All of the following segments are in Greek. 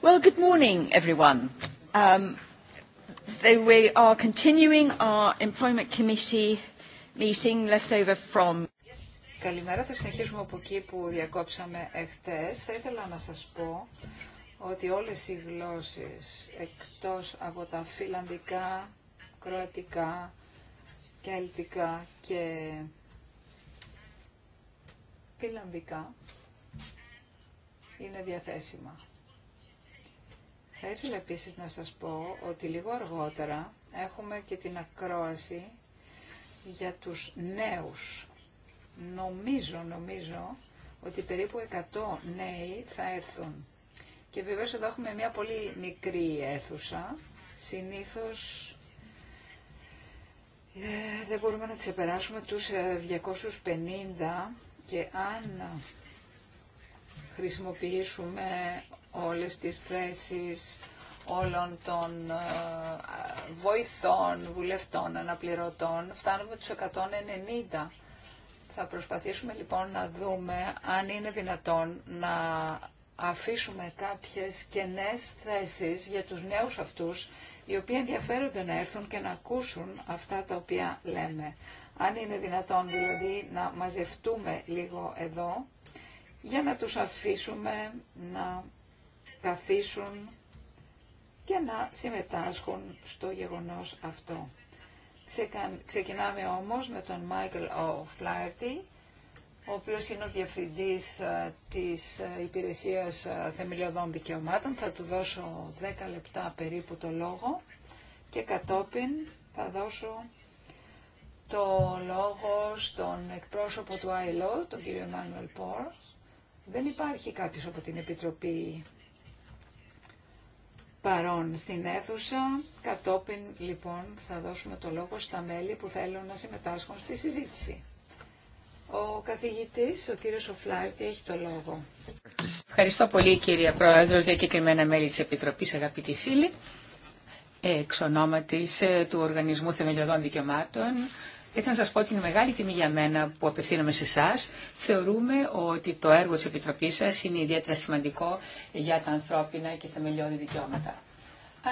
Well, good morning, everyone. Um, we are continuing our employment committee meeting left over from. Καλημέρα, θα συνεχίσουμε από εκεί που διακόψαμε εχθές. Θα ήθελα να σας πω ότι όλες οι γλώσσες εκτός από τα φιλανδικά, κροατικά, κελτικά και φιλανδικά είναι διαθέσιμα. Θα ήθελα επίσης να σας πω ότι λίγο αργότερα έχουμε και την ακρόαση για τους νέους. Νομίζω, νομίζω ότι περίπου 100 νέοι θα έρθουν. Και βεβαίως εδώ έχουμε μια πολύ μικρή αίθουσα. Συνήθως ε, δεν μπορούμε να ξεπεράσουμε τους 250 ε, και αν χρησιμοποιήσουμε όλες τις θέσεις όλων των ε, βοηθών, βουλευτών, αναπληρωτών. Φτάνουμε τους 190. Θα προσπαθήσουμε λοιπόν να δούμε αν είναι δυνατόν να αφήσουμε κάποιες κενές θέσεις για τους νέους αυτούς, οι οποίοι ενδιαφέρονται να έρθουν και να ακούσουν αυτά τα οποία λέμε. Αν είναι δυνατόν δηλαδή να μαζευτούμε λίγο εδώ, για να τους αφήσουμε να καθίσουν και να συμμετάσχουν στο γεγονός αυτό. Ξεκινάμε όμως με τον Michael O'Flaherty, ο οποίος είναι ο Διευθυντής ε, της ε, Υπηρεσίας ε, Θεμελιωδών Δικαιωμάτων. Θα του δώσω 10 λεπτά περίπου το λόγο και κατόπιν θα δώσω το λόγο στον εκπρόσωπο του ILO, τον κύριο Εμμάνουελ Πόρ. Δεν υπάρχει κάποιος από την Επιτροπή παρόν στην αίθουσα. Κατόπιν λοιπόν θα δώσουμε το λόγο στα μέλη που θέλουν να συμμετάσχουν στη συζήτηση. Ο καθηγητής, ο κύριος Οφλάρτη, έχει το λόγο. Ευχαριστώ πολύ κύριε Πρόεδρος, διακεκριμένα μέλη της Επιτροπής, αγαπητοί φίλοι, εξ ονόματις ε, του Οργανισμού Θεμελιωδών Δικαιωμάτων θα ήθελα να σας πω ότι είναι μεγάλη τιμή για μένα που απευθύνομαι σε εσά. Θεωρούμε ότι το έργο τη Επιτροπής σα είναι ιδιαίτερα σημαντικό για τα ανθρώπινα και θεμελιώδη δικαιώματα.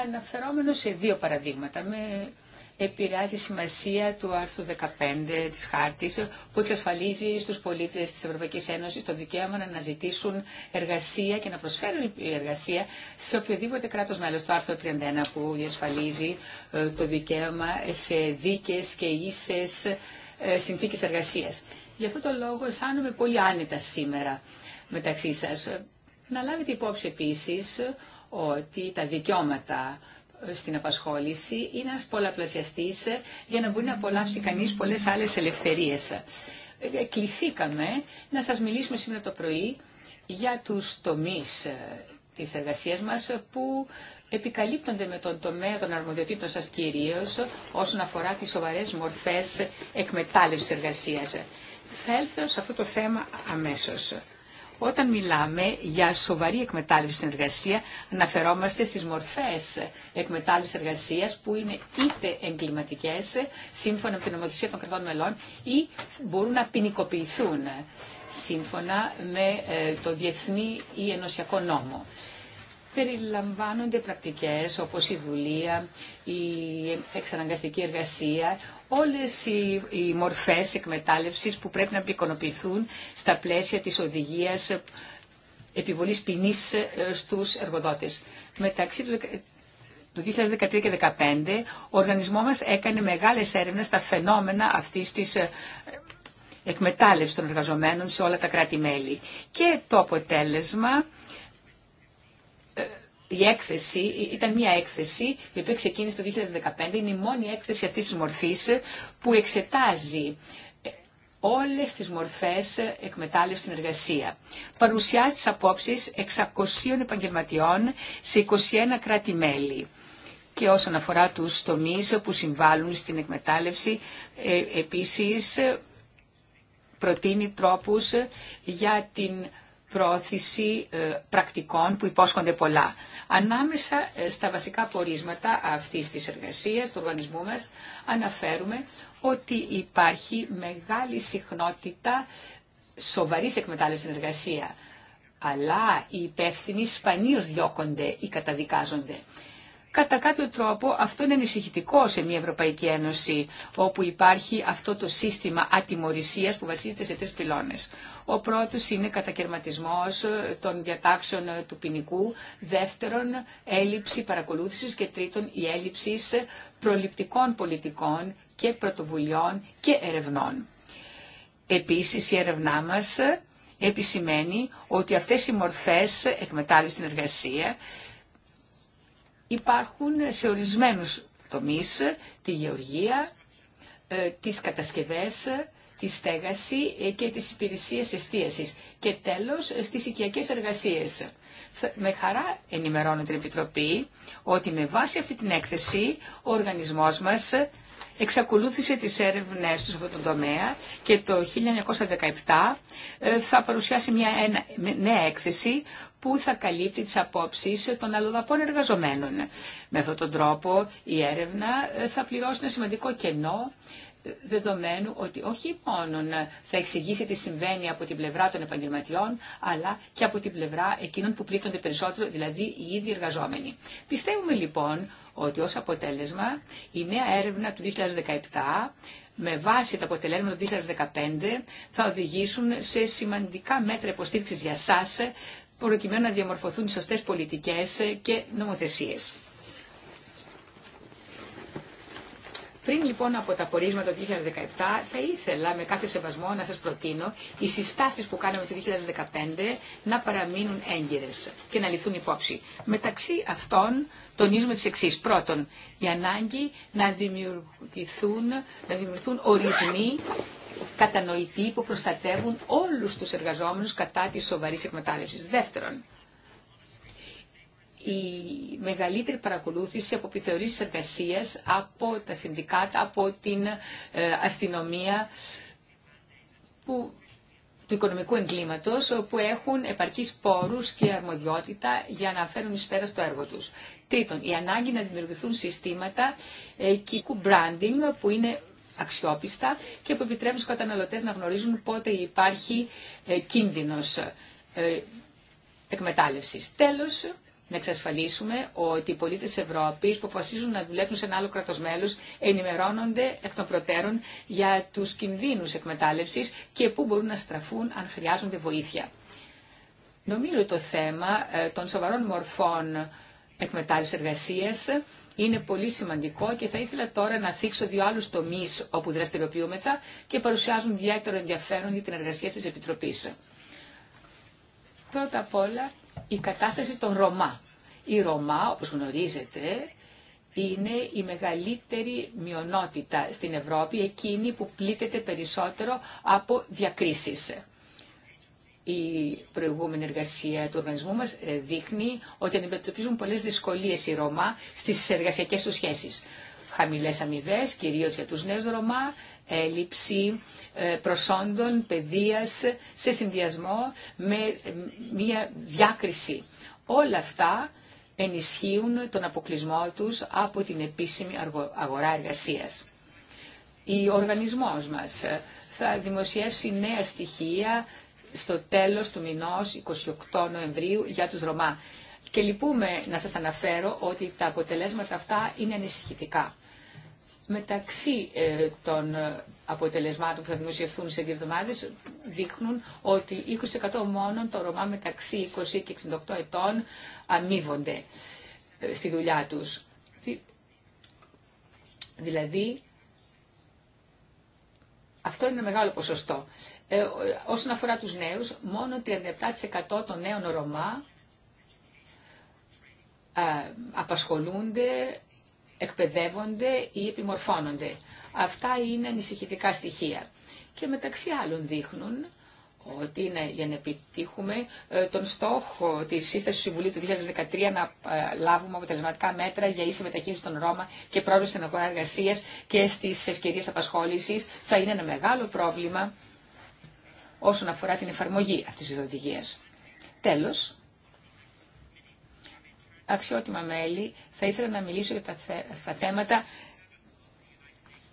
Αναφερόμενο σε δύο παραδείγματα με επηρεάζει σημασία του άρθρου 15 της χάρτης που εξασφαλίζει στους πολίτες της Ευρωπαϊκής Ένωσης το δικαίωμα να αναζητήσουν εργασία και να προσφέρουν εργασία σε οποιοδήποτε κράτος μέλος. Το άρθρο 31 που διασφαλίζει ε, το δικαίωμα σε δίκες και ίσες ε, συνθήκες εργασίας. Γι' αυτό το λόγο αισθάνομαι πολύ άνετα σήμερα μεταξύ σας. Να λάβετε υπόψη επίσης ότι τα δικαιώματα στην απασχόληση είναι να πολλαπλασιαστή για να μπορεί να απολαύσει κανείς πολλές άλλες ελευθερίες. Ε, κληθήκαμε να σας μιλήσουμε σήμερα το πρωί για τους τομείς ε, της εργασίας μας που επικαλύπτονται με τον τομέα των αρμοδιοτήτων σας κυρίως όσον αφορά τις σοβαρές μορφές εκμετάλλευσης εργασίας. Θα έλθω σε αυτό το θέμα αμέσως. Όταν μιλάμε για σοβαρή εκμετάλλευση στην εργασία, αναφερόμαστε στις μορφές εκμετάλλευση εργασίας που είναι είτε εγκληματικές, σύμφωνα με την νομοθεσία των κρατών μελών, ή μπορούν να ποινικοποιηθούν σύμφωνα με ε, το διεθνή ή ενωσιακό νόμο. Περιλαμβάνονται πρακτικές όπως η δουλεία, η εξαναγκαστική εργασία, όλες οι, οι μορφές εκμετάλλευσης που πρέπει να απεικονοποιηθούν στα πλαίσια της οδηγίας επιβολής ποινή ε, στους εργοδότες. Μεταξύ του 2013 και 2015 ο οργανισμό μας έκανε μεγάλες έρευνες στα φαινόμενα αυτής της ε, εκμετάλλευση των εργαζομένων σε όλα τα κράτη-μέλη. Και το αποτέλεσμα η έκθεση, ήταν μια έκθεση η οποία ξεκίνησε το 2015, είναι η μόνη έκθεση αυτής της μορφής που εξετάζει ε, όλες τις μορφές εκμετάλλευση στην εργασία. Παρουσιάζει τις απόψεις 600 επαγγελματιών σε 21 κράτη-μέλη και όσον αφορά τους τομείς που συμβάλλουν στην εκμετάλλευση, ε, επίσης ε, προτείνει τρόπους για την πρόθεση ε, πρακτικών που υπόσχονται πολλά. Ανάμεσα ε, στα βασικά πορίσματα αυτής της εργασίας του οργανισμού μας αναφέρουμε ότι υπάρχει μεγάλη συχνότητα σοβαρής εκμετάλλευσης στην εργασία. Αλλά οι υπεύθυνοι σπανίως διώκονται ή καταδικάζονται. Κατά κάποιο τρόπο αυτό είναι ανησυχητικό σε μια Ευρωπαϊκή Ένωση όπου υπάρχει αυτό το σύστημα ατιμορρησίας που βασίζεται σε τρεις πυλώνες. Ο πρώτος είναι κατακαιρματισμός των διατάξεων του ποινικού, δεύτερον έλλειψη παρακολούθησης και τρίτον η έλλειψη προληπτικών πολιτικών και πρωτοβουλειών και ερευνών. Επίσης η έρευνά μας επισημαίνει ότι αυτές οι μορφές εκμετάλλευση στην εργασία υπάρχουν σε ορισμένους τομείς, τη γεωργία, ε, τις κατασκευές, τη στέγαση ε, και τις υπηρεσίες εστίασης και τέλος ε, στις οικιακές εργασίες. Με χαρά ενημερώνω την Επιτροπή ότι με βάση αυτή την έκθεση ο οργανισμός μας εξακολούθησε τις έρευνες του σε αυτόν τον τομέα και το 1917 θα παρουσιάσει μια νέα έκθεση που θα καλύπτει τις απόψεις των αλλοδαπών εργαζομένων. Με αυτόν τον τρόπο η έρευνα ε, θα πληρώσει ένα σημαντικό κενό ε, δεδομένου ότι όχι μόνο θα εξηγήσει τι συμβαίνει από την πλευρά των επαγγελματιών, αλλά και από την πλευρά εκείνων που πλήττονται περισσότερο, δηλαδή οι ίδιοι εργαζόμενοι. Πιστεύουμε λοιπόν ότι ως αποτέλεσμα η νέα έρευνα του 2017 με βάση τα αποτελέσματα του 2015 θα οδηγήσουν σε σημαντικά μέτρα υποστήριξης για σας προκειμένου να διαμορφωθούν σωστές πολιτικές και νομοθεσίες. Πριν λοιπόν από τα πορίσματα του 2017, θα ήθελα με κάθε σεβασμό να σας προτείνω οι συστάσεις που κάναμε το 2015 να παραμείνουν έγκυρες και να λυθούν υπόψη. Μεταξύ αυτών τονίζουμε τις εξή. Πρώτον, η ανάγκη να δημιουργηθούν, να δημιουργηθούν ορισμοί κατανοητοί που προστατεύουν όλους τους εργαζόμενους κατά της σοβαρής εκμετάλλευσης. Δεύτερον, η μεγαλύτερη παρακολούθηση από επιθεωρήσεις εργασία από τα συνδικάτα, από την ε, αστυνομία του οικονομικού εγκλήματος που έχουν επαρκείς πόρους και αρμοδιότητα για να φέρουν εις πέρα στο έργο τους. Τρίτον, η ανάγκη να δημιουργηθούν συστήματα ε, κυκού branding που είναι αξιόπιστα και που επιτρέπουν στους καταναλωτές να γνωρίζουν πότε υπάρχει ε, κίνδυνος ε, εκμετάλλευσης. Τέλος, να εξασφαλίσουμε ότι οι πολίτες της Ευρώπης που αποφασίζουν να δουλέψουν σε ένα άλλο κράτος μέλος ενημερώνονται εκ των προτέρων για τους κινδύνους εκμετάλλευσης και πού μπορούν να στραφούν αν χρειάζονται βοήθεια. Νομίζω το θέμα ε, των σοβαρών μορφών εκμετάλλευσης εργασίας είναι πολύ σημαντικό και θα ήθελα τώρα να θίξω δύο άλλου τομεί όπου δραστηριοποιούμεθα και παρουσιάζουν ιδιαίτερο ενδιαφέρον για την εργασία τη επιτροπή. Πρώτα απ' όλα η κατάσταση των Ρωμά. Οι Ρωμά, όπως γνωρίζετε, είναι η μεγαλύτερη μειονότητα στην Ευρώπη, εκείνη που πλήττεται περισσότερο από διακρίσεις η προηγούμενη εργασία του οργανισμού μας ε, δείχνει ότι αντιμετωπίζουν πολλές δυσκολίες οι Ρωμά στις εργασιακές τους σχέσεις. Χαμηλές αμοιβέ, κυρίως για τους νέους Ρωμά, έλλειψη ε, προσόντων, παιδείας, σε συνδυασμό με ε, μια διάκριση. Όλα αυτά ενισχύουν τον αποκλεισμό τους από την επίσημη αγορά εργασίας. Ο οργανισμός μας θα δημοσιεύσει νέα στοιχεία στο τέλος του μηνός, 28 Νοεμβρίου, για τους Ρωμά. Και λυπούμε να σας αναφέρω ότι τα αποτελέσματα αυτά είναι ανησυχητικά. Μεταξύ ε, των ε, αποτελεσμάτων που θα δημοσιευθούν σε δύο εβδομάδε δείχνουν ότι 20% μόνο των Ρωμά μεταξύ 20 και 68 ετών αμείβονται ε, στη δουλειά τους. Δηλαδή, αυτό είναι ένα μεγάλο ποσοστό. Ε, όσον αφορά τους νέους, μόνο 37% των νέων Ρωμά ε, απασχολούνται, εκπαιδεύονται ή επιμορφώνονται. Αυτά είναι ανησυχητικά στοιχεία. Και μεταξύ άλλων δείχνουν ότι είναι για να επιτύχουμε ε, τον στόχο της σύστασης του Συμβουλίου του 2013 να λάβουμε αποτελεσματικά μέτρα για ίση μεταχείριση των Ρώμα και πρόοδο στην αγορά εργασία και στις ευκαιρίες απασχόλησης θα είναι ένα μεγάλο πρόβλημα όσον αφορά την εφαρμογή αυτής της οδηγία. Τέλος, αξιότιμα μέλη, θα ήθελα να μιλήσω για τα θέματα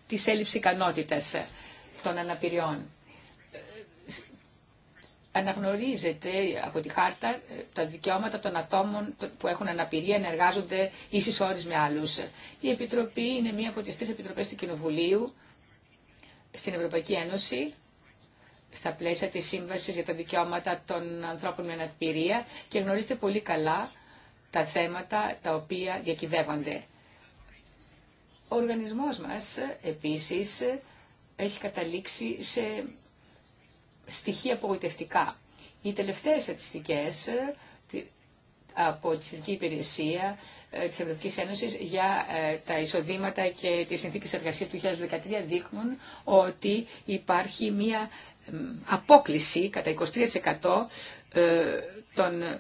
της έλλειψης ικανότητας των αναπηριών. Αναγνωρίζεται από τη χάρτα ε, τα δικαιώματα των ατόμων που έχουν αναπηρία να εργάζονται ίσης όρις με άλλους. Η Επιτροπή είναι μία από τις τρεις επιτροπές του Κοινοβουλίου στην Ευρωπαϊκή Ένωση στα πλαίσια της Σύμβασης για τα Δικαιώματα των Ανθρώπων με Αναπηρία και γνωρίζετε πολύ καλά τα θέματα τα οποία διακυβεύονται. Ο οργανισμός μας, επίσης, έχει καταλήξει σε στοιχεία απογοητευτικά. Οι τελευταίες στατιστικές από τη Συνδική Υπηρεσία ε, της Ευρωπαϊκής Ένωσης για ε, τα εισοδήματα και τις συνθήκες εργασίας του 2013 δείχνουν ότι υπάρχει μία απόκληση κατά 23% ε, των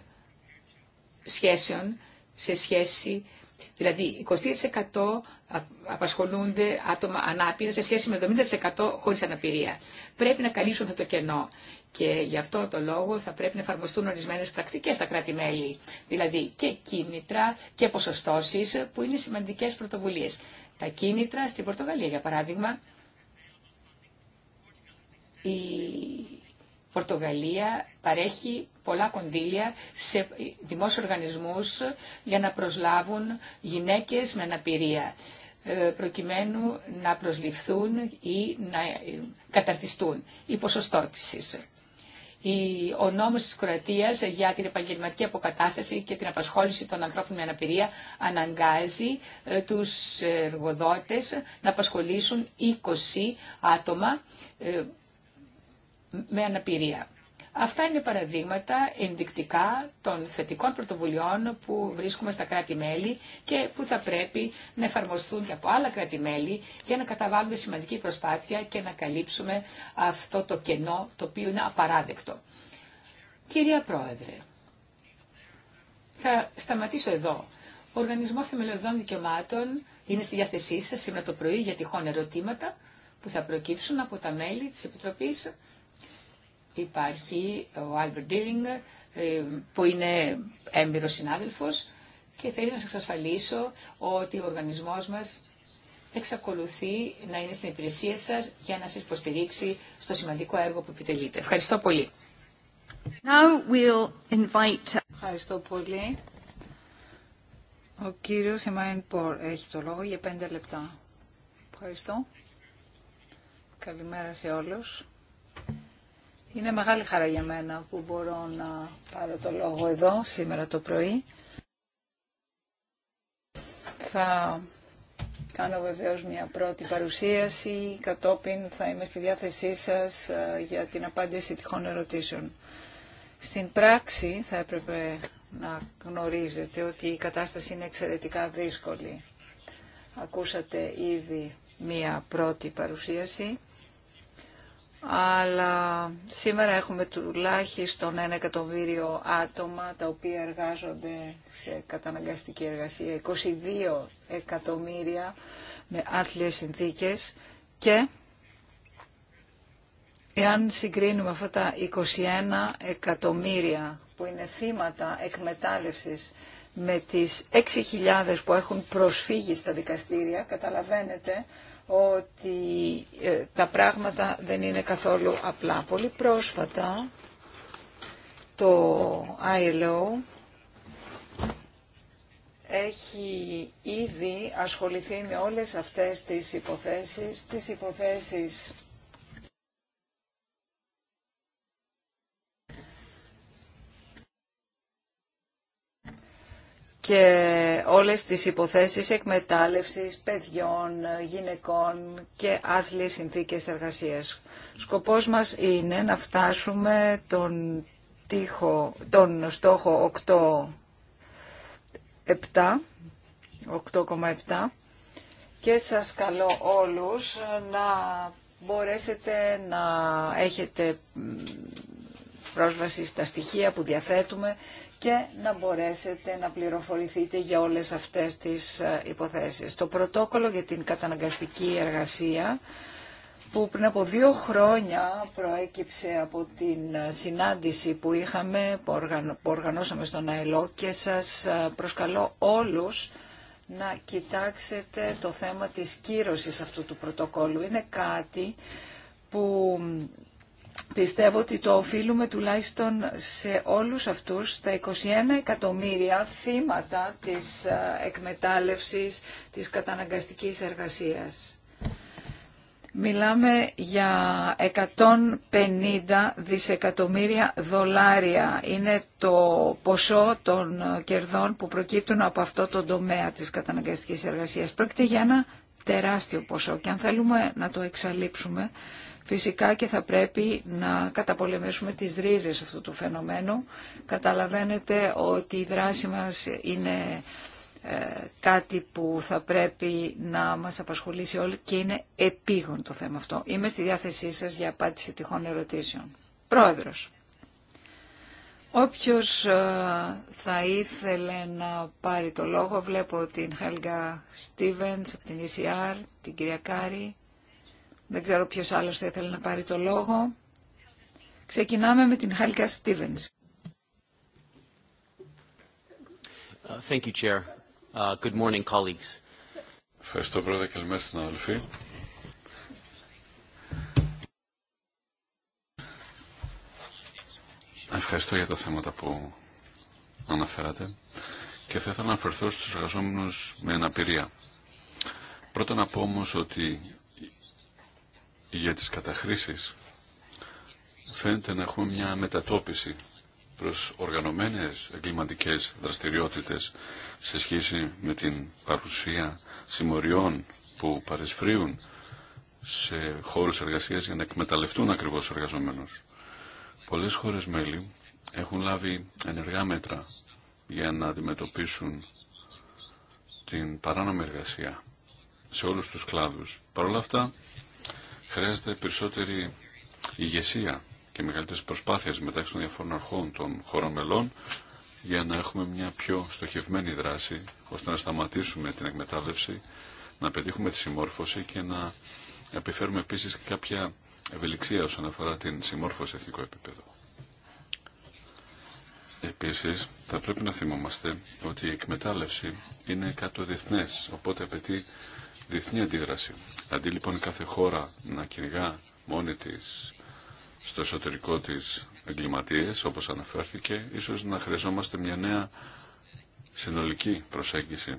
σχέσεων σε σχέση Δηλαδή, 23% απασχολούνται άτομα ανάπηρα σε σχέση με 70% χωρίς αναπηρία. Πρέπει να καλύψουν αυτό το κενό. Και γι' αυτό το λόγο θα πρέπει να εφαρμοστούν ορισμένες πρακτικές στα κράτη-μέλη, δηλαδή και κίνητρα και ποσοστώσεις που είναι σημαντικές πρωτοβουλίες. Τα κίνητρα στην Πορτογαλία, για παράδειγμα, η Πορτογαλία παρέχει πολλά κονδύλια σε δημόσιους οργανισμούς για να προσλάβουν γυναίκες με αναπηρία ε, προκειμένου να προσληφθούν ή να ε, καταρτιστούν οι ο νόμος τη Κροατία για την επαγγελματική αποκατάσταση και την απασχόληση των ανθρώπων με αναπηρία αναγκάζει ε, τους εργοδότες να απασχολήσουν 20 άτομα ε, με αναπηρία. Αυτά είναι παραδείγματα ενδεικτικά των θετικών πρωτοβουλειών που βρίσκουμε στα κράτη-μέλη και που θα πρέπει να εφαρμοστούν και από άλλα κράτη-μέλη για να καταβάλουμε σημαντική προσπάθεια και να καλύψουμε αυτό το κενό το οποίο είναι απαράδεκτο. Κυρία Πρόεδρε, θα σταματήσω εδώ. Ο Οργανισμός Θεμελιωδών Δικαιωμάτων είναι στη διάθεσή σας σήμερα το πρωί για τυχόν ερωτήματα που θα προκύψουν από τα μέλη της Επιτροπής. Υπάρχει ο Άλμπερ Ντίρινγκ ε, που είναι έμπειρος συνάδελφος και θέλει να σας εξασφαλίσω ότι ο οργανισμός μας εξακολουθεί να είναι στην υπηρεσία σας για να σας υποστηρίξει στο σημαντικό έργο που επιτελείτε. Ευχαριστώ πολύ. Now we'll invite... Ευχαριστώ πολύ. Ο κύριος Εμάιν Πορ έχει το λόγο για πέντε λεπτά. Ευχαριστώ. Καλημέρα σε όλους. Είναι μεγάλη χαρά για μένα που μπορώ να πάρω το λόγο εδώ σήμερα το πρωί. Θα κάνω βεβαίως μια πρώτη παρουσίαση, κατόπιν θα είμαι στη διάθεσή σας ε, για την απάντηση τυχόν ερωτήσεων. Στην πράξη θα έπρεπε να γνωρίζετε ότι η κατάσταση είναι εξαιρετικά δύσκολη. Ακούσατε ήδη μία πρώτη παρουσίαση αλλά σήμερα έχουμε τουλάχιστον ένα εκατομμύριο άτομα τα οποία εργάζονται σε καταναγκαστική εργασία, 22 εκατομμύρια με άθλιες συνθήκες και εάν συγκρίνουμε αυτά τα 21 εκατομμύρια που είναι θύματα εκμετάλλευσης με τις 6.000 που έχουν προσφύγει στα δικαστήρια, καταλαβαίνετε ότι ε, τα πράγματα δεν είναι καθόλου απλά. Πολύ πρόσφατα το ILO έχει ήδη ασχοληθεί με όλες αυτές τις υποθέσεις, τις υποθέσεις και όλες τις υποθέσεις εκμετάλλευσης παιδιών, γυναικών και άθλιες συνθήκες εργασίας. Σκοπός μας είναι να φτάσουμε τον, τείχο, τον στόχο 8,7 8,7 και σας καλώ όλους να μπορέσετε να έχετε πρόσβαση στα στοιχεία που διαθέτουμε και να μπορέσετε να πληροφορηθείτε για όλες αυτές τις ε, υποθέσεις. Το πρωτόκολλο για την καταναγκαστική εργασία που πριν από δύο χρόνια προέκυψε από την ε, συνάντηση που είχαμε, που, οργανώσαμε στον ΑΕΛΟ και σας ε, προσκαλώ όλους να κοιτάξετε το θέμα της κύρωσης αυτού του πρωτοκόλλου. Είναι κάτι που Πιστεύω ότι το οφείλουμε τουλάχιστον σε όλους αυτούς τα 21 εκατομμύρια θύματα της ε, εκμετάλλευσης της καταναγκαστικής εργασίας. Μιλάμε για 150 δισεκατομμύρια δολάρια. Είναι το ποσό των κερδών που προκύπτουν από αυτό το τομέα της καταναγκαστικής εργασίας. Πρόκειται για ένα τεράστιο ποσό και αν θέλουμε να το εξαλείψουμε Φυσικά και θα πρέπει να καταπολεμήσουμε τις ρίζες αυτού του φαινομένου. Καταλαβαίνετε ότι η δράση μας είναι ε, κάτι που θα πρέπει να μας απασχολήσει όλοι και είναι επίγον το θέμα αυτό. Είμαι στη διάθεσή σας για απάντηση τυχόν ερωτήσεων. Πρόεδρος. Όποιος ε, θα ήθελε να πάρει το λόγο, βλέπω την Χέλγα Στίβενς από την ECR, την κυρία Κάρη, δεν ξέρω ποιος άλλος θα ήθελε να πάρει το λόγο. Ξεκινάμε με την Χάλικα Στίβενς. Uh, uh, Ευχαριστώ, Πρόεδρε, και μέσα στην αδελφή. Ευχαριστώ για τα θέματα που αναφέρατε και θα ήθελα να αφαιρθώ στους εργαζόμενους με αναπηρία. Πρώτα να πω όμως ότι για τις καταχρήσεις φαίνεται να έχουμε μια μετατόπιση προς οργανωμένες εγκληματικές δραστηριότητες σε σχέση με την παρουσία συμμοριών που παρεσφρίουν σε χώρους εργασίας για να εκμεταλλευτούν ακριβώς εργαζομένους. Πολλές χώρες μέλη έχουν λάβει ενεργά μέτρα για να αντιμετωπίσουν την παράνομη εργασία σε όλους τους κλάδους. Παρ' αυτά Χρειάζεται περισσότερη ηγεσία και μεγαλύτερε προσπάθειες μεταξύ των διαφόρων αρχών των χωρών μελών για να έχουμε μια πιο στοχευμένη δράση ώστε να σταματήσουμε την εκμετάλλευση, να πετύχουμε τη συμμόρφωση και να επιφέρουμε επίση και κάποια ευελιξία όσον αφορά την συμμόρφωση σε εθνικό επίπεδο. Επίση, θα πρέπει να θυμόμαστε ότι η εκμετάλλευση είναι κάτω διεθνέ, οπότε απαιτεί διεθνή αντίδραση. Αντί λοιπόν κάθε χώρα να κυνηγά μόνη της στο εσωτερικό της εγκληματίες, όπως αναφέρθηκε, ίσως να χρειαζόμαστε μια νέα συνολική προσέγγιση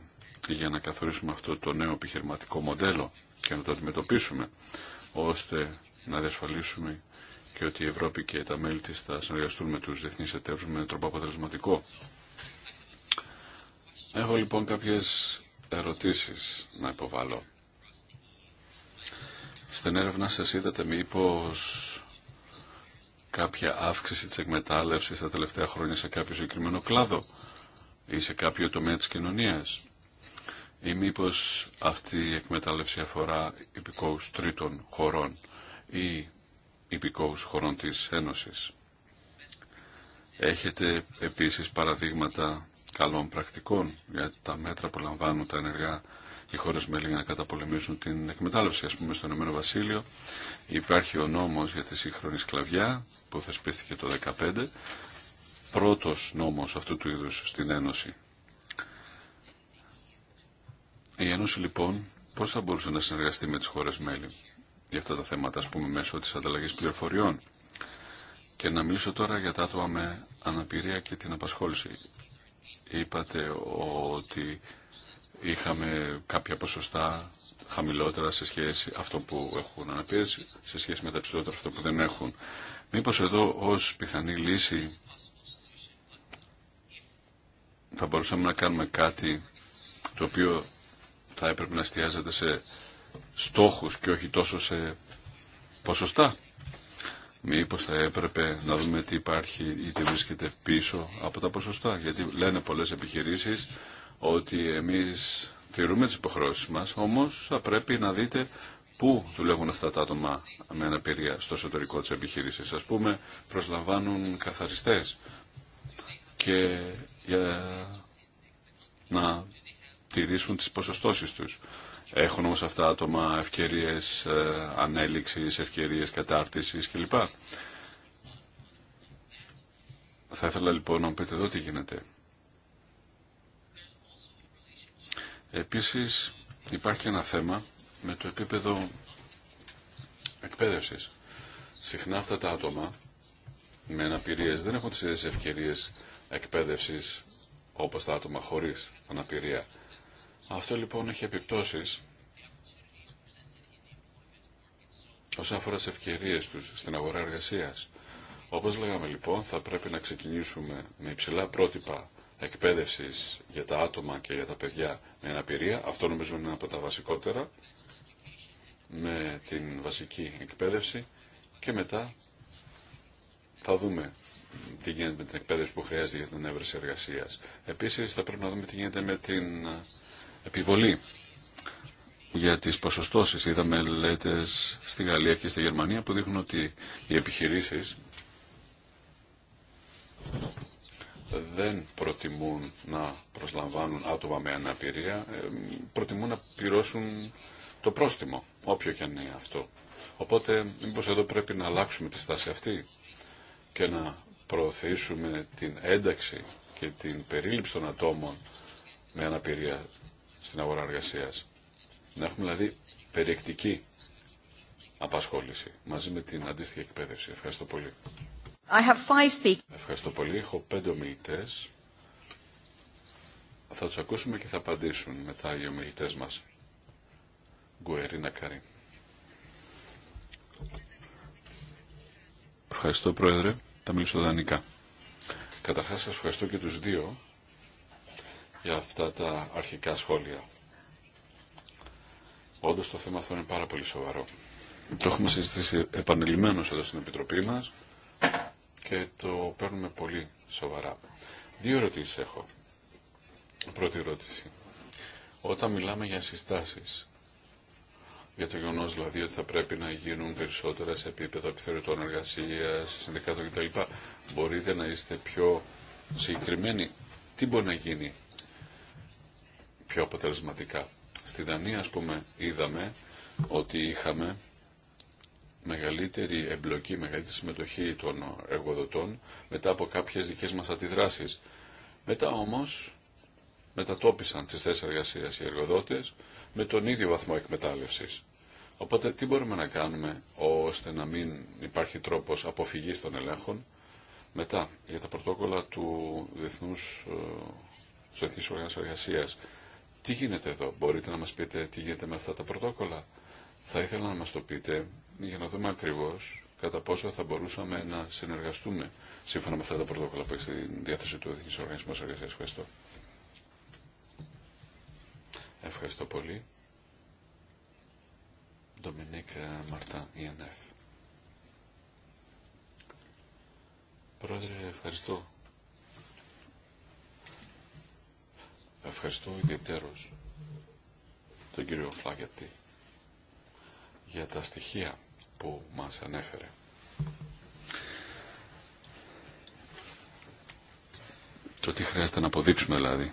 για να καθορίσουμε αυτό το νέο επιχειρηματικό μοντέλο και να το αντιμετωπίσουμε, ώστε να διασφαλίσουμε και ότι η Ευρώπη και τα μέλη της θα συνεργαστούν με τους διεθνείς εταίρους με τρόπο αποτελεσματικό. Έχω λοιπόν κάποιες ερωτήσεις να υποβάλω. Στην έρευνα σας είδατε μήπως κάποια αύξηση της εκμετάλλευσης τα τελευταία χρόνια σε κάποιο συγκεκριμένο κλάδο ή σε κάποιο τομέα της κοινωνίας ή μήπως αυτή η εκμετάλλευση αφορά υπηκόους τρίτων χωρών ή υπηκόους χωρών της Ένωσης. Έχετε επίσης παραδείγματα καλών πρακτικών για τα μέτρα που λαμβάνουν τα ενεργά οι χώρε μέλη για να καταπολεμήσουν την εκμετάλλευση. Α πούμε, στο Ηνωμένο Βασίλειο υπάρχει ο νόμο για τη σύγχρονη σκλαβιά που θεσπίστηκε το 2015, πρώτο νόμο αυτού του είδου στην Ένωση. Η Ένωση λοιπόν πώ θα μπορούσε να συνεργαστεί με τι χώρε μέλη για αυτά τα θέματα, α πούμε, μέσω τη ανταλλαγή πληροφοριών. Και να μιλήσω τώρα για τα άτομα με αναπηρία και την απασχόληση. Είπατε ότι είχαμε κάποια ποσοστά χαμηλότερα σε σχέση αυτό που έχουν αναπτύξει, σε σχέση με τα υψηλότερα αυτό που δεν έχουν. Μήπως εδώ ως πιθανή λύση θα μπορούσαμε να κάνουμε κάτι το οποίο θα έπρεπε να εστιάζεται σε στόχους και όχι τόσο σε ποσοστά. Μήπως θα έπρεπε να δούμε τι υπάρχει ή τι βρίσκεται πίσω από τα ποσοστά. Γιατί λένε πολλές επιχειρήσεις ότι εμείς τηρούμε τις υποχρεώσεις μας, όμως θα πρέπει να δείτε πού δουλεύουν αυτά τα άτομα με αναπηρία στο εσωτερικό της επιχείρησης. Ας πούμε, προσλαμβάνουν καθαριστές και για να τηρήσουν τις ποσοστώσεις τους. Έχουν όμως αυτά τα άτομα ευκαιρίες ε, ανέλυξης, ευκαιρίες κατάρτισης κλπ. Θα ήθελα λοιπόν να μου πείτε εδώ τι γίνεται. Επίσης υπάρχει ένα θέμα με το επίπεδο εκπαίδευσης. Συχνά αυτά τα άτομα με αναπηρίες δεν έχουν τις ίδιες ευκαιρίες εκπαίδευσης όπως τα άτομα χωρίς αναπηρία. Αυτό λοιπόν έχει επιπτώσεις όσον αφορά τις ευκαιρίες τους στην αγορά εργασίας. Όπως λέγαμε λοιπόν, θα πρέπει να ξεκινήσουμε με υψηλά πρότυπα Εκπαίδευση για τα άτομα και για τα παιδιά με αναπηρία. Αυτό νομίζω είναι από τα βασικότερα με την βασική εκπαίδευση και μετά θα δούμε τι γίνεται με την εκπαίδευση που χρειάζεται για την έβρεση εργασία. Επίση, θα πρέπει να δούμε τι γίνεται με την επιβολή για τι ποσοστώσει. Είδαμε μελέτε στη Γαλλία και στη Γερμανία που δείχνουν ότι οι επιχειρήσει δεν προτιμούν να προσλαμβάνουν άτομα με αναπηρία, ε, προτιμούν να πληρώσουν το πρόστιμο, όποιο και αν είναι αυτό. Οπότε, μήπως εδώ πρέπει να αλλάξουμε τη στάση αυτή και να προωθήσουμε την ένταξη και την περίληψη των ατόμων με αναπηρία στην αγορά εργασία, Να έχουμε δηλαδή περιεκτική απασχόληση μαζί με την αντίστοιχη εκπαίδευση. Ευχαριστώ πολύ. Ευχαριστώ πολύ. Έχω πέντε ομιλητέ. Θα του ακούσουμε και θα απαντήσουν μετά οι ομιλητέ μα. Γκουερίνα Καρή. Ευχαριστώ, Πρόεδρε. Θα μιλήσω δανεικά. Καταρχάς, σας ευχαριστώ και τους δύο για αυτά τα αρχικά σχόλια. Όντως, το θέμα αυτό είναι πάρα πολύ σοβαρό. Το έχουμε συζητήσει επανειλημμένως εδώ στην Επιτροπή μας και το παίρνουμε πολύ σοβαρά. Δύο ερωτήσεις έχω. Πρώτη ερώτηση. Όταν μιλάμε για συστάσεις, για το γεγονό δηλαδή ότι θα πρέπει να γίνουν περισσότερα σε επίπεδο επιθεωρητών εργασία, συνδικάτων κτλ. Μπορείτε να είστε πιο συγκεκριμένοι. Τι μπορεί να γίνει πιο αποτελεσματικά. Στη Δανία, α πούμε, είδαμε ότι είχαμε μεγαλύτερη εμπλοκή, μεγαλύτερη συμμετοχή των εργοδοτών μετά από κάποιες δικές μας αντιδράσεις. Μετά όμως μετατόπισαν τις θέσεις εργασία οι εργοδότες με τον ίδιο βαθμό εκμετάλλευσης. Οπότε τι μπορούμε να κάνουμε ώστε να μην υπάρχει τρόπος αποφυγής των ελέγχων. Μετά, για τα πρωτόκολλα του Διεθνούς ε, Διεθνής Οργάνωσης Εργασίας. Τι γίνεται εδώ, μπορείτε να μας πείτε τι γίνεται με αυτά τα πρωτόκολλα. Θα ήθελα να μας το πείτε ναι, για να δούμε ακριβώ, κατά πόσο θα μπορούσαμε να συνεργαστούμε σύμφωνα με αυτά τα πρωτόκολλα που έχει στη διάθεση του Εθνικού Οργανισμού Εργασίας. Ευχαριστώ. Ευχαριστώ πολύ. Ντομινίκ ε, Μαρτά, ΙΕΝΕΦ. Πρόεδρε, ευχαριστώ. Ευχαριστώ ιδιαίτερος τον κύριο Φλάκετη για τα στοιχεία που μας ανέφερε. Το τι χρειάζεται να αποδείξουμε δηλαδή.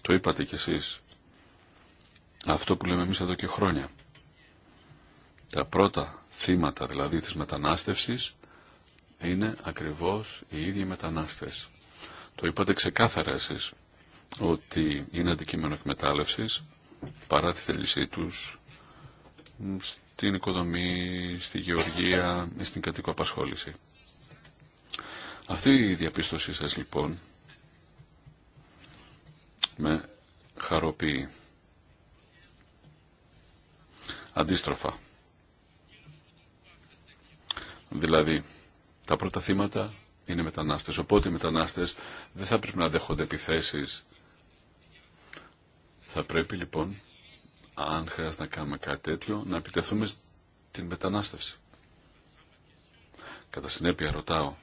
Το είπατε κι εσείς. Αυτό που λέμε εμείς εδώ και χρόνια. Τα πρώτα θύματα δηλαδή της μετανάστευσης είναι ακριβώς οι ίδιοι μετανάστες. Το είπατε ξεκάθαρα εσείς ότι είναι αντικείμενο εκμετάλλευσης παρά τη θέλησή τους στην οικοδομή, στη γεωργία ή στην κατοίκο απασχόληση. Αυτή στην κατοικο αυτη η διαπιστωση σας λοιπόν με χαροποιεί. Αντίστροφα. Δηλαδή, τα πρώτα θύματα είναι μετανάστες. Οπότε οι μετανάστες δεν θα πρέπει να δέχονται επιθέσεις. Θα πρέπει λοιπόν αν χρειάζεται να κάνουμε κάτι τέτοιο, να επιτεθούμε στην μετανάστευση. Κατά συνέπεια ρωτάω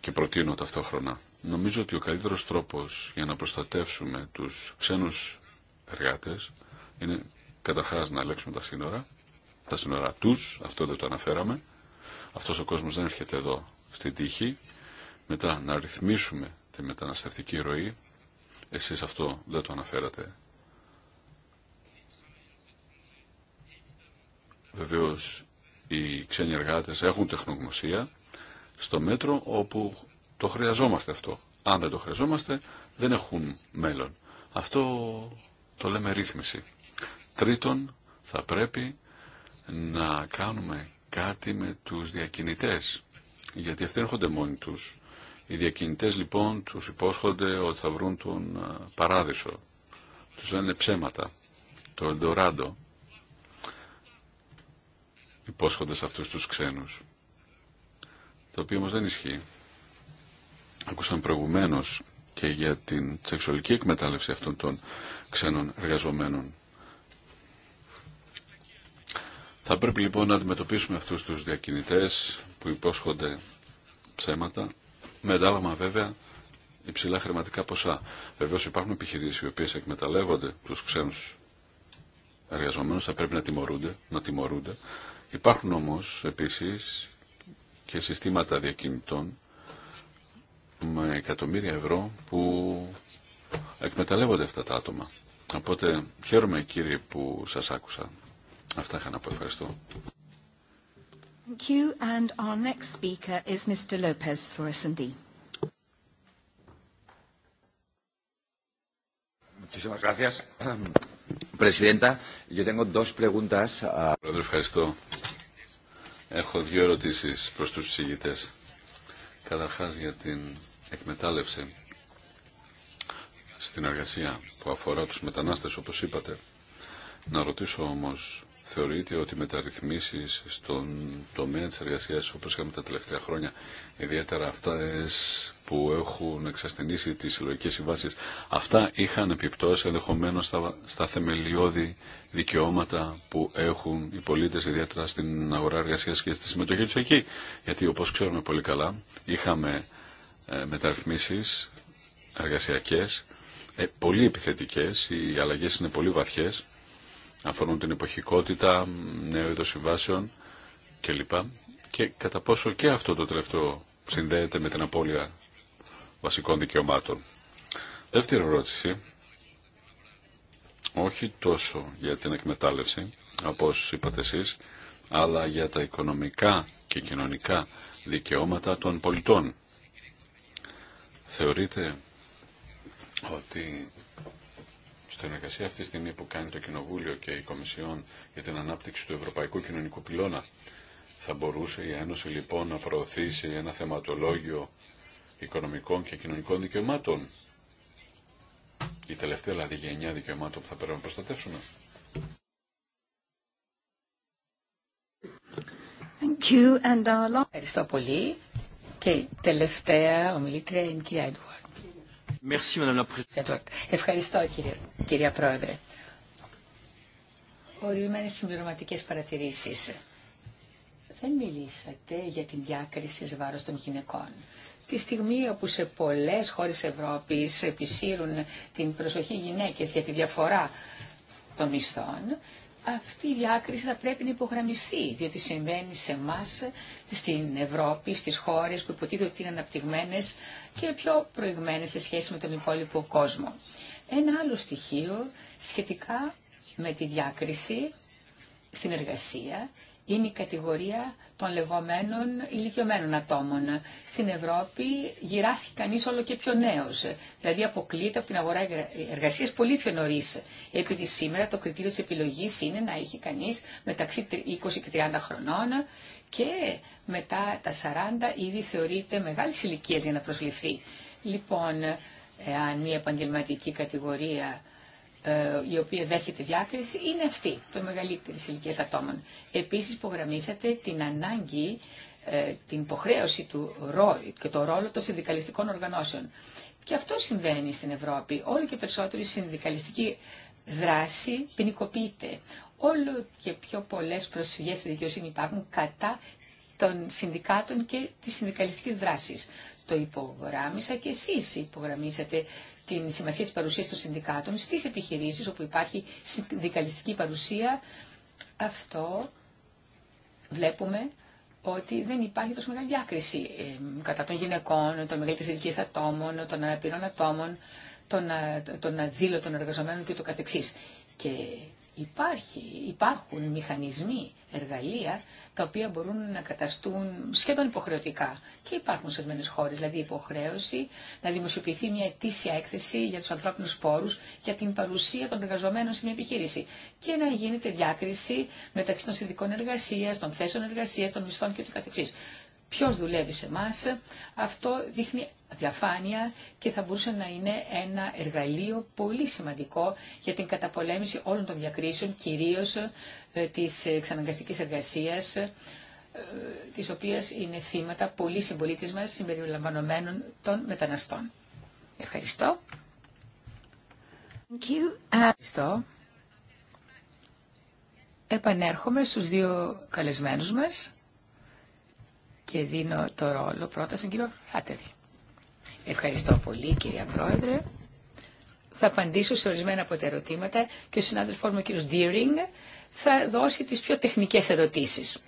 και προτείνω ταυτόχρονα. Νομίζω ότι ο καλύτερος τρόπος για να προστατεύσουμε τους ξένους εργάτες είναι καταρχάς να αλλάξουμε τα σύνορα, τα σύνορα τους, αυτό δεν το αναφέραμε. Αυτός ο κόσμος δεν έρχεται εδώ στην τύχη. Μετά να ρυθμίσουμε τη μεταναστευτική ροή εσείς αυτό δεν το αναφέρατε. Βεβαίως οι ξένοι εργάτες έχουν τεχνογνωσία στο μέτρο όπου το χρειαζόμαστε αυτό. Αν δεν το χρειαζόμαστε δεν έχουν μέλλον. Αυτό το λέμε ρύθμιση. Τρίτον, θα πρέπει να κάνουμε κάτι με τους διακινητές, γιατί αυτοί έρχονται μόνοι τους οι διακινητές λοιπόν τους υπόσχονται ότι θα βρουν τον ε, παράδεισο. Τους λένε ψέματα. Το Ελντοράντο υπόσχονται σε αυτούς τους ξένους. Το οποίο όμως δεν ισχύει. Ακούσαμε προηγουμένως και για την σεξουαλική εκμετάλλευση αυτών των ξένων εργαζομένων. Θα πρέπει λοιπόν να αντιμετωπίσουμε αυτούς τους διακινητές που υπόσχονται ψέματα με αντάλλαγμα βέβαια υψηλά χρηματικά ποσά. Βεβαίω υπάρχουν επιχειρήσει οι οποίε εκμεταλλεύονται του ξένου εργαζομένου, θα πρέπει να τιμωρούνται, να τιμωρούνται. Υπάρχουν όμω επίση και συστήματα διακινητών με εκατομμύρια ευρώ που εκμεταλλεύονται αυτά τα άτομα. Οπότε χαίρομαι κύριε που σας άκουσα. Αυτά είχα να πω. Ευχαριστώ. Thank you. And our next speaker is Mr. Lopez for S&D. Muchísimas gracias, Presidenta. Yo tengo dos preguntas. A... Ευχαριστώ. Έχω δύο ερωτήσεις προς τους συζητητές. Καταρχάς για την εκμετάλλευση στην εργασία που αφορά τους μετανάστες, όπως είπατε. Να ρωτήσω όμως θεωρείτε ότι μεταρρυθμίσεις στον τομέα τη εργασία, όπως είχαμε τα τελευταία χρόνια, ιδιαίτερα αυτές που έχουν εξασθενήσει τις συλλογικέ συμβάσει, αυτά είχαν επιπτώσει ενδεχομένω στα, στα θεμελιώδη δικαιώματα που έχουν οι πολίτε ιδιαίτερα στην αγορά εργασία και στη συμμετοχή του εκεί. Γιατί όπω ξέρουμε πολύ καλά είχαμε ε, μεταρρυθμίσεις ε, πολύ επιθετικές, οι αλλαγές είναι πολύ βαθιές αφορούν την εποχικότητα, νέο είδο συμβάσεων κλπ. Και κατά πόσο και αυτό το τελευταίο συνδέεται με την απώλεια βασικών δικαιωμάτων. Δεύτερη ερώτηση, όχι τόσο για την εκμετάλλευση, όπως είπατε εσείς, αλλά για τα οικονομικά και κοινωνικά δικαιώματα των πολιτών. Θεωρείτε ότι στην εργασία αυτή τη στιγμή που κάνει το Κοινοβούλιο και η Κομισιόν για την ανάπτυξη του Ευρωπαϊκού Κοινωνικού Πυλώνα. Θα μπορούσε η Ένωση λοιπόν να προωθήσει ένα θεματολόγιο οικονομικών και κοινωνικών δικαιωμάτων. Η τελευταία δηλαδή γενιά δικαιωμάτων που θα πρέπει να προστατεύσουμε. Ευχαριστώ πολύ. Και τελευταία ομιλήτρια είναι η κυρία Ευχαριστώ κύριε, κυρία Πρόεδρε. Ορισμένες συμπληρωματικές παρατηρήσεις. Δεν μιλήσατε για την διάκριση σε βάρος των γυναικών. Τη στιγμή όπου σε πολλές χώρες Ευρώπης επισύρουν την προσοχή γυναίκες για τη διαφορά των μισθών, αυτή η διάκριση θα πρέπει να υπογραμμιστεί, διότι συμβαίνει σε εμά, στην Ευρώπη, στις χώρες που υποτίθεται ότι είναι αναπτυγμένες και πιο προηγμένες σε σχέση με τον υπόλοιπο κόσμο. Ένα άλλο στοιχείο σχετικά με τη διάκριση στην εργασία είναι η κατηγορία των λεγόμενων ηλικιωμένων ατόμων. Στην Ευρώπη γυράσει κανείς όλο και πιο νέος, δηλαδή αποκλείεται από την αγορά εργασίας πολύ πιο νωρίς, επειδή σήμερα το κριτήριο της επιλογής είναι να έχει κανείς μεταξύ 20 και 30 χρονών και μετά τα 40 ήδη θεωρείται μεγάλη ηλικία για να προσληφθεί. Λοιπόν, αν μια επαγγελματική κατηγορία ε, η οποία δέχεται διάκριση είναι αυτή, το μεγαλύτερη ηλικία ατόμων. Επίσης υπογραμμίσατε την ανάγκη, ε, την υποχρέωση του ρόλου και το ρόλο των συνδικαλιστικών οργανώσεων. Και αυτό συμβαίνει στην Ευρώπη. Όλο και περισσότερο η συνδικαλιστική δράση ποινικοποιείται. Όλο και πιο πολλές προσφυγές στη δικαιοσύνη υπάρχουν κατά των συνδικάτων και της συνδικαλιστικής δράσης. Το υπογράμμισα και εσείς υπογραμμίσατε την σημασία της παρουσίας των συνδικάτων στις επιχειρήσεις όπου υπάρχει συνδικαλιστική παρουσία. Αυτό βλέπουμε ότι δεν υπάρχει τόσο μεγάλη διάκριση κατά των γυναικών, των μεγαλύτερης ηλικίας ατόμων, των αναπηρών ατόμων, των, των εργαζομένων και το καθεξής. Και υπάρχει, υπάρχουν μηχανισμοί, εργαλεία τα οποία μπορούν να καταστούν σχεδόν υποχρεωτικά. Και υπάρχουν σε ορισμένε χώρε, δηλαδή υποχρέωση να δημοσιοποιηθεί μια ετήσια έκθεση για του ανθρώπινου πόρου, για την παρουσία των εργαζομένων σε μια επιχείρηση. Και να γίνεται διάκριση μεταξύ των συνδικών εργασία, των θέσεων εργασία, των μισθών κ.ο.κ ποιος δουλεύει σε εμά. Αυτό δείχνει διαφάνεια και θα μπορούσε να είναι ένα εργαλείο πολύ σημαντικό για την καταπολέμηση όλων των διακρίσεων, κυρίως ε, της εξαναγκαστικής εργασίας, ε, της οποίας είναι θύματα πολύ συμπολίτε μας συμπεριλαμβανομένων των μεταναστών. Ευχαριστώ. Thank you. Ευχαριστώ. Επανέρχομαι στους δύο καλεσμένους μας και δίνω το ρόλο πρώτα στον κύριο Χάτερη. Ευχαριστώ πολύ κυρία Πρόεδρε. Θα απαντήσω σε ορισμένα από τα ερωτήματα και ο συνάδελφός μου ο κύριος Deering θα δώσει τις πιο τεχνικές ερωτήσεις.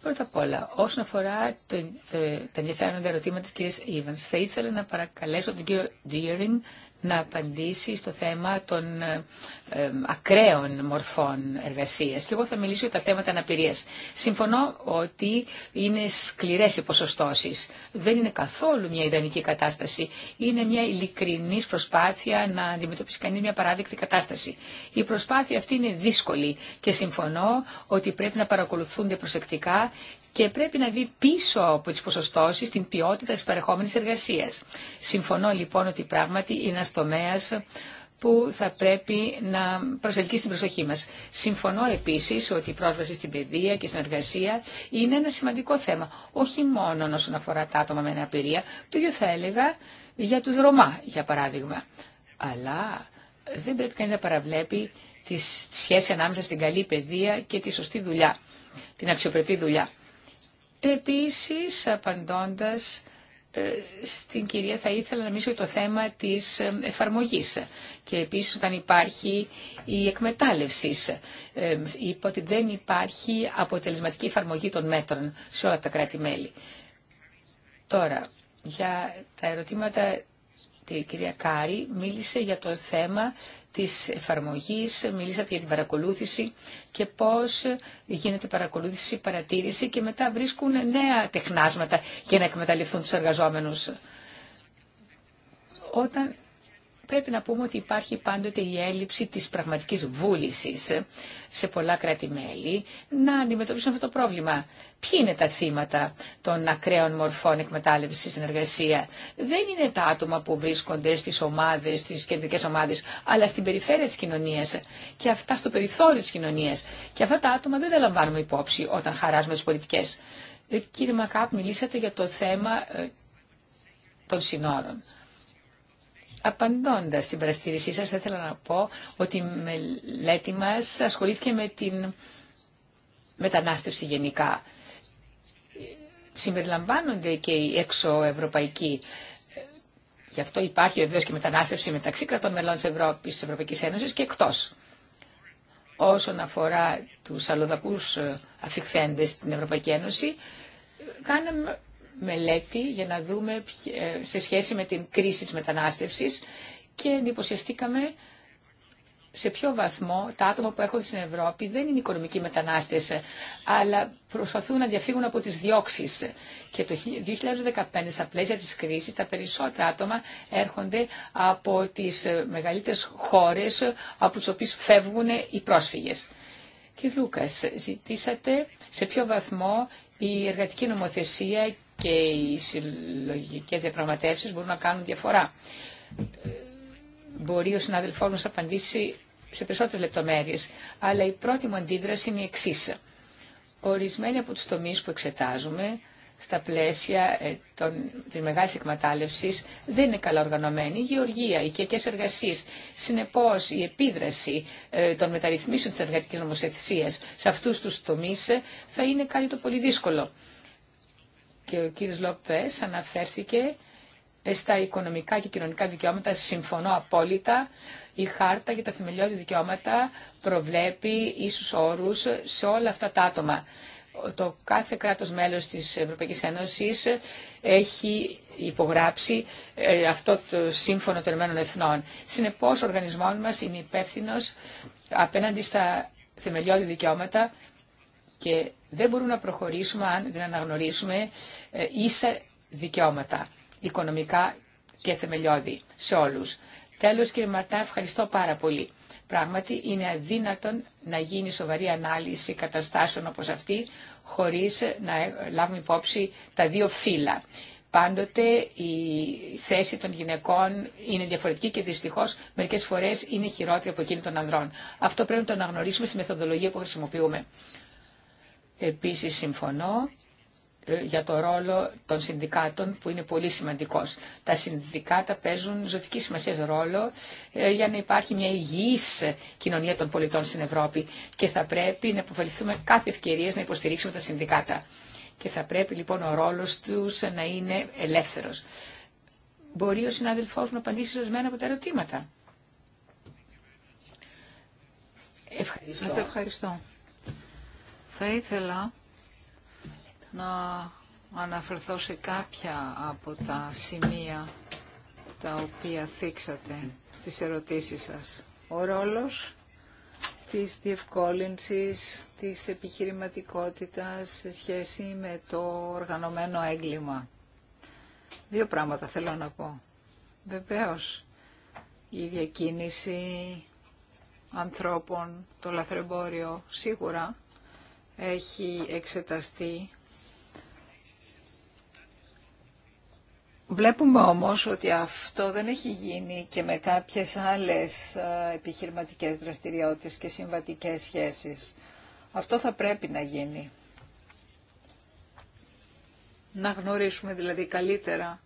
Πρώτα απ' όλα, όσον αφορά το, το, τα ενδιαφέροντα ερωτήματα τη κυρία Ήβαν, θα ήθελα να παρακαλέσω τον κύριο Ντίερινγκ να απαντήσει στο θέμα των ε, ε, ακραίων μορφών εργασίας. Και εγώ θα μιλήσω για τα θέματα αναπηρίας. Συμφωνώ ότι είναι σκληρές οι ποσοστώσεις. Δεν είναι καθόλου μια ιδανική κατάσταση. Είναι μια ειλικρινή προσπάθεια να αντιμετωπίσει κανείς μια παράδεικτη κατάσταση. Η προσπάθεια αυτή είναι δύσκολη και συμφωνώ ότι πρέπει να παρακολουθούνται προσεκτικά και πρέπει να δει πίσω από τι ποσοστώσει την ποιότητα τη παρεχόμενη εργασία. Συμφωνώ λοιπόν ότι πράγματι είναι ένα τομέα που θα πρέπει να προσελκύσει την προσοχή μας. Συμφωνώ επίσης ότι η πρόσβαση στην παιδεία και στην εργασία είναι ένα σημαντικό θέμα, όχι μόνο όσον αφορά τα άτομα με αναπηρία, το ίδιο θα έλεγα για τους Ρωμά, για παράδειγμα. Αλλά δεν πρέπει κανείς να παραβλέπει τη σχέση ανάμεσα στην καλή παιδεία και τη σωστή δουλειά, την αξιοπρεπή δουλειά. Επίσης, απαντώντας ε, στην κυρία θα ήθελα να μιλήσω για το θέμα της ε, εφαρμογής και επίσης όταν υπάρχει η εκμετάλλευση. Ε, είπα ότι δεν υπάρχει αποτελεσματική εφαρμογή των μέτρων σε όλα τα κράτη-μέλη. Τώρα, για τα ερωτήματα, η κυρία Κάρη μίλησε για το θέμα της εφαρμογής, μιλήσατε για την παρακολούθηση και πώς γίνεται παρακολούθηση, παρατήρηση και μετά βρίσκουν νέα τεχνάσματα για να εκμεταλλευτούν τους εργαζόμενους. Όταν πρέπει να πούμε ότι υπάρχει πάντοτε η έλλειψη της πραγματικής βούλησης σε πολλά κράτη-μέλη να αντιμετωπίσουν αυτό το πρόβλημα. Ποιοι είναι τα θύματα των ακραίων μορφών εκμετάλλευσης στην εργασία. Δεν είναι τα άτομα που βρίσκονται στις ομάδες, στις κεντρικές ομάδες, αλλά στην περιφέρεια της κοινωνίας και αυτά στο περιθώριο της κοινωνίας. Και αυτά τα άτομα δεν τα λαμβάνουμε υπόψη όταν χαράζουμε τις πολιτικές. Ε, κύριε Μακάπ, μιλήσατε για το θέμα ε, των συνόρων. Απαντώντας την παρατηρήσή σας, θα ήθελα να πω ότι η μελέτη μας ασχολήθηκε με την μετανάστευση γενικά. Συμπεριλαμβάνονται και οι εξωευρωπαϊκοί. Γι' αυτό υπάρχει βεβαίω και μετανάστευση μεταξύ κρατών μελών της Ευρώπης, της Ευρωπαϊκής Ένωσης και εκτός. Όσον αφορά τους αλλοδαπούς αφιχθέντες στην Ευρωπαϊκή Ένωση, κάναμε μελέτη για να δούμε ε, σε σχέση με την κρίση της μετανάστευσης και εντυπωσιαστήκαμε σε ποιο βαθμό τα άτομα που έρχονται στην Ευρώπη δεν είναι οικονομικοί μετανάστες, ε, αλλά προσπαθούν να διαφύγουν από τις διώξεις. Και το 2015, στα πλαίσια της κρίσης, τα περισσότερα άτομα έρχονται από τις ε, μεγαλύτερες χώρες από τις οποίες φεύγουν οι πρόσφυγες. Κύριε Λούκας, ζητήσατε σε ποιο βαθμό η εργατική νομοθεσία και οι συλλογικές διαπραγματεύσεις μπορούν να κάνουν διαφορά. Μπορεί ο συνάδελφός μας να απαντήσει σε περισσότερες λεπτομέρειες, αλλά η πρώτη μου αντίδραση είναι η εξής. Ορισμένοι από τους τομείς που εξετάζουμε στα πλαίσια ε, των, της μεγάλης εκμετάλλευσης δεν είναι καλά οργανωμένοι Η γεωργία, οι οικιακές εργασίες, συνεπώς η επίδραση ε, των μεταρρυθμίσεων της εργατικής νομοθεσίας σε αυτούς τους τομείς ε, θα είναι κάτι το πολύ δύσκολο και ο κύριος Λόπες αναφέρθηκε στα οικονομικά και κοινωνικά δικαιώματα συμφωνώ απόλυτα. Η χάρτα για τα θεμελιώδη δικαιώματα προβλέπει ίσους όρους σε όλα αυτά τα άτομα. Το κάθε κράτος μέλος της Ευρωπαϊκής Ένωσης έχει υπογράψει ε, αυτό το σύμφωνο των Ηνωμένων Εθνών. Συνεπώς ο οργανισμός μας είναι υπεύθυνο απέναντι στα θεμελιώδη δικαιώματα και δεν μπορούμε να προχωρήσουμε αν δεν αναγνωρίσουμε ε, ίσα δικαιώματα, οικονομικά και θεμελιώδη σε όλους. Τέλος κύριε Μαρτά, ευχαριστώ πάρα πολύ. Πράγματι είναι αδύνατον να γίνει σοβαρή ανάλυση καταστάσεων όπως αυτή χωρίς να λάβουμε υπόψη τα δύο φύλλα. Πάντοτε η θέση των γυναικών είναι διαφορετική και δυστυχώ μερικέ φορέ είναι χειρότερη από εκείνη των ανδρών. Αυτό πρέπει να το αναγνωρίσουμε στη μεθοδολογία που χρησιμοποιούμε. Επίσης συμφωνώ ε, για το ρόλο των συνδικάτων που είναι πολύ σημαντικός. Τα συνδικάτα παίζουν ζωτική σημασία ρόλο ε, για να υπάρχει μια υγιής κοινωνία των πολιτών στην Ευρώπη και θα πρέπει να υποφεληθούμε κάθε ευκαιρία να υποστηρίξουμε τα συνδικάτα. Και θα πρέπει λοιπόν ο ρόλος τους να είναι ελεύθερος. Μπορεί ο συνάδελφός μου να απαντήσει ορισμένα από τα ερωτήματα. Ευχαριστώ. Σας ευχαριστώ. Θα ήθελα να αναφερθώ σε κάποια από τα σημεία τα οποία θίξατε στις ερωτήσεις σας. Ο ρόλος της διευκόλυνσης, της επιχειρηματικότητας σε σχέση με το οργανωμένο έγκλημα. Δύο πράγματα θέλω να πω. Βεβαίως, η διακίνηση ανθρώπων, το λαθρεμπόριο, σίγουρα έχει εξεταστεί. Βλέπουμε όμως ότι αυτό δεν έχει γίνει και με κάποιες άλλες επιχειρηματικές δραστηριότητες και συμβατικές σχέσεις. Αυτό θα πρέπει να γίνει. Να γνωρίσουμε δηλαδή καλύτερα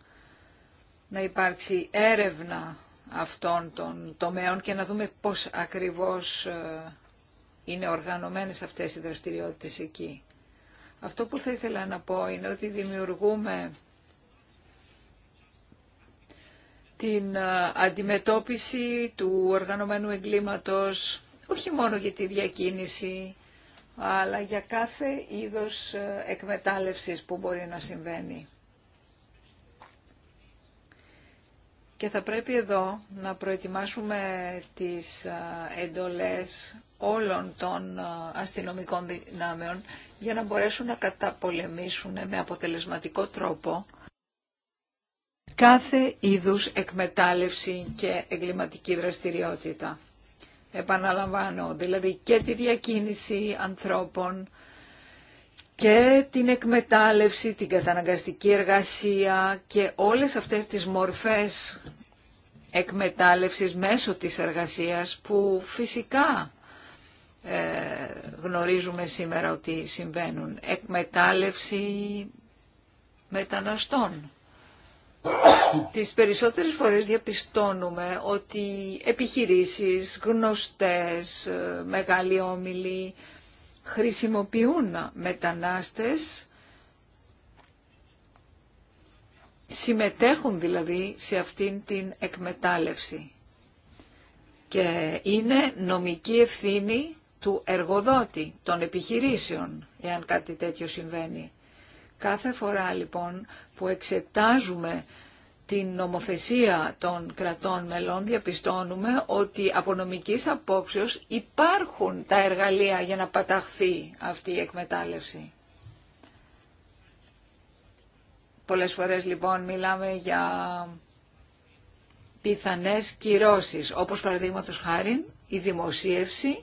να υπάρξει έρευνα αυτών των τομέων και να δούμε πώς ακριβώς είναι οργανωμένες αυτές οι δραστηριότητες εκεί. Αυτό που θα ήθελα να πω είναι ότι δημιουργούμε την αντιμετώπιση του οργανωμένου εγκλήματος, όχι μόνο για τη διακίνηση, αλλά για κάθε είδος εκμετάλλευσης που μπορεί να συμβαίνει. Και θα πρέπει εδώ να προετοιμάσουμε τις εντολές όλων των ε, αστυνομικών δυνάμεων για να μπορέσουν να καταπολεμήσουν με αποτελεσματικό τρόπο κάθε είδους εκμετάλλευση και εγκληματική δραστηριότητα. Επαναλαμβάνω, δηλαδή και τη διακίνηση ανθρώπων και την εκμετάλλευση, την καταναγκαστική εργασία και όλες αυτές τις μορφές εκμετάλλευσης μέσω της εργασίας που φυσικά ε, γνωρίζουμε σήμερα ότι συμβαίνουν. Εκμετάλλευση μεταναστών. Τις περισσότερες φορές διαπιστώνουμε ότι επιχειρήσεις, γνωστές, ε, μεγάλοι όμιλοι χρησιμοποιούν μετανάστες, συμμετέχουν δηλαδή σε αυτήν την εκμετάλλευση. Και είναι νομική ευθύνη του εργοδότη, των επιχειρήσεων, εάν κάτι τέτοιο συμβαίνει. Κάθε φορά λοιπόν που εξετάζουμε την νομοθεσία των κρατών μελών διαπιστώνουμε ότι από νομικής απόψεως υπάρχουν τα εργαλεία για να παταχθεί αυτή η εκμετάλλευση. Πολλές φορές λοιπόν μιλάμε για πιθανές κυρώσεις, όπως παραδείγματο χάρη η δημοσίευση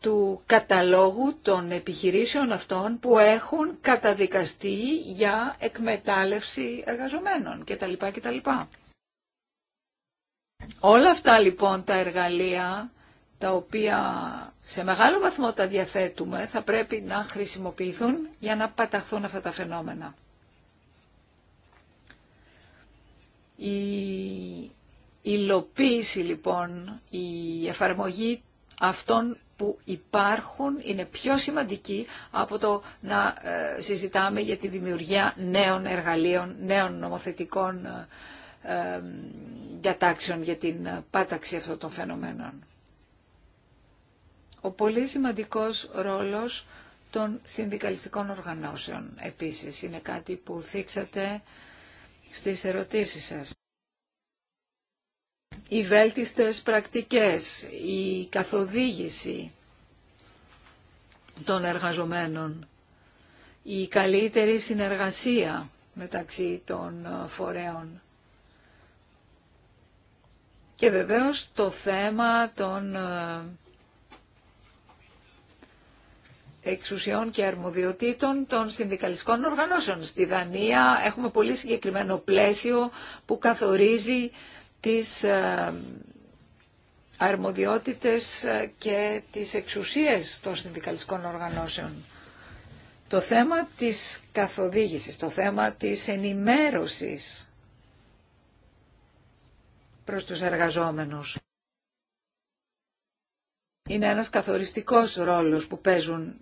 του καταλόγου των επιχειρήσεων αυτών που έχουν καταδικαστεί για εκμετάλλευση εργαζομένων κτλ. κτλ. Όλα αυτά λοιπόν τα εργαλεία τα οποία σε μεγάλο βαθμό τα διαθέτουμε θα πρέπει να χρησιμοποιηθούν για να παταχθούν αυτά τα φαινόμενα. Η υλοποίηση λοιπόν, η εφαρμογή αυτών που υπάρχουν είναι πιο σημαντικοί από το να ε, συζητάμε για τη δημιουργία νέων εργαλείων, νέων νομοθετικών ε, διατάξεων για την ε, πάταξη αυτών των φαινομένων. Ο πολύ σημαντικός ρόλος των συνδικαλιστικών οργανώσεων επίσης είναι κάτι που θίξατε στις ερωτήσεις σας οι βέλτιστες πρακτικές, η καθοδήγηση των εργαζομένων, η καλύτερη συνεργασία μεταξύ των ε, φορέων. Και βεβαίως το θέμα των ε, εξουσιών και αρμοδιοτήτων των συνδικαλιστικών οργανώσεων. Στη Δανία έχουμε πολύ συγκεκριμένο πλαίσιο που καθορίζει τις ε, αρμοδιότητες ε, και τις εξουσίες των συνδικαλιστικών οργανώσεων. Το θέμα της καθοδήγησης, το θέμα της ενημέρωσης προς τους εργαζόμενους. Είναι ένας καθοριστικός ρόλος που παίζουν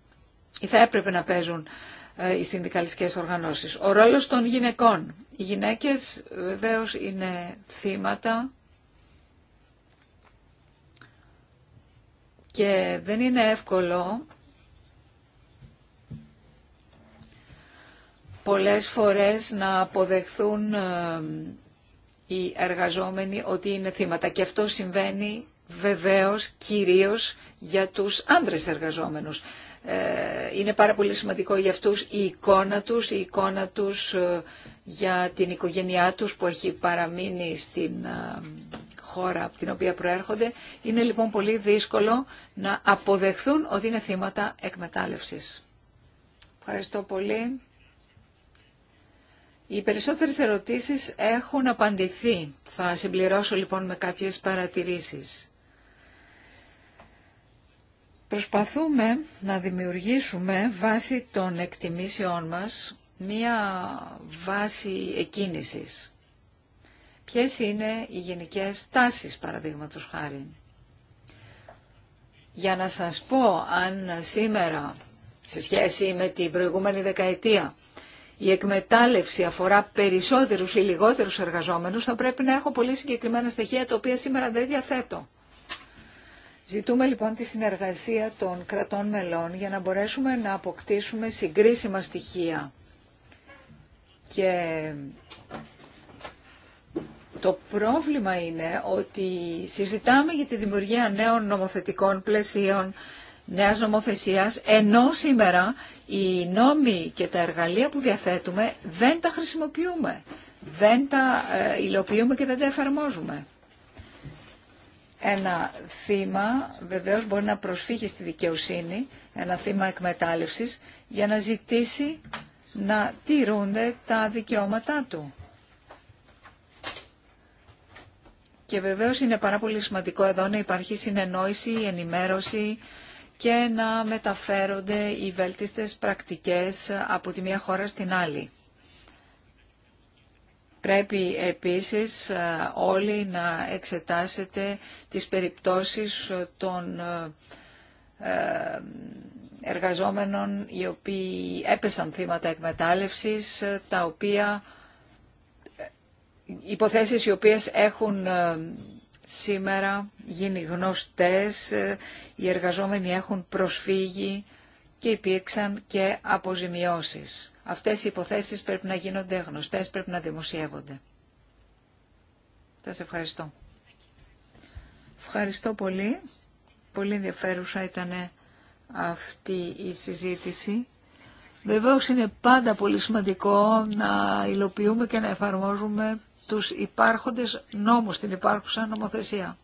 ή θα έπρεπε να παίζουν ε, οι συνδικαλιστικές οργανώσεις. Ο ρόλος των γυναικών οι γυναίκες βεβαίως είναι θύματα και δεν είναι εύκολο πολλές φορές να αποδεχθούν ε, οι εργαζόμενοι ότι είναι θύματα. Και αυτό συμβαίνει βεβαίως κυρίως για τους άντρες εργαζόμενους. Ε, είναι πάρα πολύ σημαντικό για αυτούς η εικόνα τους, η εικόνα τους ε, για την οικογένειά τους που έχει παραμείνει στην ε, χώρα από την οποία προέρχονται. Είναι λοιπόν πολύ δύσκολο να αποδεχθούν ότι είναι θύματα εκμετάλλευσης. Ευχαριστώ πολύ. Οι περισσότερες ερωτήσεις έχουν απαντηθεί. Θα συμπληρώσω λοιπόν με κάποιες παρατηρήσεις. Προσπαθούμε να δημιουργήσουμε βάσει των εκτιμήσεών μας μία βάση εκκίνησης. Ποιες είναι οι γενικές τάσεις, παραδείγματος χάρη. Για να σας πω αν σήμερα, σε σχέση με την προηγούμενη δεκαετία, η εκμετάλλευση αφορά περισσότερους ή λιγότερους εργαζόμενους, θα πρέπει να έχω πολύ συγκεκριμένα στοιχεία, τα οποία σήμερα δεν διαθέτω. Ζητούμε λοιπόν τη συνεργασία των κρατών μελών για να μπορέσουμε να αποκτήσουμε συγκρίσιμα στοιχεία και το πρόβλημα είναι ότι συζητάμε για τη δημιουργία νέων νομοθετικών πλαισίων, νέας νομοθεσίας, ενώ σήμερα οι νόμοι και τα εργαλεία που διαθέτουμε δεν τα χρησιμοποιούμε, δεν τα ε, υλοποιούμε και δεν τα εφαρμόζουμε. Ένα θύμα βεβαίως μπορεί να προσφύγει στη δικαιοσύνη, ένα θύμα εκμετάλλευσης, για να ζητήσει να τηρούνται τα δικαιώματά του. Και βεβαίως είναι πάρα πολύ σημαντικό εδώ να υπάρχει συνεννόηση, ενημέρωση και να μεταφέρονται οι βέλτιστες πρακτικές από τη μία χώρα στην άλλη. Πρέπει επίσης ε, όλοι να εξετάσετε τις περιπτώσεις των ε, ε, εργαζόμενων οι οποίοι έπεσαν θύματα εκμετάλλευσης, τα οποία ε, υποθέσεις οι οποίες έχουν ε, σήμερα γίνει γνωστές, ε, οι εργαζόμενοι έχουν προσφύγει και υπήρξαν και αποζημιώσεις. Αυτές οι υποθέσεις πρέπει να γίνονται γνωστές, πρέπει να δημοσιεύονται. σα ευχαριστώ. Ευχαριστώ πολύ. Πολύ ενδιαφέρουσα ήταν αυτή η συζήτηση. Βεβαίως είναι πάντα πολύ σημαντικό να υλοποιούμε και να εφαρμόζουμε τους υπάρχοντες νόμους, την υπάρχουσα νομοθεσία.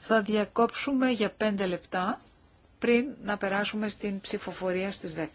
Θα διακόψουμε για πέντε λεπτά πριν να περάσουμε στην ψηφοφορία στις 10.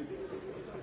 Υπότιτλοι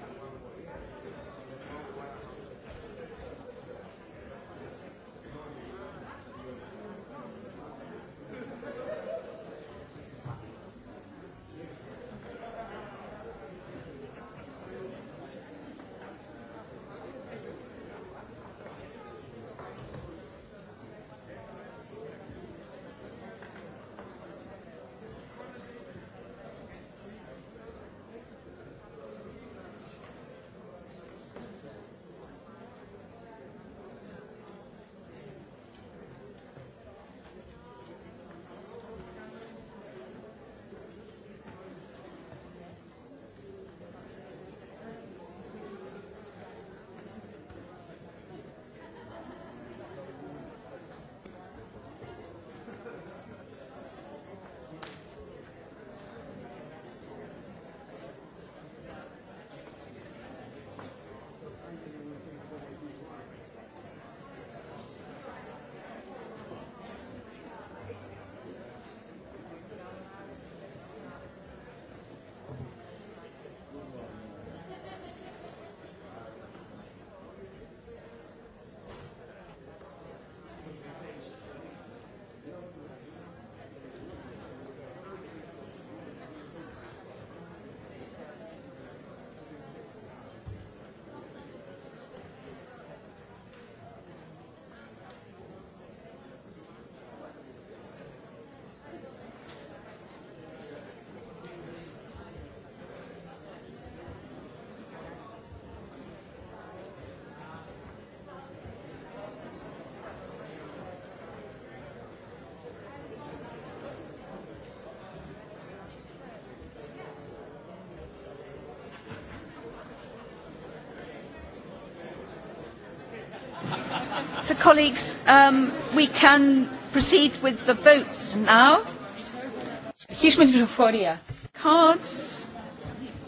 So, colleagues, um, we can proceed with the votes now. Αρχίσουμε την ψηφοφορία. Cards,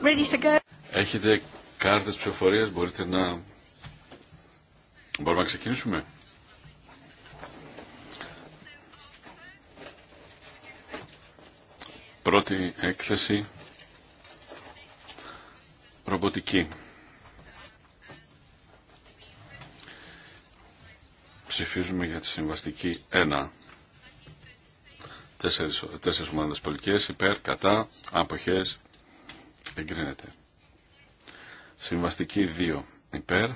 ready to go. Έχετε κάρτες ψηφοφορίας, μπορείτε να... Μπορούμε να ξεκινήσουμε. Πρώτη έκθεση, ρομποτική. ψηφίζουμε για τη συμβαστική 1. Τέσσερις, τέσσερις πολιτικέ πολιτικές, υπέρ, κατά, αποχές, εγκρίνεται. Συμβαστική 2. Υπέρ,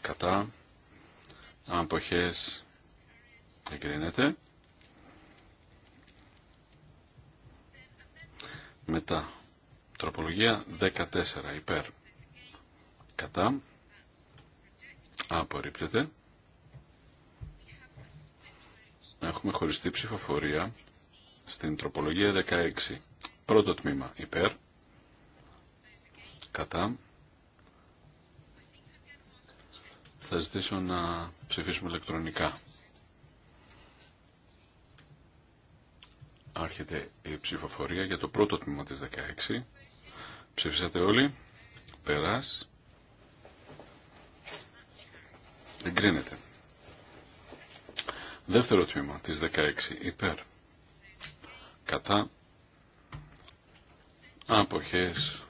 κατά, αποχές, εγκρίνεται. Μετά, τροπολογία 14. Υπέρ, κατά, απορρίπτεται να έχουμε χωριστή ψηφοφορία στην τροπολογία 16. Πρώτο τμήμα υπέρ, κατά. Θα ζητήσω να ψηφίσουμε ηλεκτρονικά. Άρχεται η ψηφοφορία για το πρώτο τμήμα της 16. Ψήφισατε όλοι. Περάς. Εγκρίνεται. Δεύτερο τμήμα της 16 υπέρ. Κατά αποχές.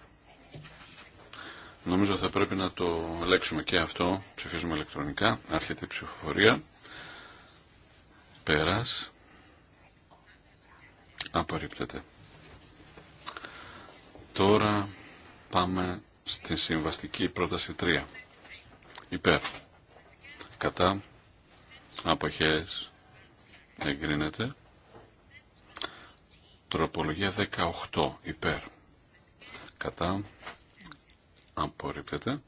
Νομίζω θα πρέπει να το λέξουμε και αυτό. Ψηφίζουμε ηλεκτρονικά. Άρχεται η ψηφοφορία. Πέρας. Απορρίπτεται. Τώρα πάμε στη συμβαστική πρόταση 3. Υπέρ. Κατά αποχές εγκρίνεται τροπολογία 18 υπέρ κατά απορρίπτεται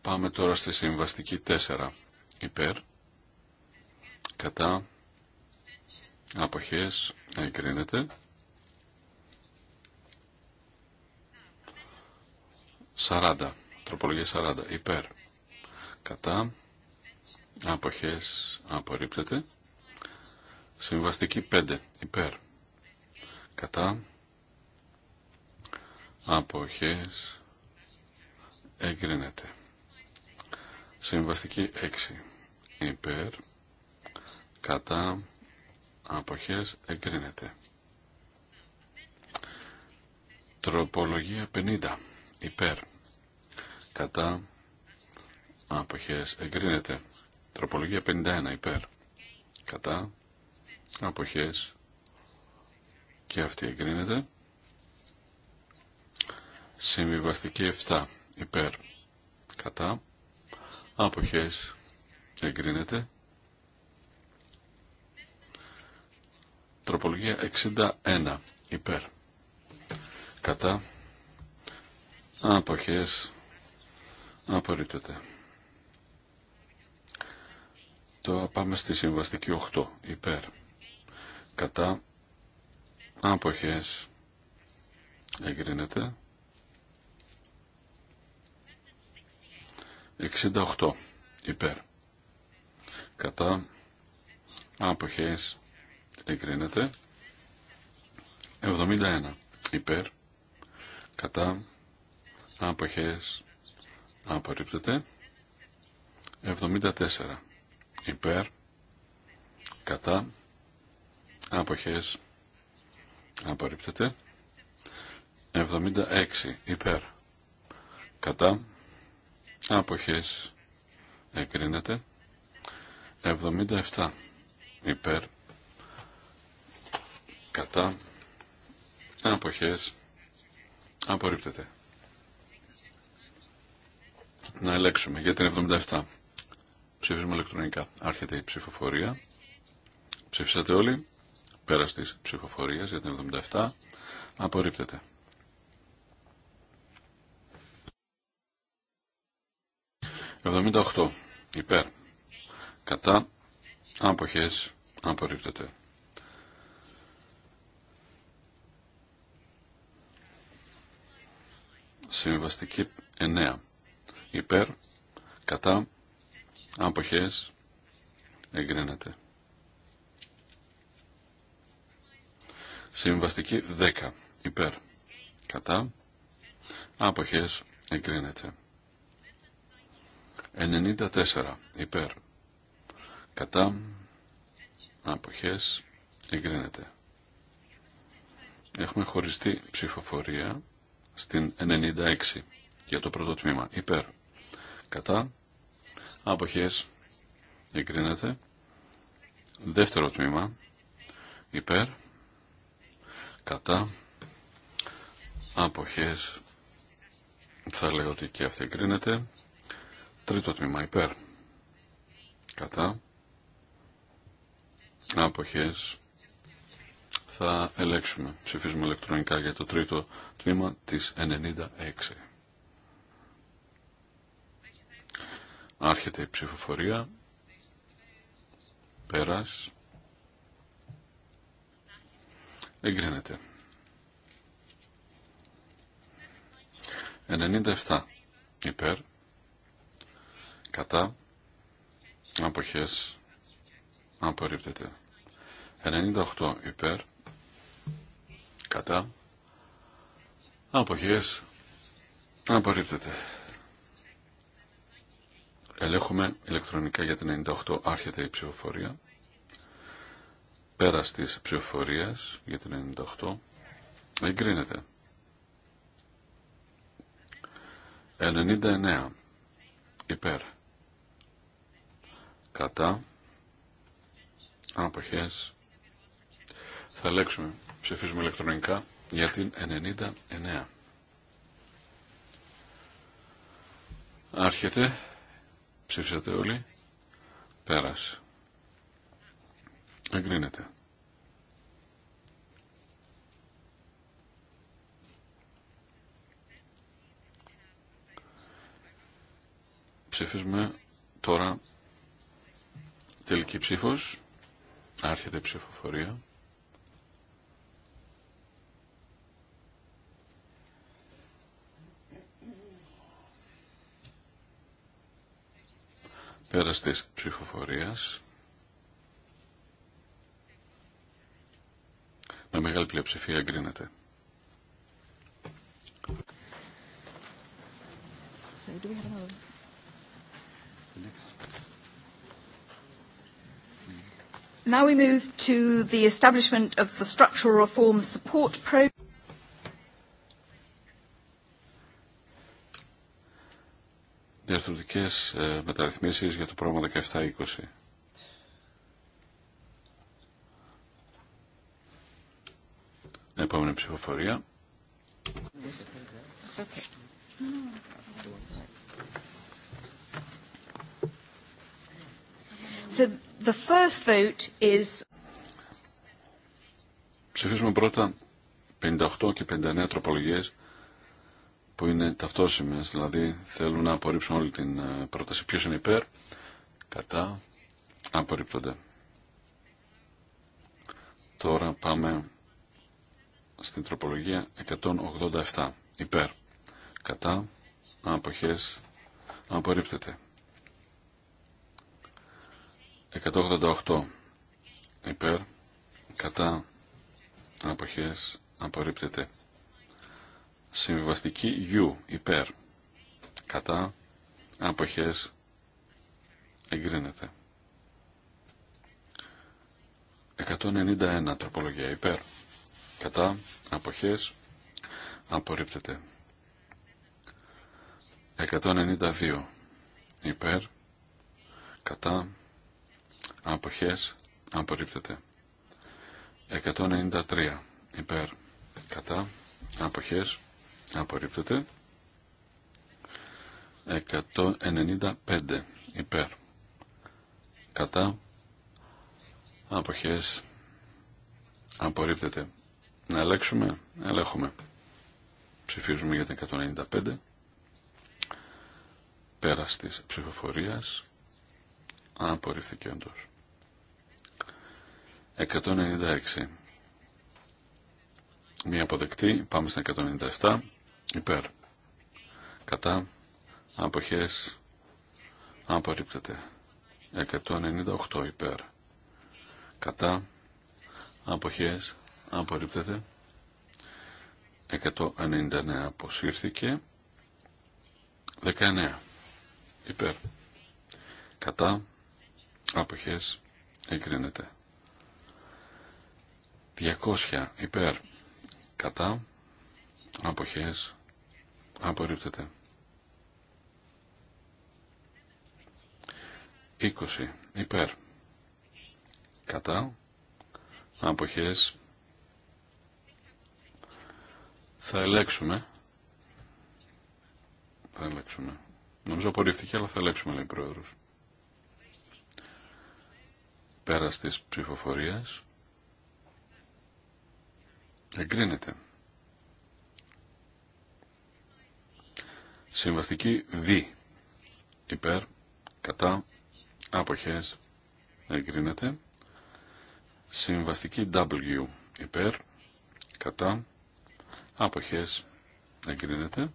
πάμε τώρα στη συμβαστική 4 υπέρ κατά αποχές εγκρίνεται Σαράντα. τροπολογία 40 υπέρ κατά, αποχές απορρίπτεται. Συμβαστική 5 υπέρ, κατά, αποχές εγκρίνεται. Συμβαστική 6 υπέρ, κατά, αποχές εγκρίνεται. Τροπολογία 50 υπέρ, κατά, αποχές εγκρίνεται. Τροπολογία 51 υπέρ. Κατά αποχές και αυτή εγκρίνεται. Συμβιβαστική 7 υπέρ. Κατά αποχές εγκρίνεται. Τροπολογία 61 υπέρ. Κατά αποχές απορρίπτεται. Τώρα πάμε στη συμβαστική 8 υπέρ κατά άποχες εγκρίνεται 68 υπέρ κατά άποχες εγκρίνεται 71 υπέρ κατά άποχες απορρίπτεται 74 υπέρ, κατά, αποχές, απορρίπτεται, 76 υπέρ, κατά, αποχές, εγκρίνεται, 77 υπέρ, κατά, αποχές, απορρίπτεται. Να ελέξουμε για την 77. Ψηφίζουμε ηλεκτρονικά. Άρχεται η ψηφοφορία. Ψηφίσατε όλοι. Πέρα τη ψηφοφορία για την 77. Απορρίπτεται. «78. Υπέρ. Κατά. Αποχές. Απορρίπτεται. Συμβαστική 9. Υπέρ. Κατά. Αποχές. Εγκρίνεται. Συμβαστική 10. Υπέρ. Κατά. Άποχες. Εγκρίνεται. 94. Υπέρ. Κατά. Άποχες. Εγκρίνεται. Έχουμε χωριστή ψηφοφορία στην 96 για το πρώτο τμήμα. Υπέρ. Κατά. Αποχές. Εγκρίνεται. Δεύτερο τμήμα. Υπέρ. Κατά. Αποχές. Θα λέω ότι και αυτή εγκρίνεται. Τρίτο τμήμα. Υπέρ. Κατά. Αποχές. Θα ελέγξουμε. Ψηφίζουμε ηλεκτρονικά για το τρίτο τμήμα της 96. Άρχεται η ψηφοφορία. Πέρας. Εγκρίνεται. 97 υπέρ. Κατά. Αποχές. Απορρίπτεται. 98 υπέρ. Κατά. Αποχές. Απορρίπτεται. Ελέγχουμε ηλεκτρονικά για την 98 άρχεται η ψηφοφορία. Πέρας της ψηφοφορίας για την 98 εγκρίνεται. 99 υπέρ κατά αποχές θα ελέγξουμε ψηφίζουμε ηλεκτρονικά για την 99 άρχεται Ψήφισατε όλοι. Πέρασε. Εγκρίνεται. Ψήφισμε τώρα τελική ψήφος. Άρχεται η ψηφοφορία. Πέρας της ψηφοφορίας. Με μεγάλη πλειοψηφία εγκρίνεται. Now we move to the establishment of the structural reform support program. διαρθρωτικές ε, μεταρρυθμίσεις για το πρόγραμμα 17-20. Επόμενη ψηφοφορία. So the first vote is... Ψηφίζουμε πρώτα 58 και 59 τροπολογίες που είναι ταυτόσιμες, δηλαδή θέλουν να απορρίψουν όλη την ε, πρόταση. Ποιος είναι υπέρ, κατά, απορρίπτονται. Τώρα πάμε στην τροπολογία 187. Υπέρ. Κατά. Αποχές. Απορρίπτεται. 188. Υπέρ. Κατά. Αποχές. Απορρίπτεται. Συμβιβαστική U υπέρ κατά αποχές εγκρίνεται. 191 τροπολογία υπέρ κατά αποχές απορρίπτεται. 192 υπέρ κατά αποχές απορρίπτεται. 193 υπέρ κατά αποχές απορρίπτεται 195 υπέρ κατά αποχές απορρίπτεται να ελέγξουμε ελέγχουμε ψηφίζουμε για το 195 πέρας της ψηφοφορίας απορρίφθηκε όντως 196 μία αποδεκτή πάμε στα 197 υπέρ κατά αποχές απορρίπτεται 198 υπέρ κατά αποχές απορρίπτεται 199 αποσύρθηκε 19 υπέρ κατά αποχές εγκρίνεται 200 υπέρ κατά αποχές Απορρίπτεται. 20. Υπέρ. Κατά. Αποχές. Θα ελέξουμε. Θα ελέξουμε. Νομίζω απορρίφθηκε, αλλά θα ελέξουμε, λέει Πρόεδρος. Πέρας της ψηφοφορίας. Εγκρίνεται. Συμβαστική Β. Υπέρ, κατά, άποχες, εγκρίνεται. Συμβαστική W. Υπέρ, κατά, άποχες, εγκρίνεται.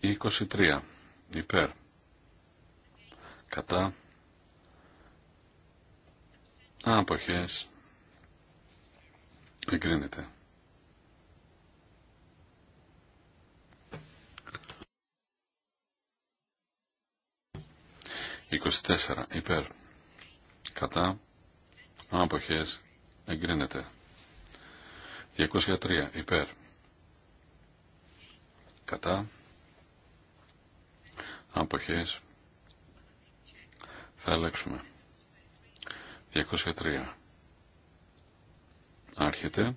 23. Υπέρ, κατά, άποχες, εγκρίνεται. 24 υπέρ κατά άποχες εγκρίνεται 203 υπέρ κατά άποχες θα ελέγξουμε 203 άρχεται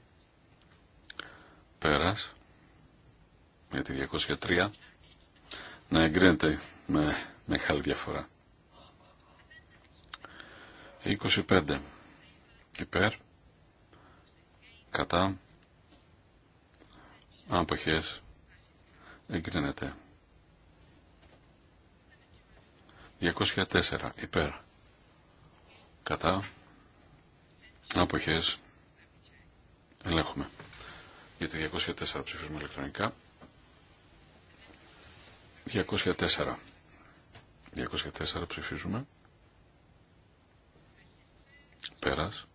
πέρας γιατί 203 να εγκρίνεται με μεγάλη διαφορά 25 υπέρ κατά άποχες εγκρίνεται 204 υπέρ κατά άποχες ελέγχουμε για 204 ψηφίζουμε ηλεκτρονικά 204 204 ψηφίζουμε Πέρας.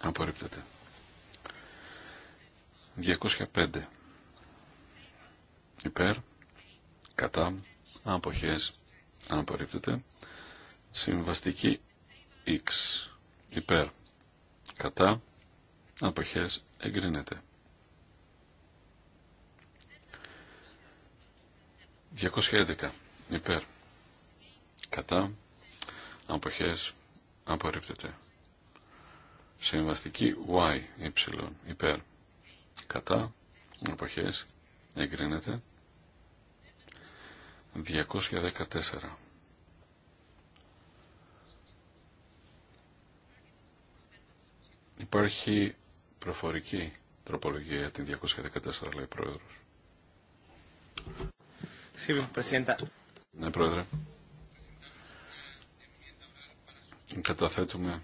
Απορρίπτεται. 205. Υπέρ. Κατά. Αποχές. Απορρίπτεται. Συμβαστική X. Υπέρ. Κατά. Αποχές. Εγκρίνεται. 211. Υπέρ. Κατά. Αποχές απορρίπτεται. Συμβαστική Y, Y, υπέρ, κατά, εποχές, εγκρίνεται. 214. Υπάρχει προφορική τροπολογία για την 214, λέει ο Πρόεδρος. ναι, Πρόεδρε καταθέτουμε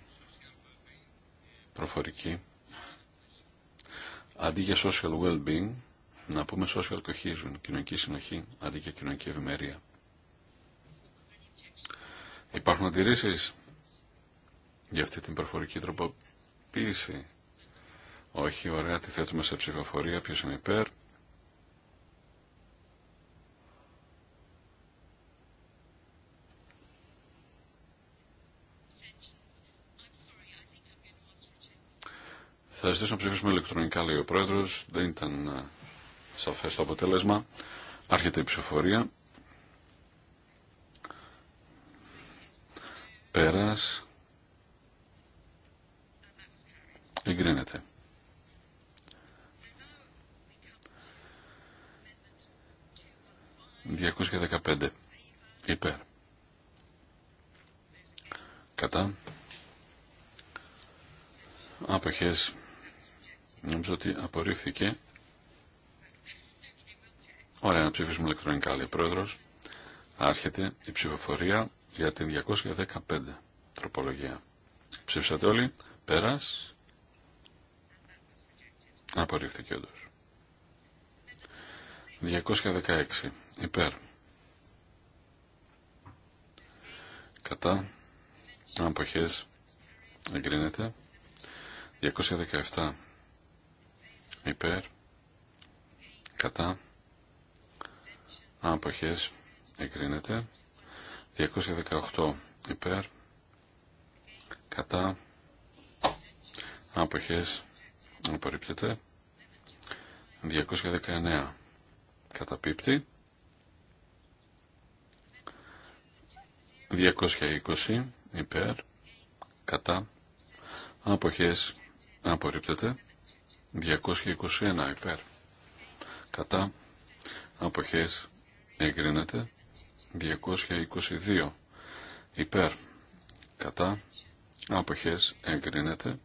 προφορική αντί για social well-being να πούμε social cohesion, κοινωνική συνοχή αντί για κοινωνική ευημερία. Υπάρχουν αντιρρήσει για αυτή την προφορική τροποποίηση. Όχι, ωραία, τη θέτουμε σε ψηφοφορία. Ποιος είναι υπέρ. Θα ζητήσω να ψηφίσουμε ηλεκτρονικά, λέει ο πρόεδρο. Δεν ήταν ε, σαφέ το αποτέλεσμα. Άρχεται η ψηφοφορία. Πέρας. Εγκρίνεται. Διακόσια Υπέρ. Κατά. Αποχές Νομίζω ότι απορρίφθηκε. Ωραία, να ψηφίσουμε ηλεκτρονικά, λέει πρόεδρος. Άρχεται η ψηφοφορία για την 215 τροπολογία. Ψήφισατε όλοι. Πέρας. Απορρίφθηκε όντω. 216. Υπέρ. Κατά. Αποχές. Εγκρίνεται. 217 υπέρ, κατά, άποχες, εγκρίνεται. 218 υπέρ, κατά, άποχες, απορρίπτεται. 219 καταπίπτει. 220 υπέρ, κατά, άποχες, απορρίπτεται. 221 υπέρ. Κατά αποχές εγκρίνεται 222 υπέρ. Κατά αποχές εγκρίνεται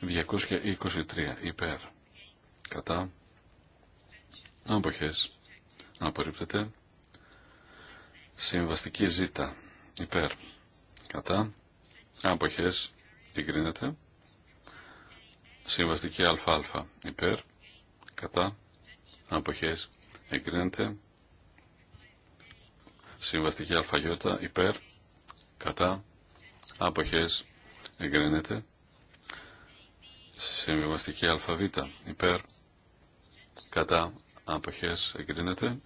223 υπέρ. Κατά αποχές απορρίπτεται συμβαστική ζήτα υπέρ. Κατά αποχές εγκρίνεται. Συμβαστική αλφα-αλφα υπέρ, κατά, αποχές, εγκρίνεται. Συμβαστική ΑΙ υπέρ, κατά, αποχές, εγκρίνεται. Συμβαστική ΑΒ υπέρ, κατά, αποχές, εγκρίνεται.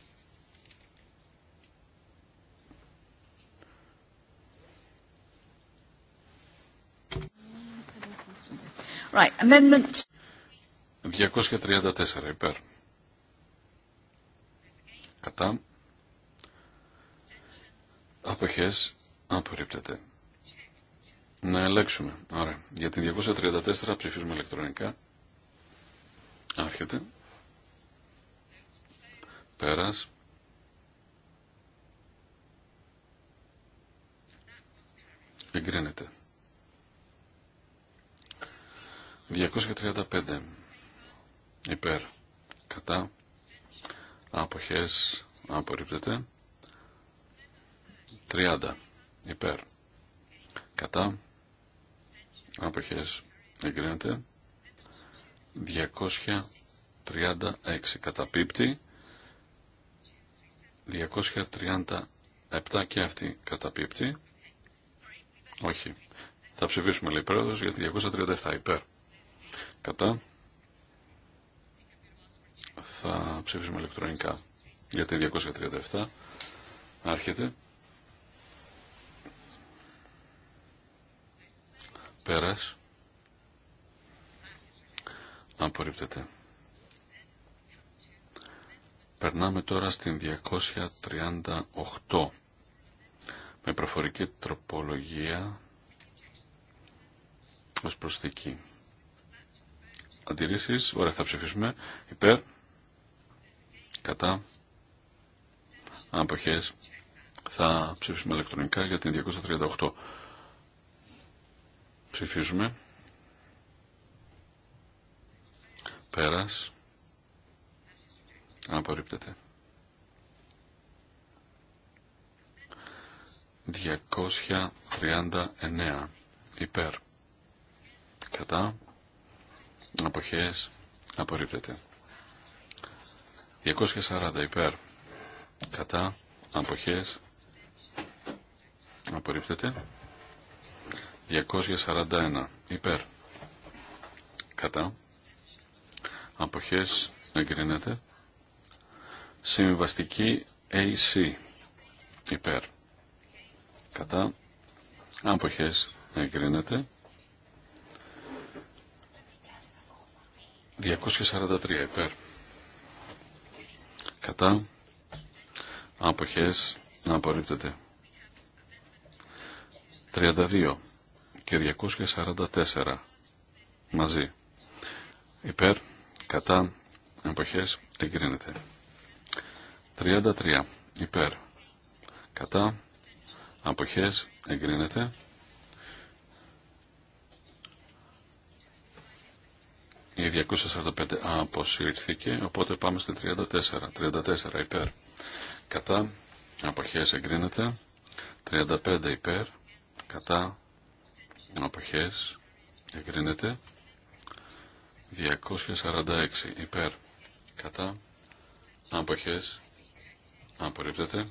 234 υπέρ. Κατά. Αποχές απορρίπτεται. Να ελέγξουμε. Ωραία. για την 234 ψηφίζουμε ηλεκτρονικά. Άρχεται. Πέρας. Εγκρίνεται. 235 υπέρ κατά αποχές απορρίπτεται 30 υπέρ κατά αποχές εγκρίνεται 236 καταπίπτει 237 και αυτή καταπίπτει όχι θα ψηφίσουμε λέει πρόεδρος για 237 υπέρ Κατά. Θα ψηφίσουμε ηλεκτρονικά για την 237. Άρχεται. Πέρας. Απορρίπτεται. Περνάμε τώρα στην 238 με προφορική τροπολογία ως προσθήκη αντιρρήσει. Ωραία, θα ψηφίσουμε. Υπέρ. Κατά. Αποχές. Θα ψηφίσουμε ηλεκτρονικά για την 238. Ψηφίζουμε. Πέρα Απορρίπτεται. 239 υπέρ κατά αποχές απορρίπτεται 240 υπέρ κατά αποχές απορρίπτεται 241 υπέρ κατά αποχές εγκρίνεται συμβαστική AC υπέρ κατά αποχές εγκρίνεται 243 υπέρ. Κατά. Αποχές να απορρίπτεται. 32 και 244 μαζί. Υπέρ. Κατά. Αποχές εγκρίνεται. 33 υπέρ. Κατά. Αποχές εγκρίνεται. Η 245 αποσύρθηκε, οπότε πάμε στη 34. 34 υπέρ. Κατά αποχές εγκρίνεται. 35 υπέρ. Κατά αποχές εγκρίνεται. 246 υπέρ. Κατά αποχές απορρίπτεται.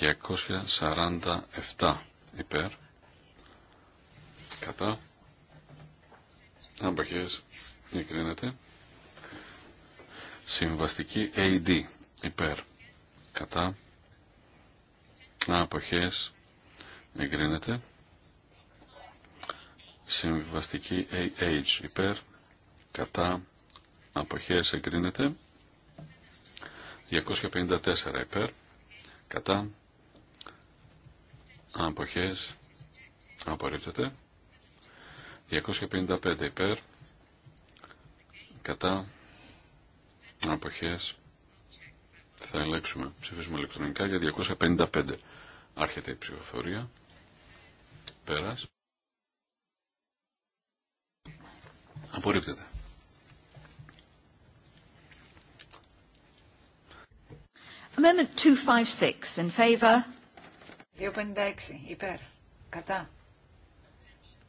247 υπέρ. Κατά παχές, Εγκρίνεται. Συμβαστική AD. Υπέρ. Κατά. Αποχές. Εγκρίνεται. Συμβαστική AH. Υπέρ. Κατά. Αποχές. Εγκρίνεται. 254 υπέρ, κατά, αποχές, απορρίπτεται, 255 υπέρ κατά αποχές θα ελέγξουμε ψηφίσουμε ηλεκτρονικά για 255 άρχεται η ψηφοφορία πέρας απορρίπτεται Amendment 256 in favor 256 υπέρ κατά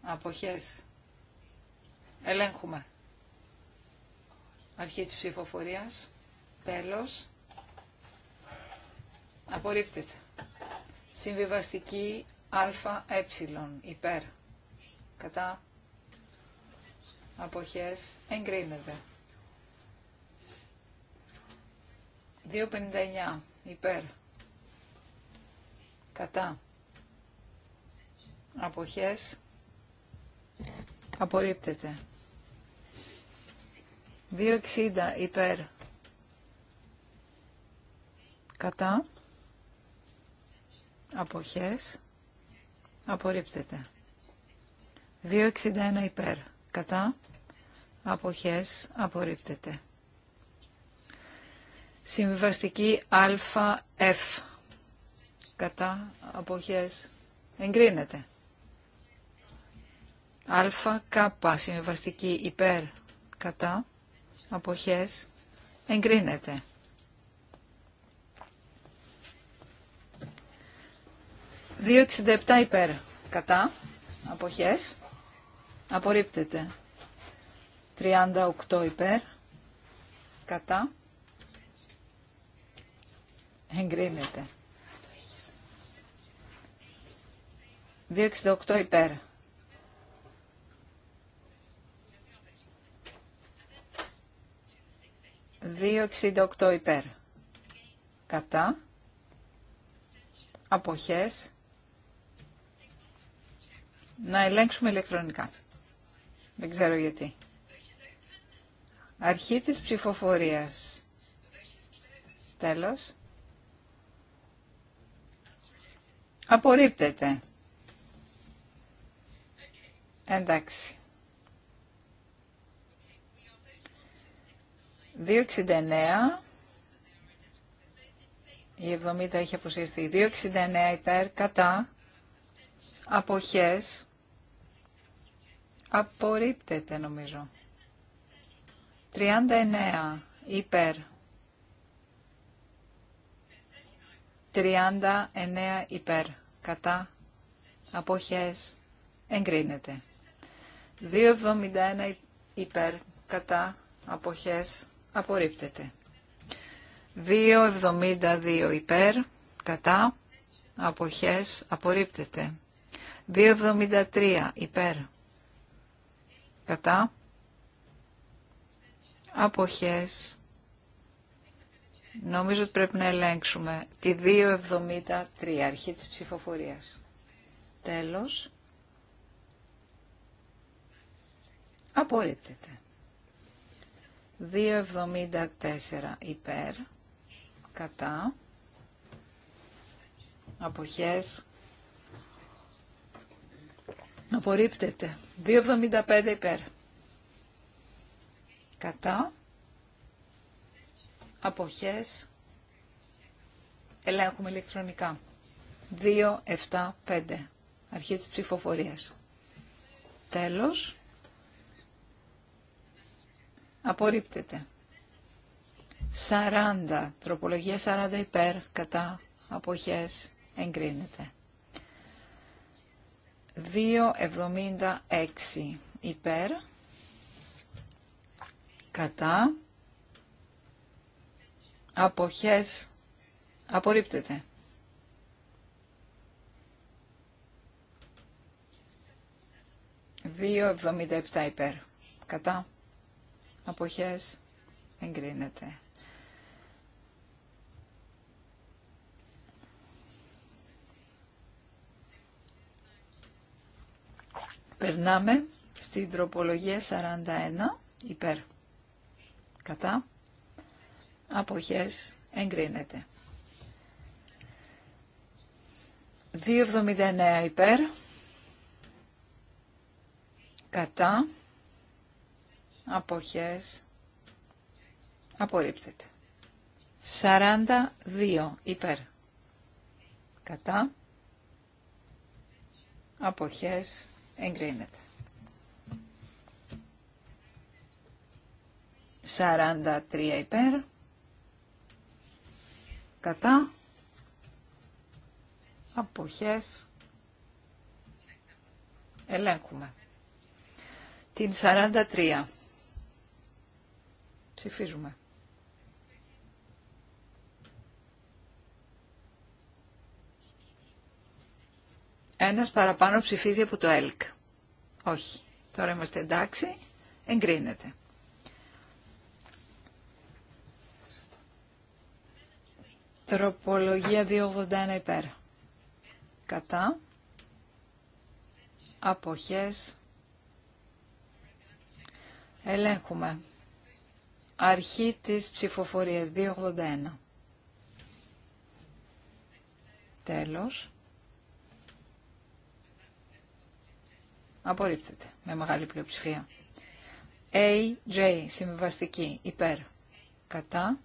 αποχές Ελέγχουμε. Αρχή της ψηφοφορίας. Τέλος. Απορρίπτεται. Συμβιβαστική ΑΕ. Υπέρ. Κατά. Αποχές. Εγκρίνεται. 2.59. Υπέρ. Κατά. Αποχές. Απορρίπτεται. 2,60 υπέρ. Κατά. Αποχές. Απορρίπτεται. 2,61 υπέρ. Κατά. Αποχές. Απορρίπτεται. Συμβιβαστική αφ Κατά. Αποχές. Εγκρίνεται. Α, συμβιβαστική υπέρ, κατά, αποχές, εγκρίνεται. 267 υπέρ, κατά, αποχές, απορρίπτεται. 38 υπέρ, κατά, εγκρίνεται. 2,68 υπέρ, 2,68 υπέρ. Κατά. Αποχές. Να ελέγξουμε ηλεκτρονικά. Δεν ξέρω γιατί. Αρχή της ψηφοφορίας. Τέλος. Απορρίπτεται. Εντάξει. 269, η 70 έχει αποσυρθεί. 269 υπέρ, κατά, αποχές, απορρίπτεται νομίζω. 39 υπέρ. 39 υπέρ, κατά, αποχές, εγκρίνεται. 271 υπέρ, κατά, αποχές, απορρίπτεται. 2,72 υπέρ, κατά, αποχές, απορρίπτεται. 2,73 υπέρ, κατά, αποχές. Νομίζω ότι πρέπει να ελέγξουμε τη 2,73 αρχή της ψηφοφορίας. Τέλος. Απορρίπτεται. 2,74 υπέρ, κατά, αποχές, απορρίπτεται, 2,75 υπέρ, κατά, αποχές, ελέγχουμε ηλεκτρονικά, 2,75, αρχή της ψηφοφορίας. Τέλος. Απορρίπτεται. 40. Τροπολογία 40 υπέρ κατά αποχές εγκρίνεται. 2.76 υπέρ κατά αποχές απορρίπτεται. 2.77 υπέρ κατά αποχές εγκρίνεται. Περνάμε στην τροπολογία 41 υπέρ κατά αποχές εγκρίνεται. 2,79 υπέρ κατά αποχές απορρίπτεται. 42 υπέρ κατά αποχές εγκρίνεται. 43 υπέρ κατά αποχές ελέγχουμε. Την 43. Ψηφίζουμε. Ένας παραπάνω ψηφίζει από το ΕΛΚ. Όχι. Τώρα είμαστε εντάξει. Εγκρίνεται. Τροπολογία 281 υπέρ. Κατά. Αποχές. Ελέγχουμε. Αρχή της ψηφοφορίας 281. Τέλος. Απορρίπτεται με μεγάλη πλειοψηφία. AJ, συμβιβαστική, υπέρ. Κατά.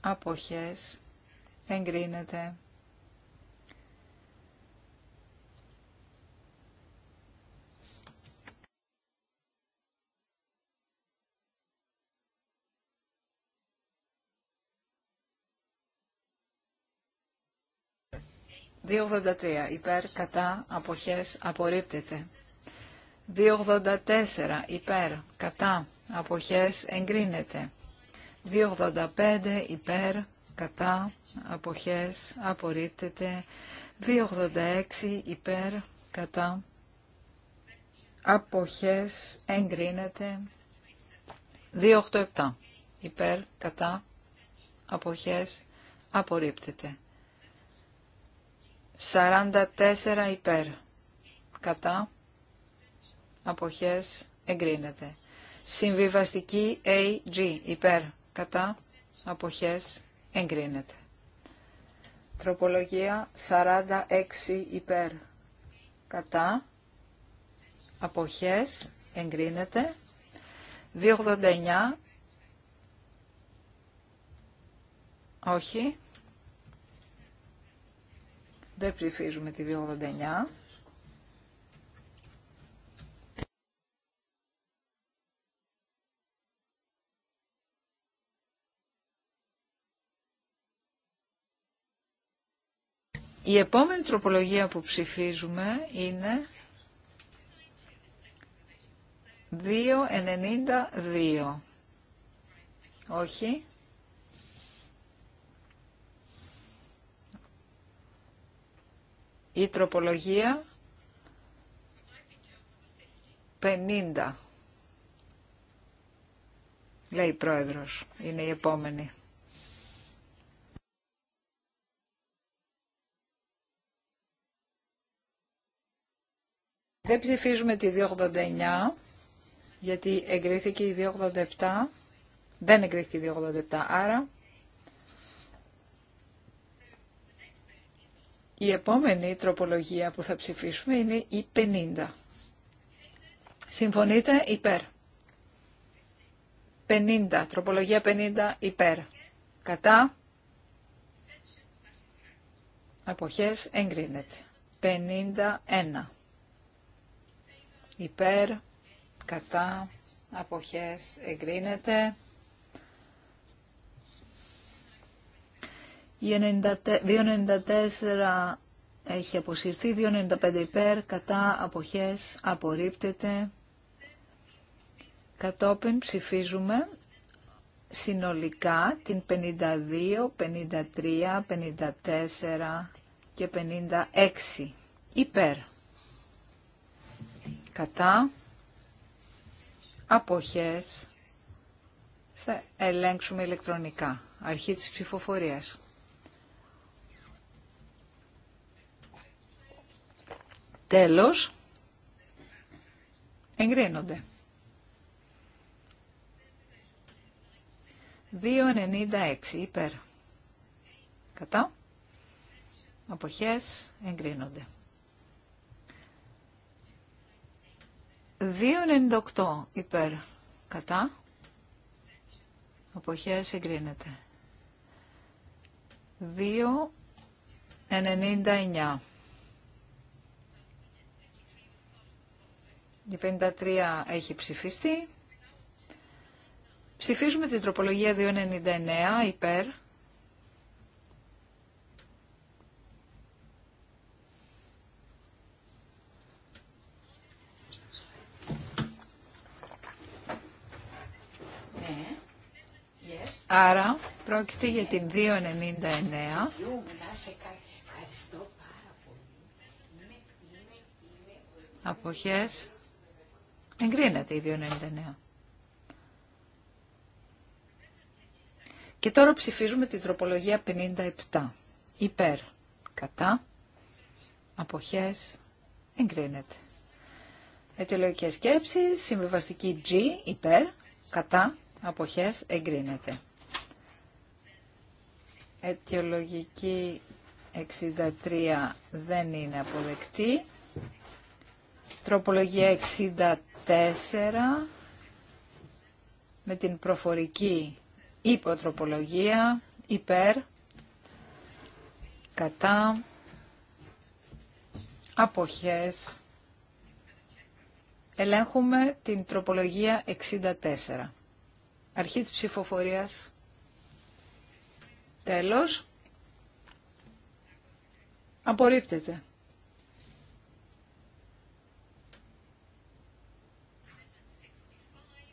Αποχές. Εγκρίνεται. 283 υπέρ κατά αποχές απορρίπτεται. 284 υπέρ κατά αποχές εγκρίνεται. 285 υπέρ κατά αποχές απορρίπτεται. 286 υπέρ κατά αποχές εγκρίνεται. 287 υπέρ κατά αποχές απορρίπτεται. 44 υπέρ. Κατά. Αποχές εγκρίνεται. Συμβιβαστική AG υπέρ. Κατά. Αποχές εγκρίνεται. Τροπολογία 46 υπέρ. Κατά. Αποχές εγκρίνεται. 289. Όχι. Δεν ψηφίζουμε τη 289. Η επόμενη τροπολογία που ψηφίζουμε είναι 2.92. Όχι. Η τροπολογία 50. Λέει η πρόεδρος. Είναι η επόμενη. Δεν ψηφίζουμε τη 289, γιατί εγκρίθηκε η 287. Δεν εγκρίθηκε η 287, άρα Η επόμενη τροπολογία που θα ψηφίσουμε είναι η 50. Συμφωνείτε υπέρ. 50. Τροπολογία 50 υπέρ. Κατά. Αποχές εγκρίνεται. 51. Υπέρ. Κατά. Αποχές εγκρίνεται. Η 294 έχει αποσυρθεί, 295 υπέρ, κατά αποχές απορρίπτεται. Κατόπιν ψηφίζουμε συνολικά την 52, 53, 54 και 56 υπέρ. Κατά αποχές θα ελέγξουμε ηλεκτρονικά. Αρχή της ψηφοφορίας. Τέλος, εγκρίνονται. 2,96 υπέρ. Κατά. Αποχές εγκρίνονται. 2,98 υπέρ. Κατά. Αποχές εγκρίνεται. 2,99 Η 53 έχει ψηφιστεί. Ψηφίζουμε την τροπολογία 299 υπέρ. Ναι. Άρα πρόκειται για την 299. Αποχές. Εγκρίνεται η 299. Και τώρα ψηφίζουμε την τροπολογία 57. Υπέρ. Κατά. Αποχές. Εγκρίνεται. Αιτιολογικές σκέψει. Συμβιβαστική G. Υπέρ. Κατά. Αποχές. Εγκρίνεται. Αιτιολογική 63 δεν είναι αποδεκτή. Τροπολογία 64 με την προφορική υποτροπολογία υπέρ κατά αποχές ελέγχουμε την τροπολογία 64 αρχή της ψηφοφορίας τέλος απορρίπτεται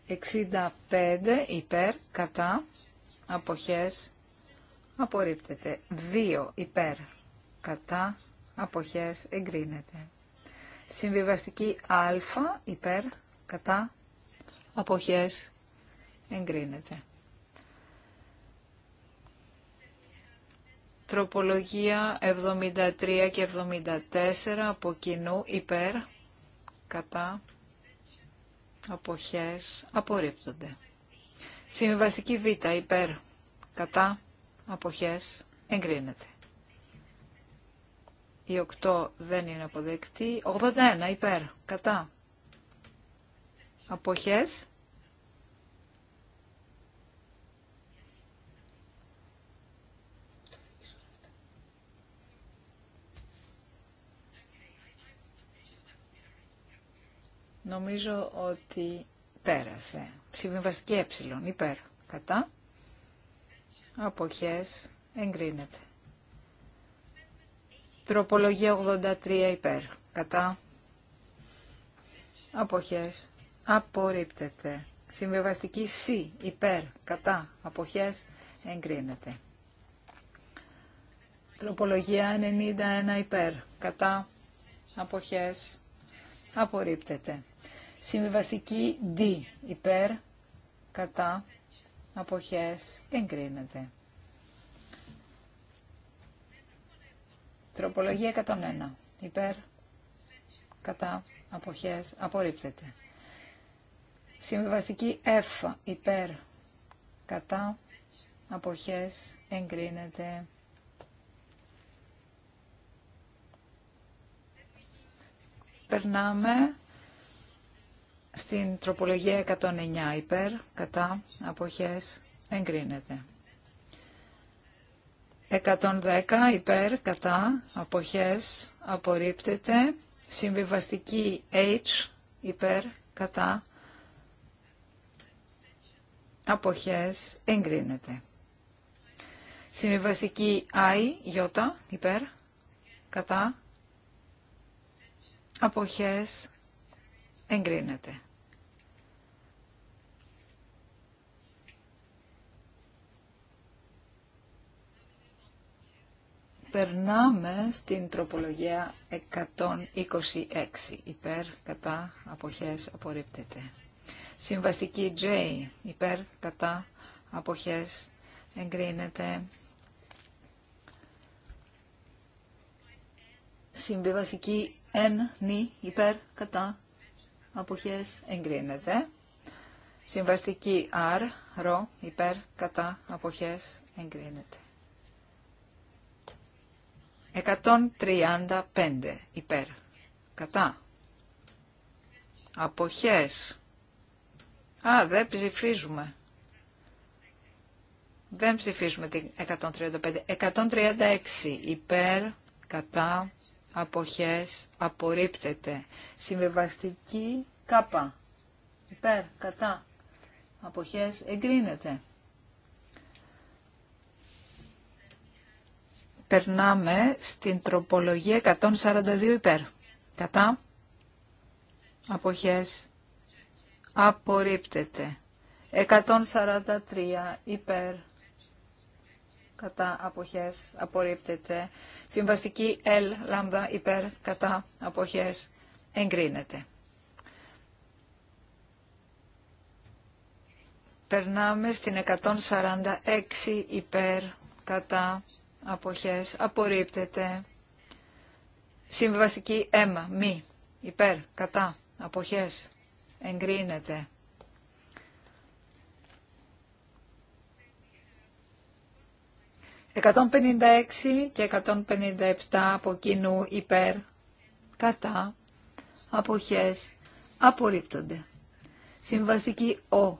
65 υπέρ, κατά, αποχές, απορρίπτεται. 2 υπέρ, κατά, αποχές, εγκρίνεται. Συμβιβαστική α υπέρ, κατά, αποχές, εγκρίνεται. Τροπολογία 73 και 74 από κοινού υπέρ, κατά, αποχές απορρίπτονται. Συμβιβαστική Β υπέρ κατά αποχές εγκρίνεται. Η 8 δεν είναι αποδεκτή. 81 υπέρ κατά αποχές Νομίζω ότι πέρασε. Συμβιβαστική ε, υπέρ. Κατά. Αποχές εγκρίνεται. Τροπολογία 83 υπέρ. Κατά. Αποχές απορρίπτεται. Συμβιβαστική C υπέρ. Κατά. Αποχές εγκρίνεται. Τροπολογία 91 υπέρ. Κατά. Αποχές απορρίπτεται. Συμβιβαστική D υπέρ κατά αποχές εγκρίνεται. Τροπολογία 101 υπέρ κατά αποχές απορρίπτεται. Συμβιβαστική F υπέρ κατά αποχές εγκρίνεται. Περνάμε στην τροπολογία 109 υπέρ, κατά, αποχές, εγκρίνεται. 110 υπέρ, κατά, αποχές, απορρίπτεται. Συμβιβαστική H υπέρ, κατά, αποχές, εγκρίνεται. Συμβιβαστική I, Ι, υπέρ, κατά, αποχές, εγκρίνεται. περνάμε στην τροπολογία 126. Υπέρ, κατά, αποχές, απορρίπτεται. Συμβαστική J. Υπέρ, κατά, αποχές, εγκρίνεται. Συμβιβαστική N, υπέρ, κατά, αποχές, εγκρίνεται. Συμβαστική R, ρο, υπέρ, κατά, αποχές, εγκρίνεται. 135 υπέρ. Κατά. Αποχές. Α, δεν ψηφίζουμε. Δεν ψηφίζουμε την 135. 136 υπέρ, κατά, αποχές, απορρίπτεται. Συμβεβαστική κάπα. Υπέρ, κατά, αποχές, εγκρίνεται. περνάμε στην τροπολογία 142 υπέρ. Κατά. Αποχές. Απορρίπτεται. 143 υπέρ. Κατά αποχές απορρίπτεται. Συμβαστική L λάμδα υπέρ κατά αποχές εγκρίνεται. Περνάμε στην 146 υπέρ κατά αποχές, απορρίπτεται. Συμβαστική αίμα, μη, υπέρ, κατά, αποχές, εγκρίνεται. «156 και 157 από κοινού υπέρ, κατά, αποχές, απορρίπτονται. Συμβαστική ο,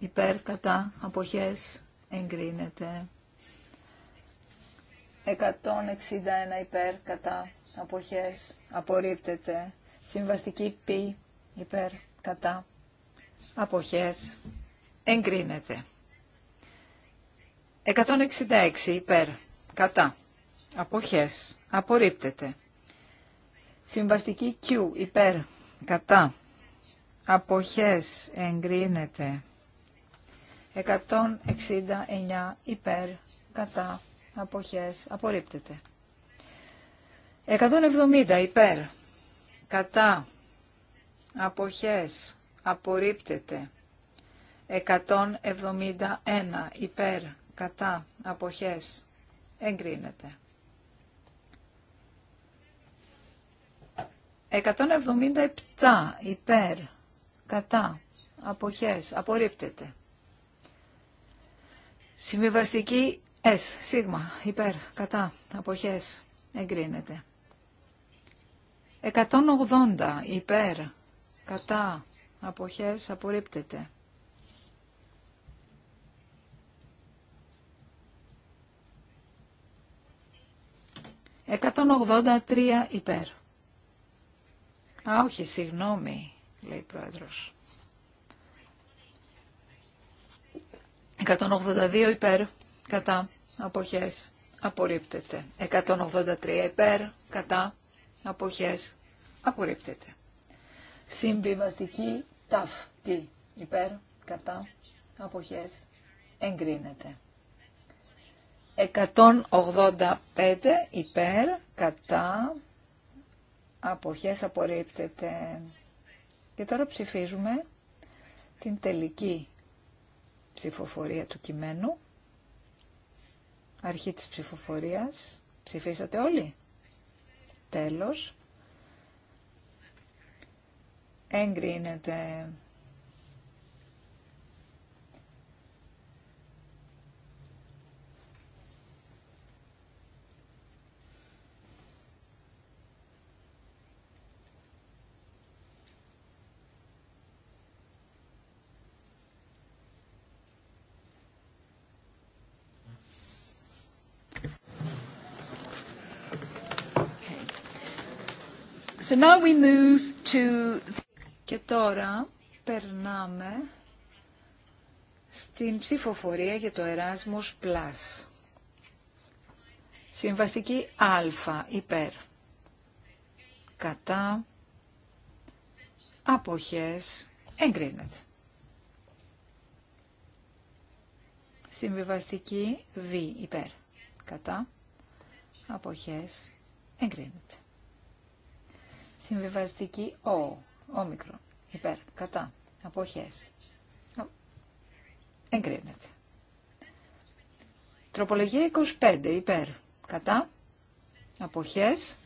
υπέρ, κατά, αποχές, εγκρίνεται. 161 υπέρ κατά αποχές απορρίπτεται. Συμβαστική π υπέρ κατά αποχές εγκρίνεται. 166 υπέρ κατά αποχές απορρίπτεται. Συμβαστική Q υπέρ κατά αποχές εγκρίνεται. 169 υπέρ κατά αποχές, απορρίπτεται. 170 υπέρ, κατά, αποχές, απορρίπτεται. 171 υπέρ, κατά, αποχές, εγκρίνεται. 177 υπέρ, κατά, αποχές, απορρίπτεται. Συμβιβαστική Σ, σίγμα, υπέρ, κατά, αποχές, εγκρίνεται. 180 υπέρ, κατά, αποχές, απορρίπτεται. 183 υπέρ. Α, όχι, συγγνώμη, λέει ο Πρόεδρος. 182 υπέρ κατά αποχές απορρίπτεται. 183 υπέρ κατά αποχές απορρίπτεται. Συμβιβαστική ταφ υπέρ κατά αποχές εγκρίνεται. 185 υπέρ κατά αποχές απορρίπτεται. Και τώρα ψηφίζουμε την τελική ψηφοφορία του κειμένου. Αρχή της ψηφοφορίας. Ψηφίσατε όλοι. Τέλος. Εγκρίνεται Και τώρα περνάμε στην ψηφοφορία για το Εράσμος Plus. Συμβαστική Α υπέρ. Κατά. Αποχές. Εγκρίνεται. Συμβιβαστική Β υπέρ. Κατά. Αποχές. Εγκρίνεται. Συμβιβαστική ο, όμικρο, υπέρ, κατά, αποχές. Εγκρίνεται. Τροπολογία 25, υπέρ, κατά, αποχές,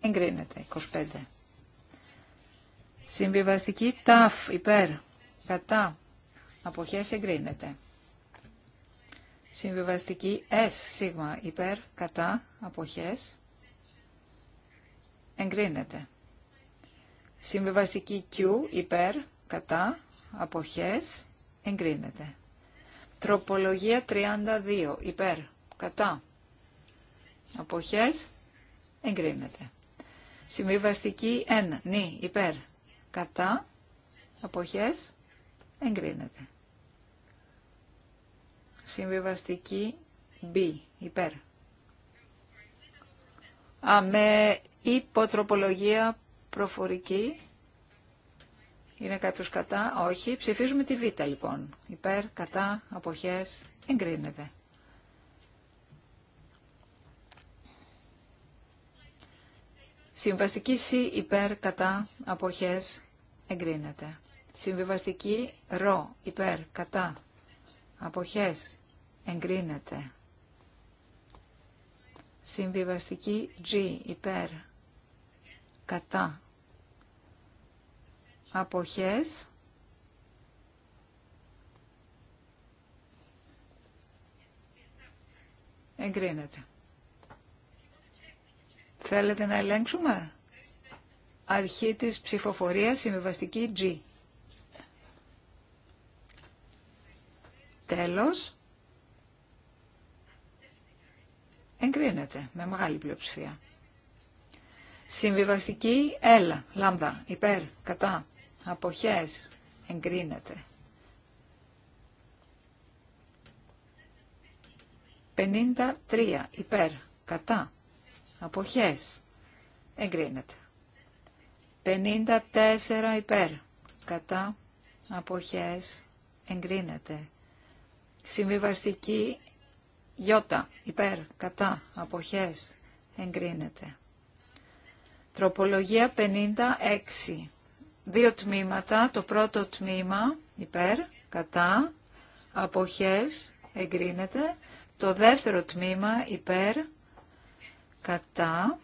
εγκρίνεται, 25. Συμβιβαστική ταφ, υπέρ, κατά, αποχές, εγκρίνεται. Συμβιβαστική S, σίγμα, υπέρ, κατά, αποχές, εγκρίνεται. Συμβιβαστική Q υπέρ, κατά, αποχές, εγκρίνεται. Τροπολογία 32 υπέρ, κατά, αποχές, εγκρίνεται. Συμβιβαστική N, νη, υπέρ, κατά, αποχές, εγκρίνεται. Συμβιβαστική B, υπέρ. Α, υποτροπολογία προφορική. Είναι κάποιος κατά, όχι. Ψηφίζουμε τη Β λοιπόν. Υπέρ, κατά, αποχές, εγκρίνεται. Συμβαστική Σ υπέρ, κατά, αποχές, εγκρίνεται. Συμβιβαστική ρο υπέρ, κατά, αποχές, εγκρίνεται. Συμβιβαστική G υπέρ, κατά αποχές εγκρίνεται. Θέλετε να ελέγξουμε? Αρχή της ψηφοφορίας συμβιβαστική G. Τέλος. Εγκρίνεται με μεγάλη πλειοψηφία. Συμβιβαστική έλα, λάμδα, υπέρ, κατά, αποχές, εγκρίνεται. 53 υπέρ, κατά, αποχές, εγκρίνεται. 54 υπέρ, κατά, αποχές, εγκρίνεται. Συμβιβαστική γιώτα, υπέρ, κατά, αποχές, εγκρίνεται. Τροπολογία 56. Δύο τμήματα. Το πρώτο τμήμα υπέρ, κατά, αποχές, εγκρίνεται. Το δεύτερο τμήμα υπέρ, κατά,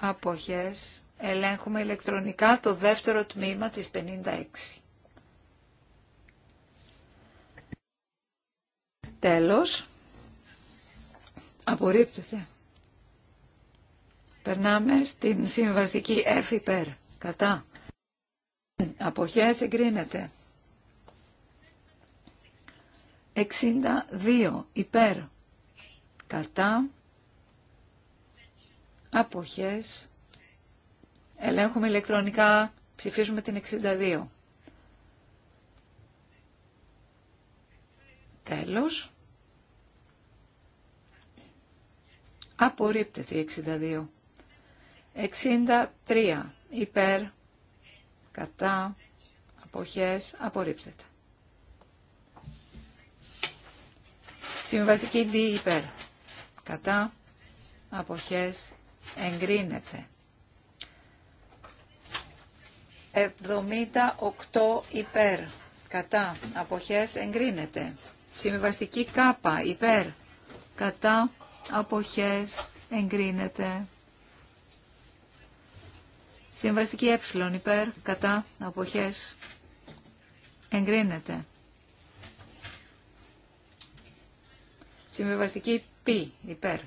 αποχές, ελέγχουμε ηλεκτρονικά το δεύτερο τμήμα της 56. Τέλος, απορρίπτεται. Περνάμε στην συμβαστική F υπέρ. Κατά. Αποχές εγκρίνεται. 62 υπέρ. Κατά. Αποχές. Ελέγχουμε ηλεκτρονικά. Ψηφίζουμε την 62. Τέλος. Απορρίπτεται η 62. 63 υπέρ κατά αποχές απορρίψετε. Συμβαστική D υπέρ κατά αποχές εγκρίνεται. 78 υπέρ κατά αποχές εγκρίνεται. Συμβαστική K υπέρ κατά αποχές εγκρίνεται. Συμβαστική ε υπέρ, κατά, αποχές, εγκρίνεται. Συμβαστική π υπέρ,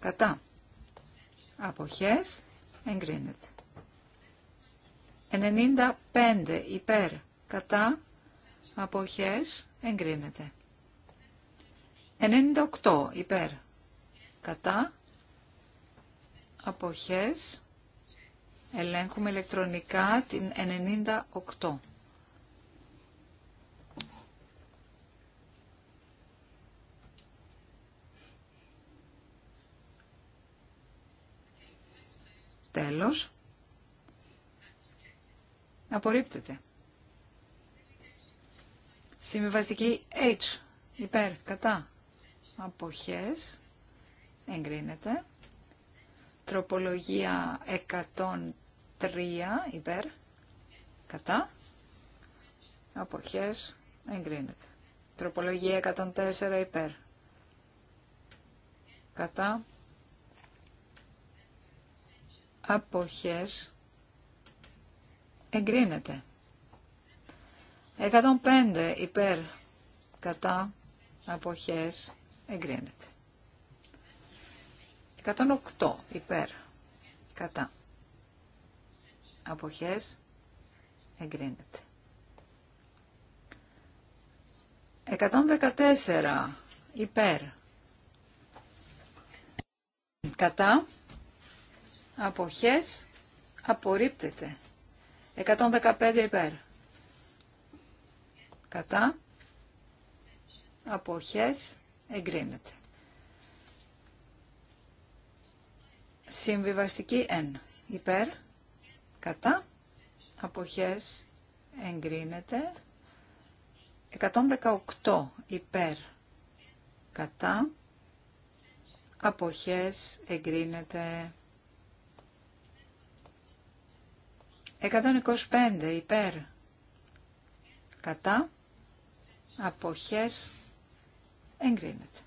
κατά, αποχές, εγκρίνεται. 95 υπέρ, κατά, αποχές, εγκρίνεται. 98 υπέρ, κατά, αποχές, Ελέγχουμε ηλεκτρονικά την 98. Τέλος. Απορρίπτεται. Συμβιβαστική H. Υπέρ, κατά. Αποχές. Εγκρίνεται. Τροπολογία 103 υπέρ. Κατά. Αποχές. Εγκρίνεται. Τροπολογία 104 υπέρ. Κατά. Αποχές. Εγκρίνεται. 105 υπέρ. Κατά. Αποχές. Εγκρίνεται. 108 υπέρ κατά αποχές εγκρίνεται. 114 υπέρ κατά αποχές απορρίπτεται. 115 υπέρ κατά αποχές εγκρίνεται. Συμβιβαστική 1. Υπέρ, κατά, αποχές, εγκρίνεται. 118 υπέρ, κατά, αποχές, εγκρίνεται. 125 υπέρ, κατά, αποχές, εγκρίνεται.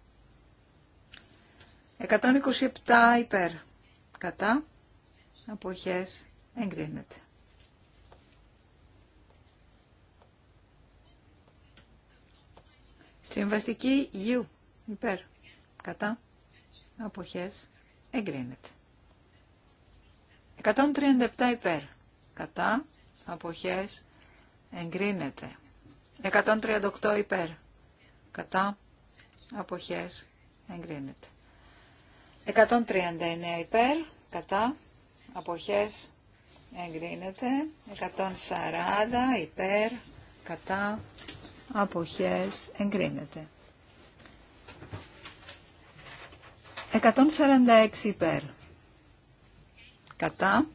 127 υπέρ, κατά, αποχές, εγκρίνεται. Συμβαστική γιου, υπέρ, κατά, αποχές, εγκρίνεται. 137 υπέρ, κατά, αποχές, εγκρίνεται. 138 υπέρ, κατά, αποχές, εγκρίνεται. 139 υπέρ, κατά, αποχές εγκρίνεται. 140 υπέρ, κατά, αποχές εγκρίνεται. 146 υπέρ, κατά,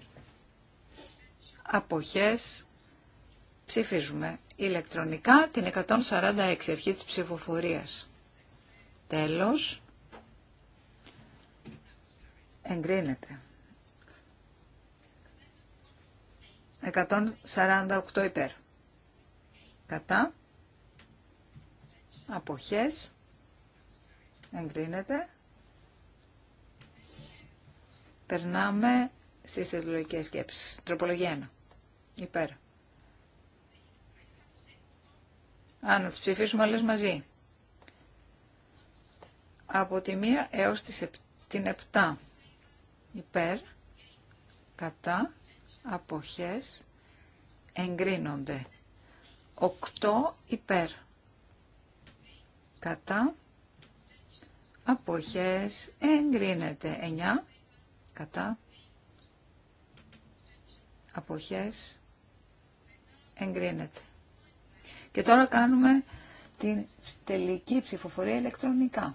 αποχές ψηφίζουμε ηλεκτρονικά την 146 αρχή της ψηφοφορίας. Τέλος. Εγκρίνεται. 148 υπέρ. Κατά. Αποχές. Εγκρίνεται. Περνάμε στις τελειολογικές σκέψεις. Τροπολογία 1. Υπέρ. Α, να τις ψηφίσουμε όλες μαζί. Από τη 1 έως τις, την 7 υπέρ, κατά, αποχές, εγκρίνονται. Οκτώ υπέρ, κατά, αποχές, εγκρίνεται. Εννιά κατά, αποχές, εγκρίνεται. Και τώρα κάνουμε την τελική ψηφοφορία ηλεκτρονικά.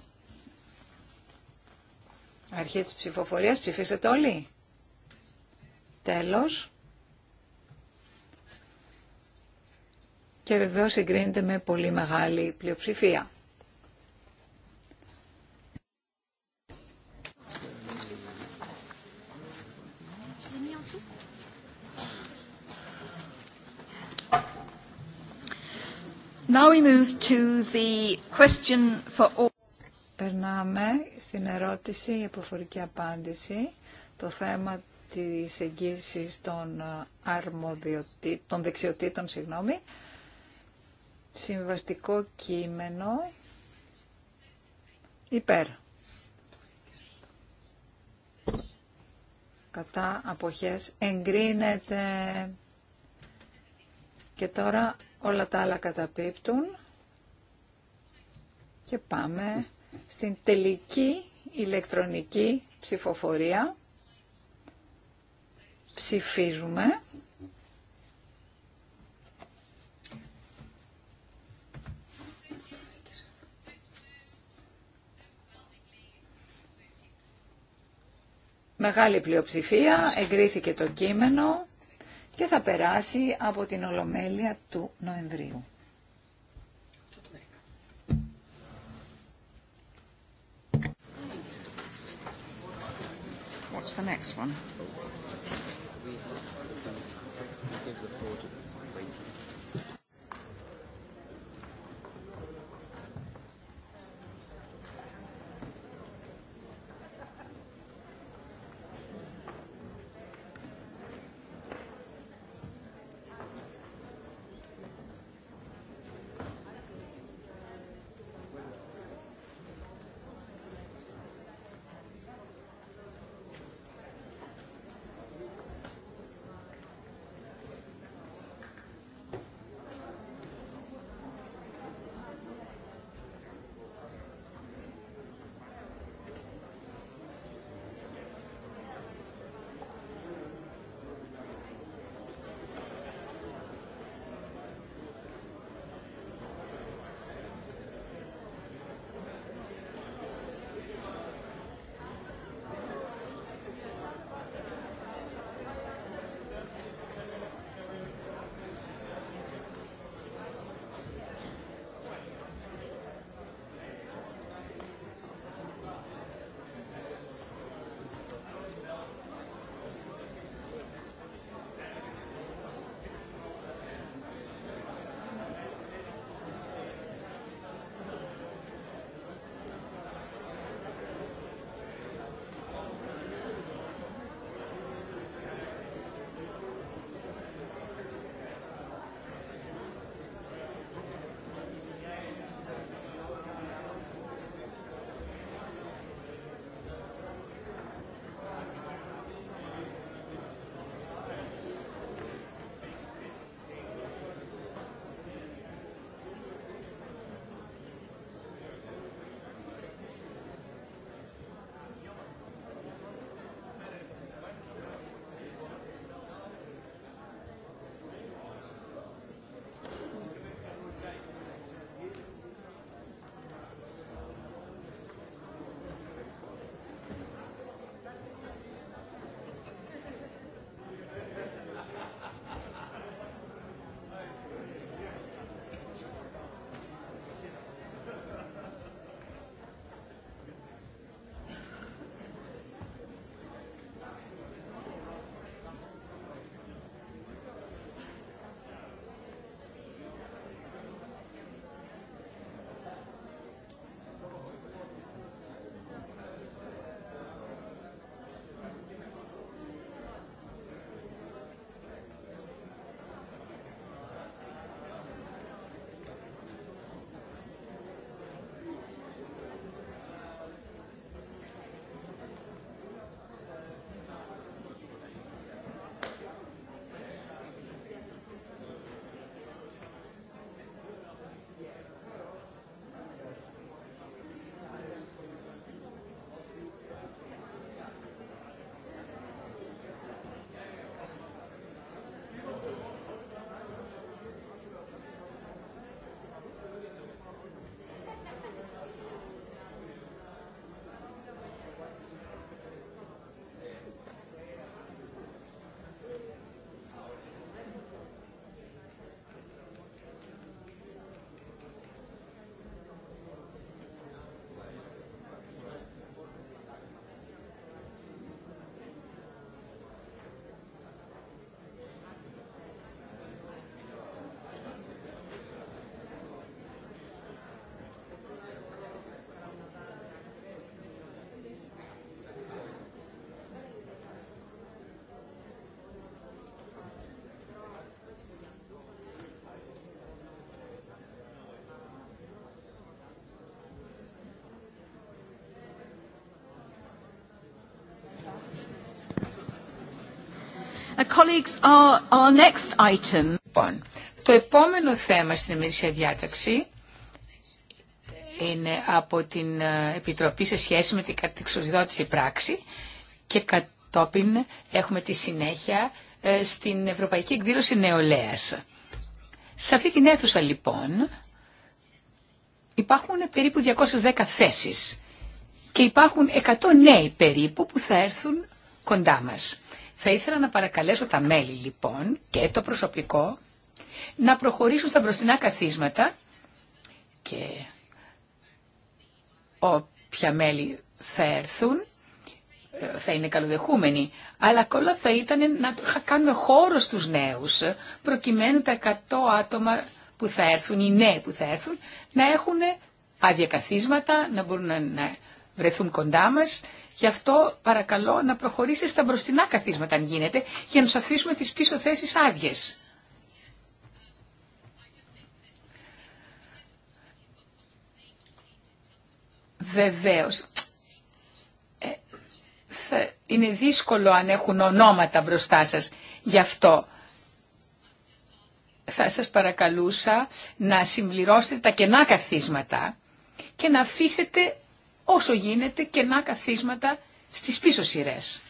Αρχή της ψηφοφορίας. Ψηφίσατε όλοι. Τέλος. Και βεβαίως εγκρίνεται με πολύ μεγάλη πλειοψηφία. Now we move to the question for all. Περνάμε στην ερώτηση, η προφορική απάντηση, το θέμα της εγγύησης των, ε, αρμοδιοτήτων, των δεξιοτήτων, συγγνώμη, συμβαστικό κείμενο υπέρ. Κατά αποχές εγκρίνεται και τώρα όλα τα άλλα καταπίπτουν και πάμε στην τελική ηλεκτρονική ψηφοφορία. Ψηφίζουμε. Μεγάλη πλειοψηφία, εγκρίθηκε το κείμενο και θα περάσει από την Ολομέλεια του Νοεμβρίου. what's the next one? Uh, λοιπόν, το επόμενο θέμα στην ημερήσια διάταξη είναι από την uh, Επιτροπή σε σχέση με την κατεξοδότηση πράξη και κατόπιν έχουμε τη συνέχεια uh, στην Ευρωπαϊκή Εκδήλωση Νεολαίας. Σε αυτή την αίθουσα λοιπόν υπάρχουν περίπου 210 θέσεις και υπάρχουν 100 νέοι περίπου που θα έρθουν κοντά μας. Θα ήθελα να παρακαλέσω τα μέλη λοιπόν και το προσωπικό να προχωρήσουν στα μπροστινά καθίσματα και όποια μέλη θα έρθουν ε, θα είναι καλοδεχούμενοι, αλλά κόλλα θα ήταν να κάνουμε χώρο στους νέους, προκειμένου τα 100 άτομα που θα έρθουν, οι νέοι που θα έρθουν, να έχουν άδεια καθίσματα, να μπορούν να βρεθούν κοντά μα. Γι' αυτό παρακαλώ να προχωρήσετε στα μπροστινά καθίσματα, αν γίνεται, για να τους αφήσουμε τι πίσω θέσει άδειε. Βεβαίω. Ε, είναι δύσκολο αν έχουν ονόματα μπροστά σα Γι' αυτό θα σας παρακαλούσα να συμπληρώσετε τα κενά καθίσματα και να αφήσετε όσο γίνεται κενά καθίσματα στις πίσω σειρές.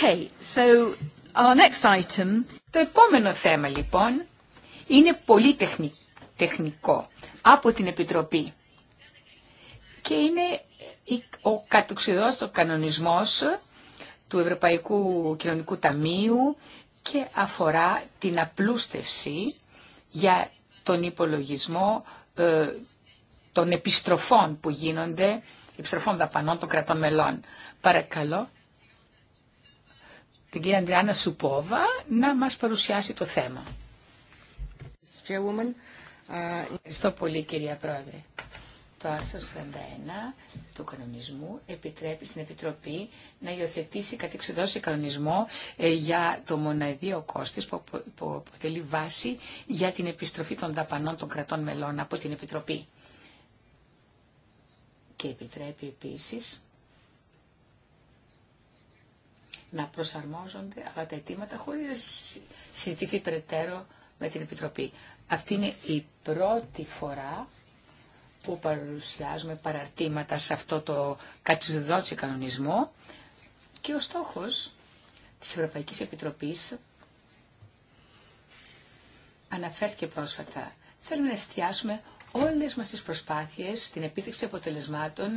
Okay, so our next item... Το επόμενο θέμα λοιπόν είναι πολύ τεχνικό τεχνικό από την Επιτροπή και είναι ο κατουξιδός το κανονισμός του Ευρωπαϊκού Κοινωνικού Ταμείου και αφορά την απλούστευση για τον υπολογισμό ε, των επιστροφών που γίνονται, επιστροφών δαπανών των κρατών μελών. Παρακαλώ την κυρία Αντριάννα Σουπόβα να μας παρουσιάσει το θέμα. Ευχαριστώ πολύ κυρία Πρόεδρε. Το άρθρο 41 του κανονισμού επιτρέπει στην Επιτροπή να υιοθετήσει κατεξοδόση κανονισμό ε, για το μοναδίο κόστης που αποτελεί βάση για την επιστροφή των δαπανών των κρατών μελών από την Επιτροπή. Και επιτρέπει επίσης να προσαρμόζονται αυτά τα αιτήματα χωρίς να συζητηθεί περαιτέρω με την Επιτροπή. Αυτή είναι η πρώτη φορά που παρουσιάζουμε παραρτήματα σε αυτό το κατσουδότσι κανονισμό και ο στόχος της Ευρωπαϊκής Επιτροπής αναφέρθηκε πρόσφατα. Θέλουμε να εστιάσουμε όλες μας τις προσπάθειες στην επίτευξη αποτελεσμάτων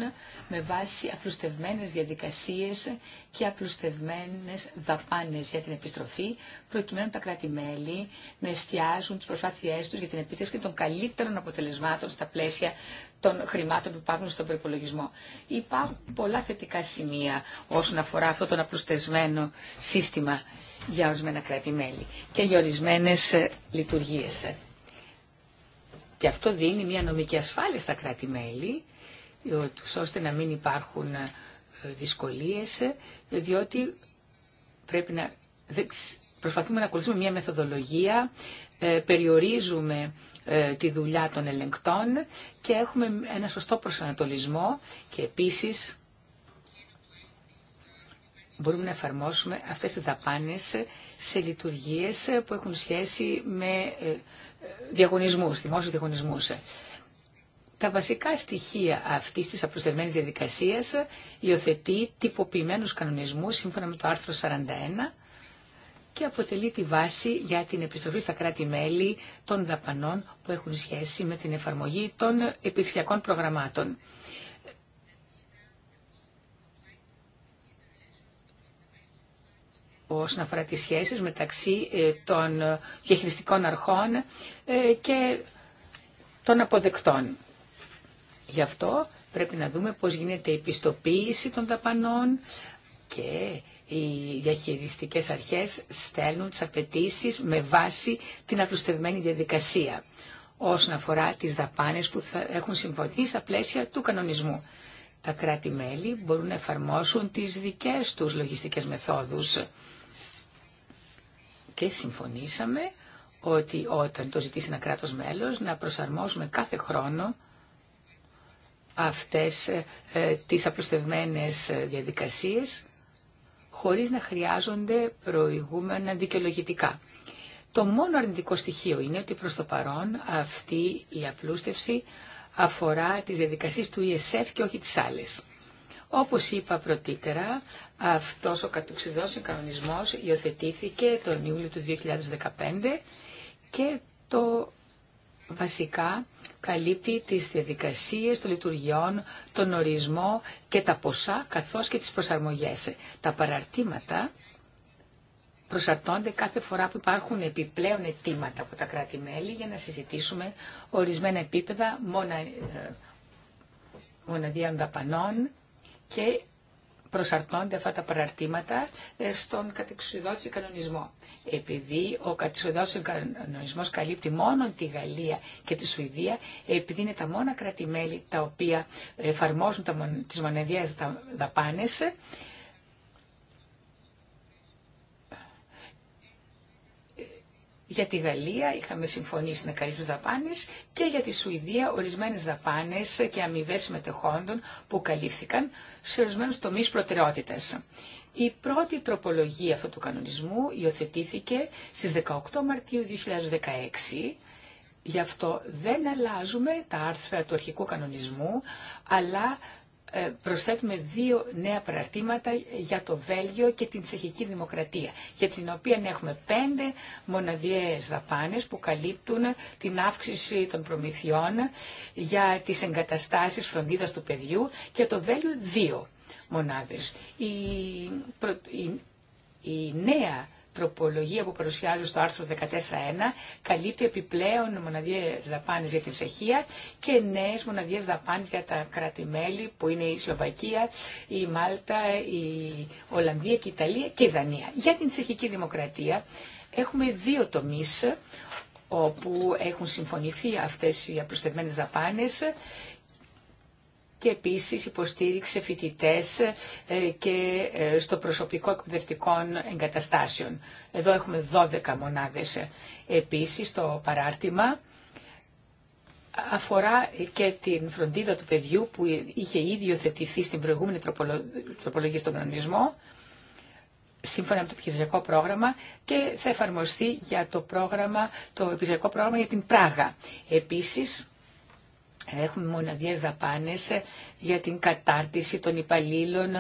με βάση απλουστευμένες διαδικασίες και απλουστευμένες δαπάνες για την επιστροφή, προκειμένου τα κράτη-μέλη να εστιάζουν τις προσπάθειές τους για την επίτευξη των καλύτερων αποτελεσμάτων στα πλαίσια των χρημάτων που υπάρχουν στον προπολογισμό. Υπάρχουν πολλά θετικά σημεία όσον αφορά αυτό το απλουστευμένο σύστημα για ορισμένα κράτη-μέλη και για ορισμένες ε, λειτουργίες. Και αυτό δίνει μια νομική ασφάλεια στα κράτη-μέλη, ώστε να μην υπάρχουν ε, δυσκολίες, διότι πρέπει να προσπαθούμε να ακολουθούμε μια μεθοδολογία, ε, περιορίζουμε ε, τη δουλειά των ελεγκτών και έχουμε ένα σωστό προσανατολισμό και επίσης μπορούμε να εφαρμόσουμε αυτές τις δαπάνες σε λειτουργίες που έχουν σχέση με διαγωνισμούς, δημόσιους διαγωνισμούς. Τα βασικά στοιχεία αυτής της απλουστευμένης διαδικασίας υιοθετεί τυποποιημένους κανονισμούς σύμφωνα με το άρθρο 41 και αποτελεί τη βάση για την επιστροφή στα κράτη-μέλη των δαπανών που έχουν σχέση με την εφαρμογή των επιχειρησιακών προγραμμάτων. όσον αφορά τις σχέσεις μεταξύ ε, των διαχειριστικών αρχών ε, και των αποδεκτών. Γι' αυτό πρέπει να δούμε πώς γίνεται η πιστοποίηση των δαπανών και οι διαχειριστικές αρχές στέλνουν τις απαιτήσει με βάση την απλουστευμένη διαδικασία όσον αφορά τις δαπάνες που έχουν συμφωνηθεί στα πλαίσια του κανονισμού. Τα κράτη-μέλη μπορούν να εφαρμόσουν τις δικές τους λογιστικές μεθόδους και συμφωνήσαμε ότι όταν το ζητήσει ένα κράτος μέλος να προσαρμόσουμε κάθε χρόνο αυτές ε, ε τις απλουστευμένες ε, διαδικασίες χωρίς να χρειάζονται προηγούμενα δικαιολογητικά. Το μόνο αρνητικό στοιχείο είναι ότι προς το παρόν αυτή η απλούστευση αφορά τις διαδικασίες του ESF και όχι τις άλλες. Όπως είπα πρωτήτερα, αυτός ο κατουξιδός κανονισμός υιοθετήθηκε τον Ιούλιο του 2015 και το βασικά καλύπτει τις διαδικασίες των λειτουργιών, τον ορισμό και τα ποσά καθώς και τις προσαρμογές. Τα παραρτήματα προσαρτώνται κάθε φορά που υπάρχουν επιπλέον αιτήματα από τα κράτη-μέλη για να συζητήσουμε ορισμένα επίπεδα μονα, ε, μοναδίων δαπανών και προσαρτώνται αυτά τα παραρτήματα ε, στον κατεξουδότηση κανονισμό. Επειδή ο κατεξουδότηση κανονισμός καλύπτει μόνο τη Γαλλία και τη Σουηδία, επειδή είναι τα μόνα κράτη-μέλη τα οποία εφαρμόζουν τις τα δαπάνες, Για τη Γαλλία είχαμε συμφωνήσει να καλύψουμε δαπάνε και για τη Σουηδία ορισμένε δαπάνε και αμοιβέ συμμετεχόντων που καλύφθηκαν σε ορισμένου τομεί προτεραιότητα. Η πρώτη τροπολογία αυτού του κανονισμού υιοθετήθηκε στις 18 Μαρτίου 2016. Γι' αυτό δεν αλλάζουμε τα άρθρα του αρχικού κανονισμού, αλλά ε, προσθέτουμε δύο νέα παραρτήματα για το Βέλγιο και την Τσεχική Δημοκρατία, για την οποία έχουμε πέντε μοναδιές δαπάνες που καλύπτουν την αύξηση των προμηθειών για τις εγκαταστάσεις φροντίδας του παιδιού και το Βέλγιο δύο μονάδες. η νέα τροπολογία που παρουσιάζω στο άρθρο 14.1 καλύπτει επιπλέον μοναδιές δαπάνες για την Τσεχία και νέες μοναδιές δαπάνες για τα κράτη-μέλη που είναι η Σλοβακία, η Μάλτα, η Ολλανδία και η Ιταλία και η Δανία. Για την Τσεχική Δημοκρατία έχουμε δύο τομείς όπου έχουν συμφωνηθεί αυτές οι απλουστευμένες δαπάνες και επίσης υποστήριξε φοιτητές ε, και ε, στο προσωπικό εκπαιδευτικών εγκαταστάσεων. Εδώ έχουμε 12 μονάδες. Επίσης το παράρτημα αφορά και την φροντίδα του παιδιού που είχε ήδη υιοθετηθεί στην προηγούμενη τροπολογία στον κανονισμό σύμφωνα με το επιχειρησιακό πρόγραμμα και θα εφαρμοστεί για το, πρόγραμμα, το επιχειρησιακό πρόγραμμα για την Πράγα. Επίσης, Έχουμε μοναδιές δαπάνες για την κατάρτιση των υπαλλήλων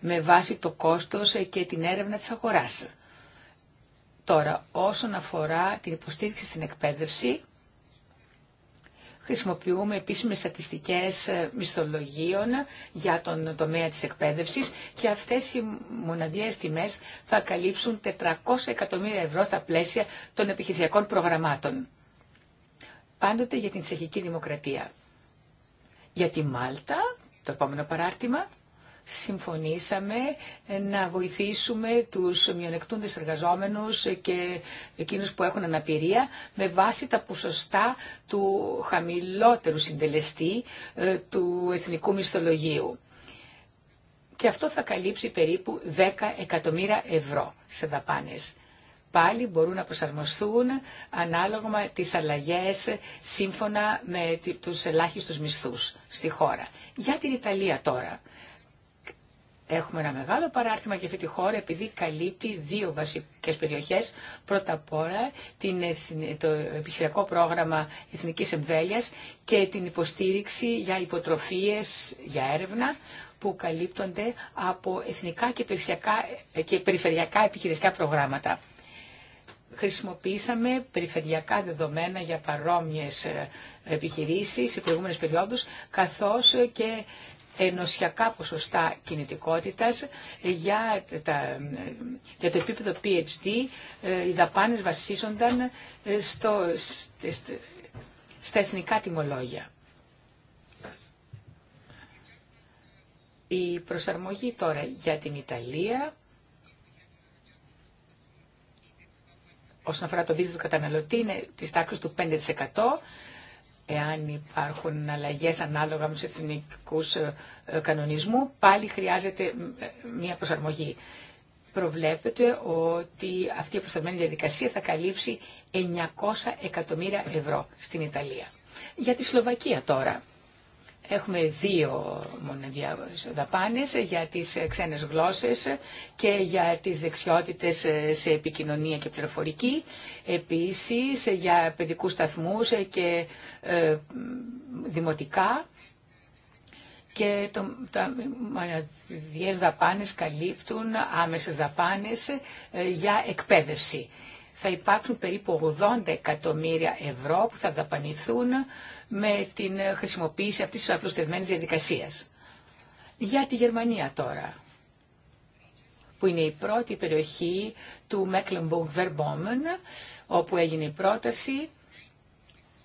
με βάση το κόστος και την έρευνα της αγοράς. Τώρα, όσον αφορά την υποστήριξη στην εκπαίδευση, χρησιμοποιούμε επίσημες στατιστικές μισθολογίων για τον τομέα της εκπαίδευσης και αυτές οι μοναδιαίες τιμές θα καλύψουν 400 εκατομμύρια ευρώ στα πλαίσια των επιχειρησιακών προγραμμάτων. Πάντοτε για την τσεχική δημοκρατία. Για τη Μάλτα, το επόμενο παράρτημα, συμφωνήσαμε να βοηθήσουμε τους μειονεκτούντες εργαζόμενους και εκείνους που έχουν αναπηρία με βάση τα ποσοστά του χαμηλότερου συντελεστή ε, του Εθνικού Μισθολογίου. Και αυτό θα καλύψει περίπου 10 εκατομμύρια ευρώ σε δαπάνες πάλι μπορούν να προσαρμοστούν ανάλογα με τις αλλαγές σύμφωνα με τους ελάχιστους μισθούς στη χώρα. Για την Ιταλία τώρα. Έχουμε ένα μεγάλο παράρτημα για αυτή τη χώρα επειδή καλύπτει δύο βασικές περιοχές. Πρώτα απ' όλα το επιχειριακό πρόγραμμα Εθνικής Εμβέλειας και την υποστήριξη για υποτροφίες, για έρευνα που καλύπτονται από εθνικά και, και περιφερειακά επιχειρησιακά προγράμματα χρησιμοποίησαμε περιφερειακά δεδομένα για παρόμοιες ε, επιχειρήσεις σε προηγούμενες περιόδους, καθώς και ενωσιακά ποσοστά κινητικότητας για, ε, για το επίπεδο PhD ε, οι δαπάνες βασίζονταν στο, στα εθνικά τιμολόγια. Η προσαρμογή τώρα για την Ιταλία όσον αφορά το δίκτυο του καταναλωτή είναι τη τάξη του 5%. Εάν υπάρχουν αλλαγές ανάλογα με του εθνικού ε, ε, κανονισμού, πάλι χρειάζεται ε, μια προσαρμογή. Προβλέπεται ότι αυτή η προσαρμογή διαδικασία θα καλύψει 900 εκατομμύρια ευρώ στην Ιταλία. Για τη Σλοβακία τώρα, Έχουμε δύο δαπάνες για τις ξένες γλώσσες και για τις δεξιότητες σε επικοινωνία και πληροφορική. Επίσης για παιδικούς σταθμούς και ε, δημοτικά και το, τα μοναδιές δαπάνες καλύπτουν άμεσες δαπάνες ε, για εκπαίδευση θα υπάρχουν περίπου 80 εκατομμύρια ευρώ που θα δαπανηθούν με την χρησιμοποίηση αυτής της απλουστευμένης διαδικασίας. Για τη Γερμανία τώρα, που είναι η πρώτη περιοχή του Mecklenburg-Verbommen, όπου έγινε η πρόταση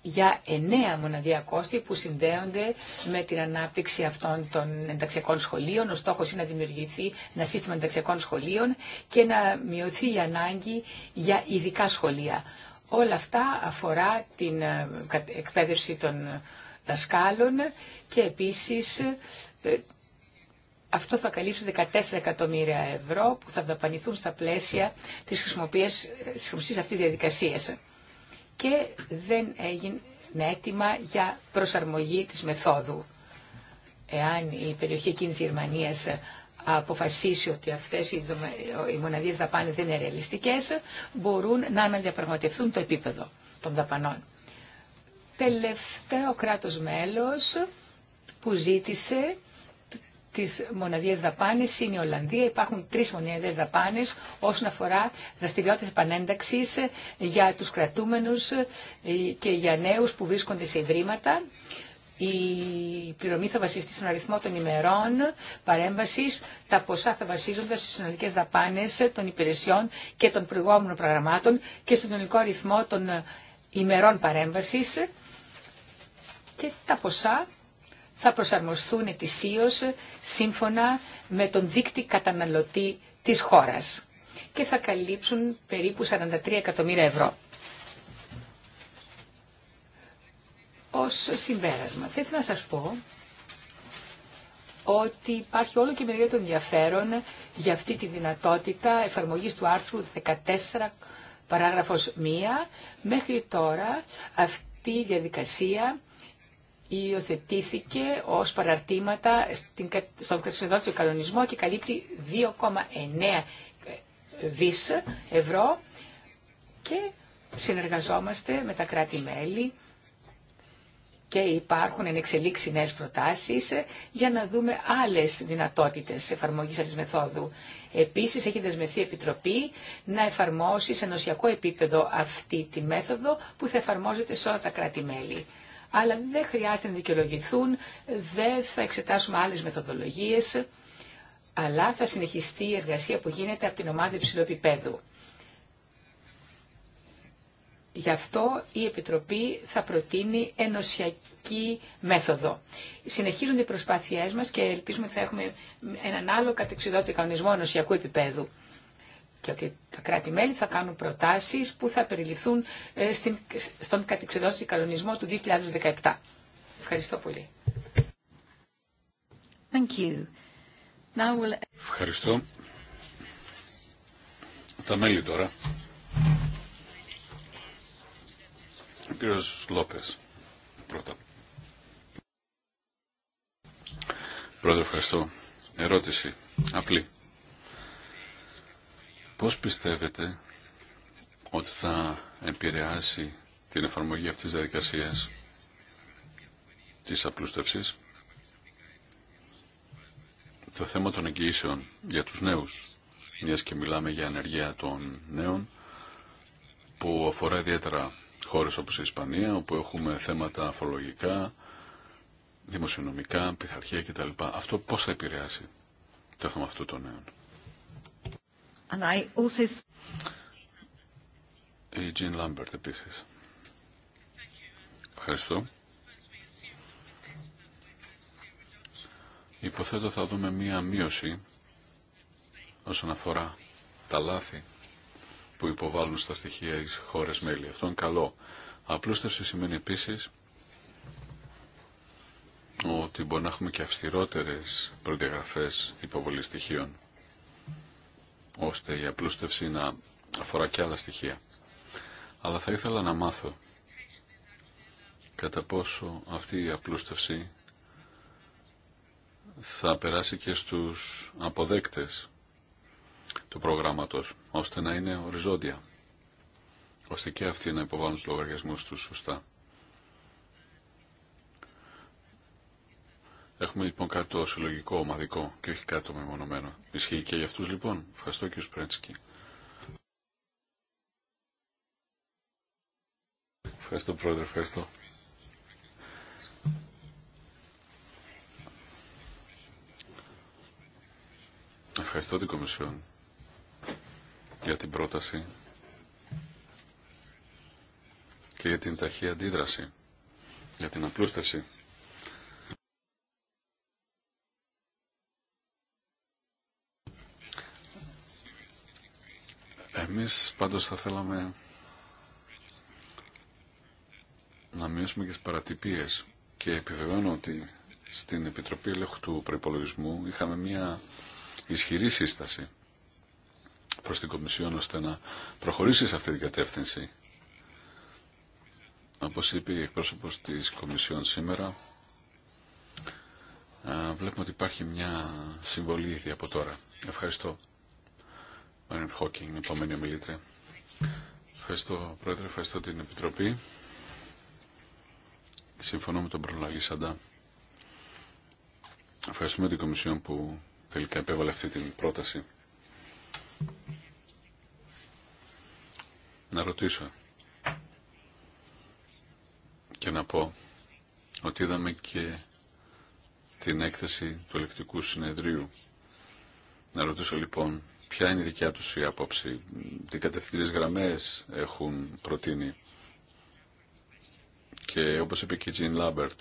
για εννέα κόστη που συνδέονται με την ανάπτυξη αυτών των ενταξιακών σχολείων. Ο στόχος είναι να δημιουργηθεί ένα σύστημα ενταξιακών σχολείων και να μειωθεί η ανάγκη για ειδικά σχολεία. Όλα αυτά αφορά την ε, εκπαίδευση των δασκάλων και επίσης ε, αυτό θα καλύψει 14 εκατομμύρια ευρώ που θα δαπανηθούν στα πλαίσια της χρησιμοποίησης αυτής της διαδικασίας και δεν έγινε έτοιμα για προσαρμογή της μεθόδου. Εάν η περιοχή εκείνη της Γερμανίας αποφασίσει ότι αυτές οι, οι μοναδίες δεν είναι ρεαλιστικές, μπορούν να αναδιαπραγματευτούν το επίπεδο των δαπανών. Τελευταίο κράτος μέλος που ζήτησε τις μοναδίε δαπάνε είναι η Ολλανδία. Υπάρχουν τρεις μοναδίε δαπάνε όσον αφορά δραστηριότητε επανένταξη για τους κρατούμενους ε, και για νέου που βρίσκονται σε ιδρύματα. Η πληρωμή θα βασιστεί στον αριθμό των ημερών παρέμβαση. Τα ποσά θα βασίζονται στι συνολικέ δαπάνε των υπηρεσιών και των προηγούμενων προγραμμάτων και στον συνολικό αριθμό των ημερών παρέμβαση. Και τα ποσά θα προσαρμοστούν ετησίως σύμφωνα με τον δίκτυ καταναλωτή της χώρας και θα καλύψουν περίπου 43 εκατομμύρια ευρώ. Ως συμπέρασμα, θέλω να σας πω ότι υπάρχει όλο και των ενδιαφέρων... για αυτή τη δυνατότητα εφαρμογής του άρθρου 14 παράγραφος 1. Μέχρι τώρα αυτή η διαδικασία υιοθετήθηκε ως παραρτήματα στον κατασκευαστικό κανονισμό και καλύπτει 2,9 δις ευρώ και συνεργαζόμαστε με τα κράτη-μέλη και υπάρχουν ενεξελίξει νέες προτάσεις για να δούμε άλλες δυνατότητες εφαρμογής αυτής μεθόδου. Επίσης έχει δεσμευθεί Επιτροπή να εφαρμόσει σε νοσιακό επίπεδο αυτή τη μέθοδο που θα εφαρμόζεται σε όλα τα κράτη-μέλη αλλά δεν χρειάζεται να δικαιολογηθούν, δεν θα εξετάσουμε άλλες μεθοδολογίες, αλλά θα συνεχιστεί η εργασία που γίνεται από την ομάδα υψηλού επίπεδου. Γι' αυτό η Επιτροπή θα προτείνει ενωσιακή μέθοδο. Συνεχίζονται οι προσπάθειές μας και ελπίζουμε ότι θα έχουμε έναν άλλο κατεξιδότη κανονισμό ενωσιακού επίπεδου και ότι τα κράτη-μέλη θα κάνουν προτάσεις που θα περιληφθούν ε, στον κατεξοδότηση κανονισμό του 2017. Ευχαριστώ πολύ. Thank you. Now Ευχαριστώ. Τα μέλη τώρα. Ο κύριος Λόπες, πρώτα. Πρόεδρε, ευχαριστώ. Ερώτηση. Απλή. Πώς πιστεύετε ότι θα επηρεάσει την εφαρμογή αυτής της διαδικασίας της απλούστευσης το θέμα των εγγυήσεων για τους νέους, μιας και μιλάμε για ανεργία των νέων, που αφορά ιδιαίτερα χώρες όπως η Ισπανία, όπου έχουμε θέματα αφορολογικά, δημοσιονομικά, πειθαρχία κτλ. Αυτό πώς θα επηρεάσει το θέμα αυτού των νέων. Ευχαριστώ. Υποθέτω θα δούμε μία μείωση όσον αφορά τα λάθη που υποβάλλουν στα στοιχεία οι χώρες μέλη. Αυτό είναι καλό. Απλούστευση σημαίνει επίσης ότι μπορεί να έχουμε και αυστηρότερες προδιαγραφές υποβολής στοιχείων ώστε η απλούστευση να αφορά και άλλα στοιχεία. Αλλά θα ήθελα να μάθω κατά πόσο αυτή η απλούστευση θα περάσει και στους αποδέκτες του προγράμματος, ώστε να είναι οριζόντια, ώστε και αυτοί να υποβάλουν τους λογαριασμούς τους σωστά. Έχουμε λοιπόν κάτι το συλλογικό, ομαδικό και όχι κάτι το μεμονωμένο. Ισχύει και για αυτούς λοιπόν. Ευχαριστώ κύριο Σπρέντσικη. Ευχαριστώ πρόεδρε, ευχαριστώ. Ευχαριστώ την Κομισιόν για την πρόταση και για την ταχεία αντίδραση, για την απλούστευση. Εμείς πάντως θα θέλαμε να μειώσουμε και τις παρατυπίες και επιβεβαιώνω ότι στην Επιτροπή Ελέγχου του Προϋπολογισμού είχαμε μια ισχυρή σύσταση προς την Κομισιόν ώστε να προχωρήσει σε αυτή την κατεύθυνση. Όπως είπε η εκπρόσωπος της Κομισιόν σήμερα, βλέπουμε ότι υπάρχει μια συμβολή ήδη από τώρα. Ευχαριστώ. Χόκινγκ, επόμενη ομιλήτρια. Ευχαριστώ, Πρόεδρε, ευχαριστώ την Επιτροπή. Συμφωνώ με τον προλαγήσαντα. Ευχαριστούμε την Κομισιόν που τελικά επέβαλε αυτή την πρόταση. Να ρωτήσω και να πω ότι είδαμε και την έκθεση του ελεκτικού συνεδρίου. Να ρωτήσω λοιπόν ποια είναι η δικιά τους η άποψη, τι κατευθυντήρες γραμμές έχουν προτείνει. Και όπως είπε και η Τζιν Λάμπερτ,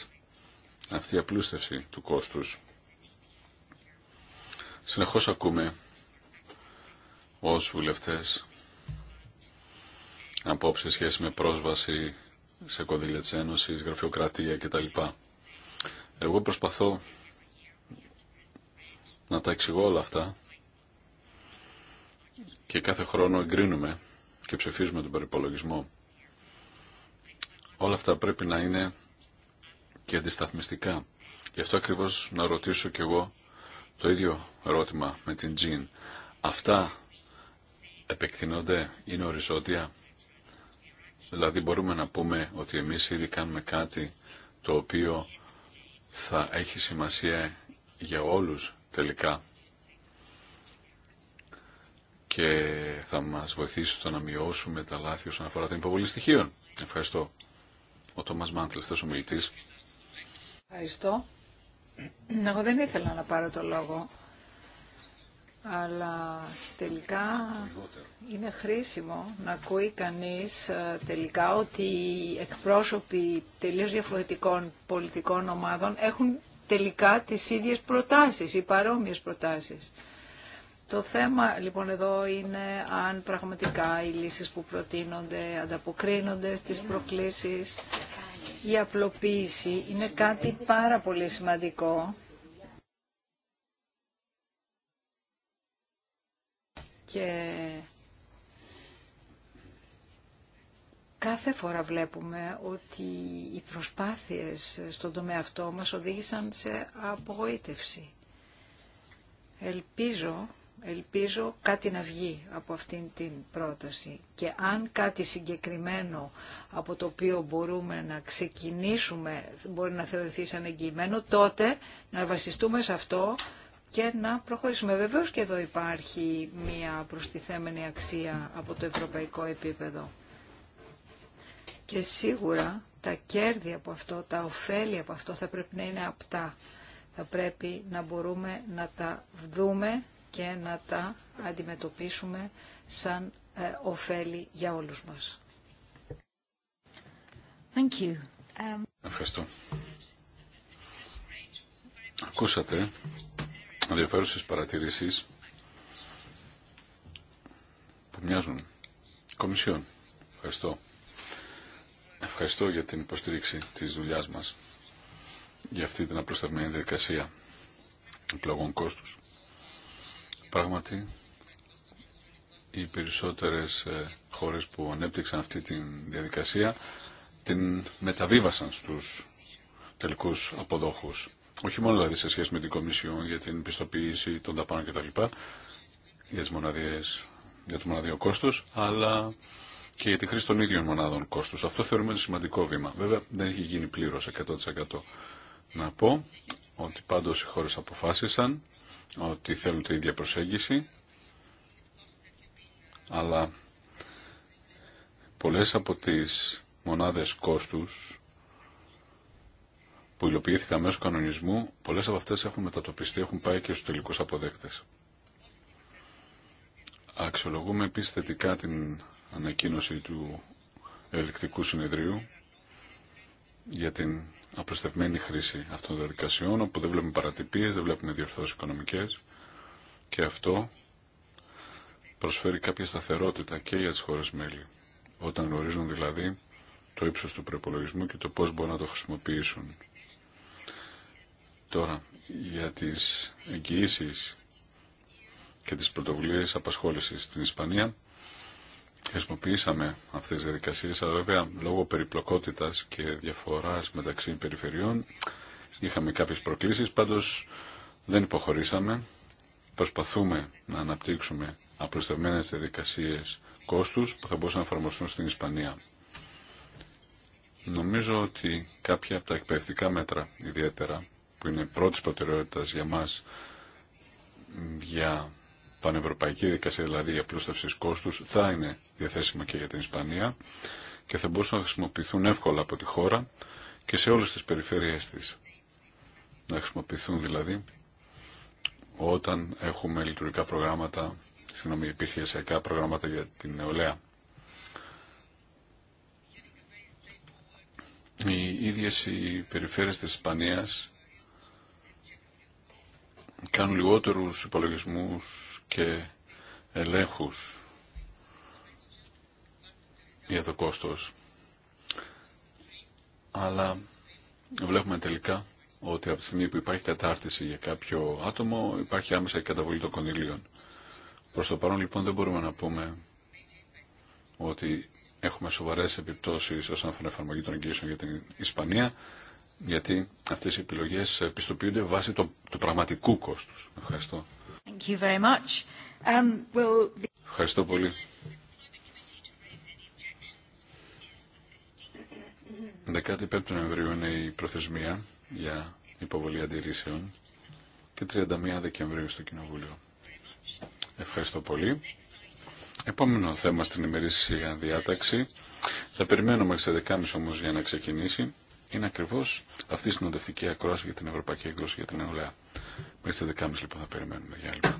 αυτή η απλούστευση του κόστους. Συνεχώς ακούμε ως βουλευτές απόψεις σχέση με πρόσβαση σε κονδύλια της Ένωσης, γραφειοκρατία κτλ. Εγώ προσπαθώ να τα εξηγώ όλα αυτά και κάθε χρόνο εγκρίνουμε και ψηφίζουμε τον περιπολογισμό. Όλα αυτά πρέπει να είναι και αντισταθμιστικά. Γι' αυτό ακριβώς να ρωτήσω κι εγώ το ίδιο ερώτημα με την Τζιν. Αυτά επεκτείνονται, είναι οριζόντια. Δηλαδή μπορούμε να πούμε ότι εμείς ήδη κάνουμε κάτι το οποίο θα έχει σημασία για όλους τελικά και θα μας βοηθήσει στο να μειώσουμε τα λάθη όσον αφορά την υποβολή στοιχείων. Ευχαριστώ. Ο Τόμας Μάν, τελευταίος ομιλητής. Ευχαριστώ. Εγώ δεν ήθελα να πάρω το λόγο, αλλά τελικά είναι χρήσιμο να ακούει κανείς ε, τελικά ότι οι εκπρόσωποι τελείως διαφορετικών πολιτικών ομάδων έχουν τελικά τις ίδιες προτάσεις ή παρόμοιες προτάσεις. Το θέμα λοιπόν εδώ είναι αν πραγματικά οι λύσεις που προτείνονται ανταποκρίνονται στις προκλήσεις. Η απλοποίηση είναι κάτι πάρα πολύ σημαντικό. Και κάθε φορά βλέπουμε ότι οι προσπάθειες στον τομέα αυτό μας οδήγησαν σε απογοήτευση. Ελπίζω Ελπίζω κάτι να βγει από αυτήν την πρόταση και αν κάτι συγκεκριμένο από το οποίο μπορούμε να ξεκινήσουμε μπορεί να θεωρηθεί σαν εγγυημένο, τότε να βασιστούμε σε αυτό και να προχωρήσουμε. Βεβαίως και εδώ υπάρχει μια προστιθέμενη αξία από το ευρωπαϊκό επίπεδο. Και σίγουρα τα κέρδη από αυτό, τα ωφέλη από αυτό θα πρέπει να είναι απτά. Θα πρέπει να μπορούμε να τα δούμε και να τα αντιμετωπίσουμε σαν ε, ωφέλη για όλους μας. Thank you. Um, ευχαριστώ. Ακούσατε ενδιαφέρουσες παρατηρήσεις που μοιάζουν. Κομισιόν. Ευχαριστώ. Ευχαριστώ για την υποστήριξη της δουλειάς μας για αυτή την απλουστευμένη διαδικασία επιλογών κόστους. Πράγματι, οι περισσότερες ε, χώρες που ανέπτυξαν αυτή τη διαδικασία την μεταβίβασαν στους τελικούς αποδόχους. Όχι μόνο δηλαδή σε σχέση με την Κομισιόν για την πιστοποίηση των δαπάνων κτλ. Για, τις μοναδιές, για το μοναδίο κόστος, αλλά και για τη χρήση των ίδιων μονάδων κόστους. Αυτό θεωρούμε ένα σημαντικό βήμα. Βέβαια δεν έχει γίνει πλήρως 100%. Να πω ότι πάντως οι χώρες αποφάσισαν ότι θέλουν την ίδια προσέγγιση, αλλά πολλές από τις μονάδες κόστους που υλοποιήθηκαν μέσω κανονισμού, πολλές από αυτές έχουν μετατοπιστεί, έχουν πάει και στους τελικούς αποδέκτες. Αξιολογούμε επίσης θετικά την ανακοίνωση του ελεκτικού συνεδρίου για την απροστευμένη χρήση αυτών των διαδικασιών, όπου δεν βλέπουμε παρατυπίες, δεν βλέπουμε διορθώσεις οικονομικές και αυτό προσφέρει κάποια σταθερότητα και για τις χώρες μέλη, όταν γνωρίζουν δηλαδή το ύψος του προπολογισμού και το πώς μπορούν να το χρησιμοποιήσουν. Τώρα, για τις εγγυήσεις και τις πρωτοβουλίες απασχόλησης στην Ισπανία, Χρησιμοποιήσαμε αυτές τις διαδικασίες, αλλά βέβαια λόγω περιπλοκότητας και διαφοράς μεταξύ περιφερειών είχαμε κάποιες προκλήσεις, πάντως δεν υποχωρήσαμε. Προσπαθούμε να αναπτύξουμε απλουστευμένες διαδικασίες κόστους που θα μπορούσαν να εφαρμοστούν στην Ισπανία. Νομίζω ότι κάποια από τα εκπαιδευτικά μέτρα ιδιαίτερα που είναι πρώτης προτεραιότητας για μας για πανευρωπαϊκή δικασία, δηλαδή η απλούστευση κόστου, θα είναι διαθέσιμα και για την Ισπανία και θα μπορούσαν να χρησιμοποιηθούν εύκολα από τη χώρα και σε όλες τις περιφέρειές της. Να χρησιμοποιηθούν δηλαδή όταν έχουμε λειτουργικά προγράμματα, συγγνώμη, επιχειρησιακά προγράμματα για την νεολαία. Οι ίδιες οι περιφέρειες της Ισπανίας κάνουν λιγότερους υπολογισμούς και ελέγχους για το κόστος. Αλλά βλέπουμε τελικά ότι από τη στιγμή που υπάρχει κατάρτιση για κάποιο άτομο υπάρχει άμεσα η καταβολή των κονδυλίων. Προς το παρόν λοιπόν δεν μπορούμε να πούμε ότι έχουμε σοβαρές επιπτώσεις όσον αφορά εφαρμογή των εγγύσεων για την Ισπανία γιατί αυτές οι επιλογές πιστοποιούνται βάσει του πραγματικού κόστους. Ευχαριστώ. Um, Ευχαριστώ πολύ. 15 πέμπτη Νοεμβρίου είναι η προθεσμία για υποβολή αντιρρήσεων και 31 Δεκεμβρίου στο Κοινοβούλιο. Ευχαριστώ πολύ. Επόμενο θέμα στην ημερήσια διάταξη. Θα περιμένουμε στις 11.30 όμως για να ξεκινήσει είναι ακριβώς αυτή η συνοδευτική ακρόαση για την Ευρωπαϊκή Εκδόση για την Νεολαία. Μέχρι τι 11.30 λοιπόν θα περιμένουμε διάλειμμα.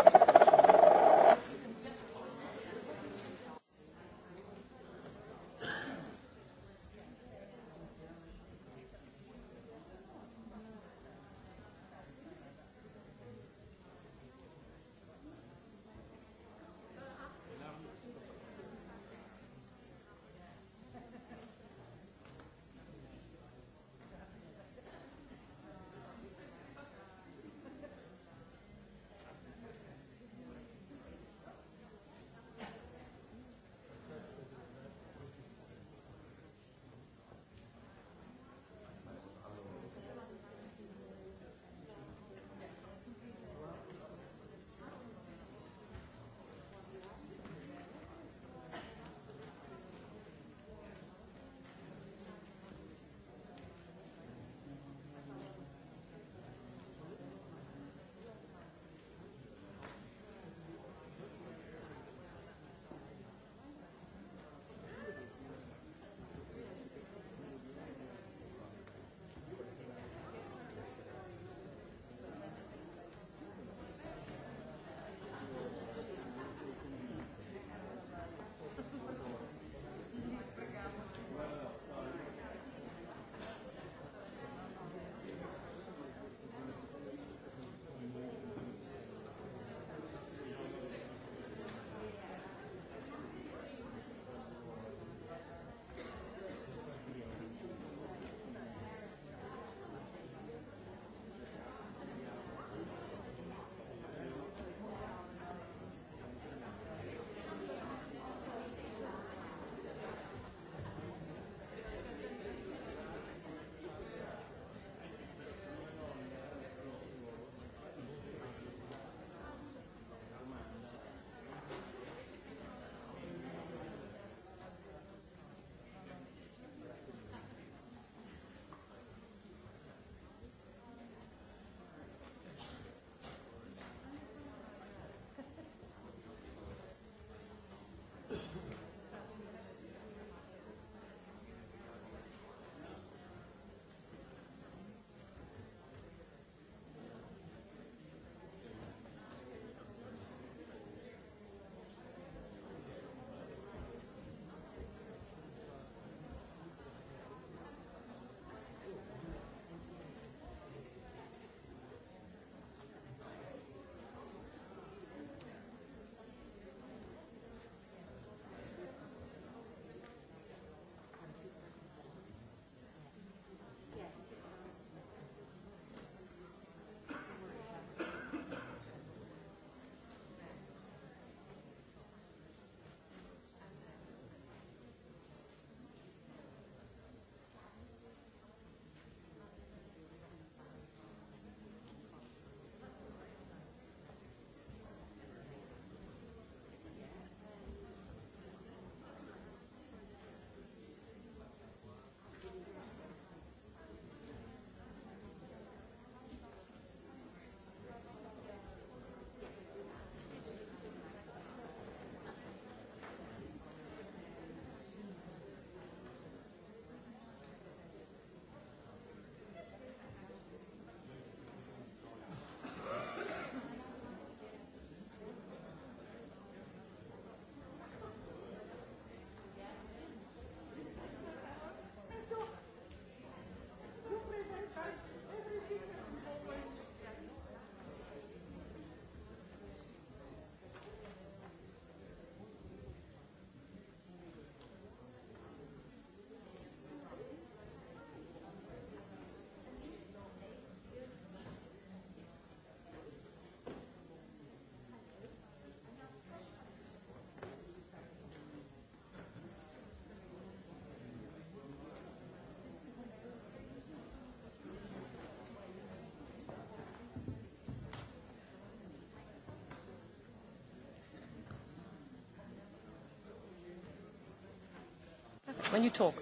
when you talk.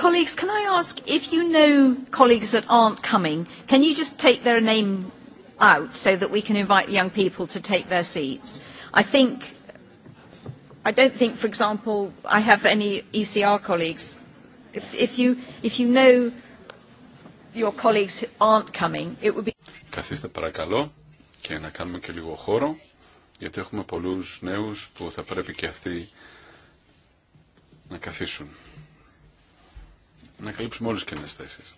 Colleagues, can I ask if you know colleagues that aren't coming, can you just take their name out so that we can invite the young people to take their seats? I think, I don't think, for example, I have any ECR colleagues. If you, if you know your colleagues who aren't coming, it would be... Καθίστε παρακαλώ και να κάνουμε και λίγο χώρο, γιατί έχουμε πολλούς νέους που θα πρέπει και αυτοί να καθίσουν να καλύψουμε όλες τις κενές θέσεις.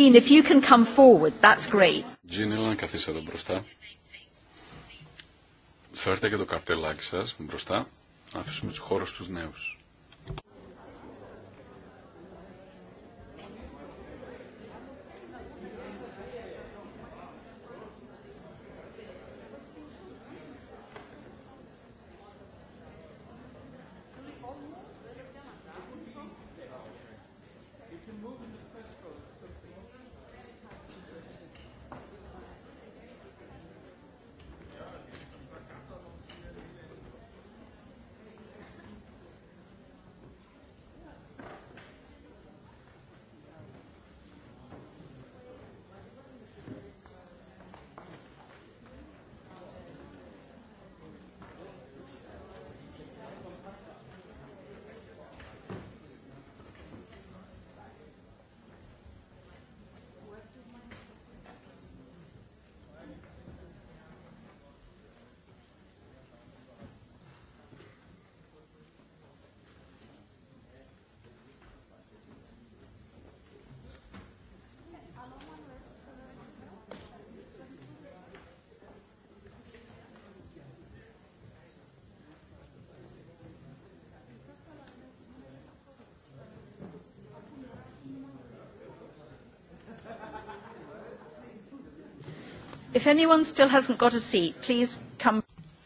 Jean, if you can come forward, that's great. Jean, έλα να καθίσει εδώ μπροστά. Φέρτε και το καρτελάκι σας μπροστά, να αφήσουμε τους χώρους στους νέους.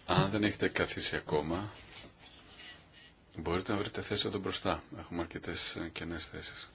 Αν δεν έχετε καθίσει ακόμα, μπορείτε να βρείτε θέση εδώ μπροστά. Έχουμε αρκετές ε, κενές θέσεις.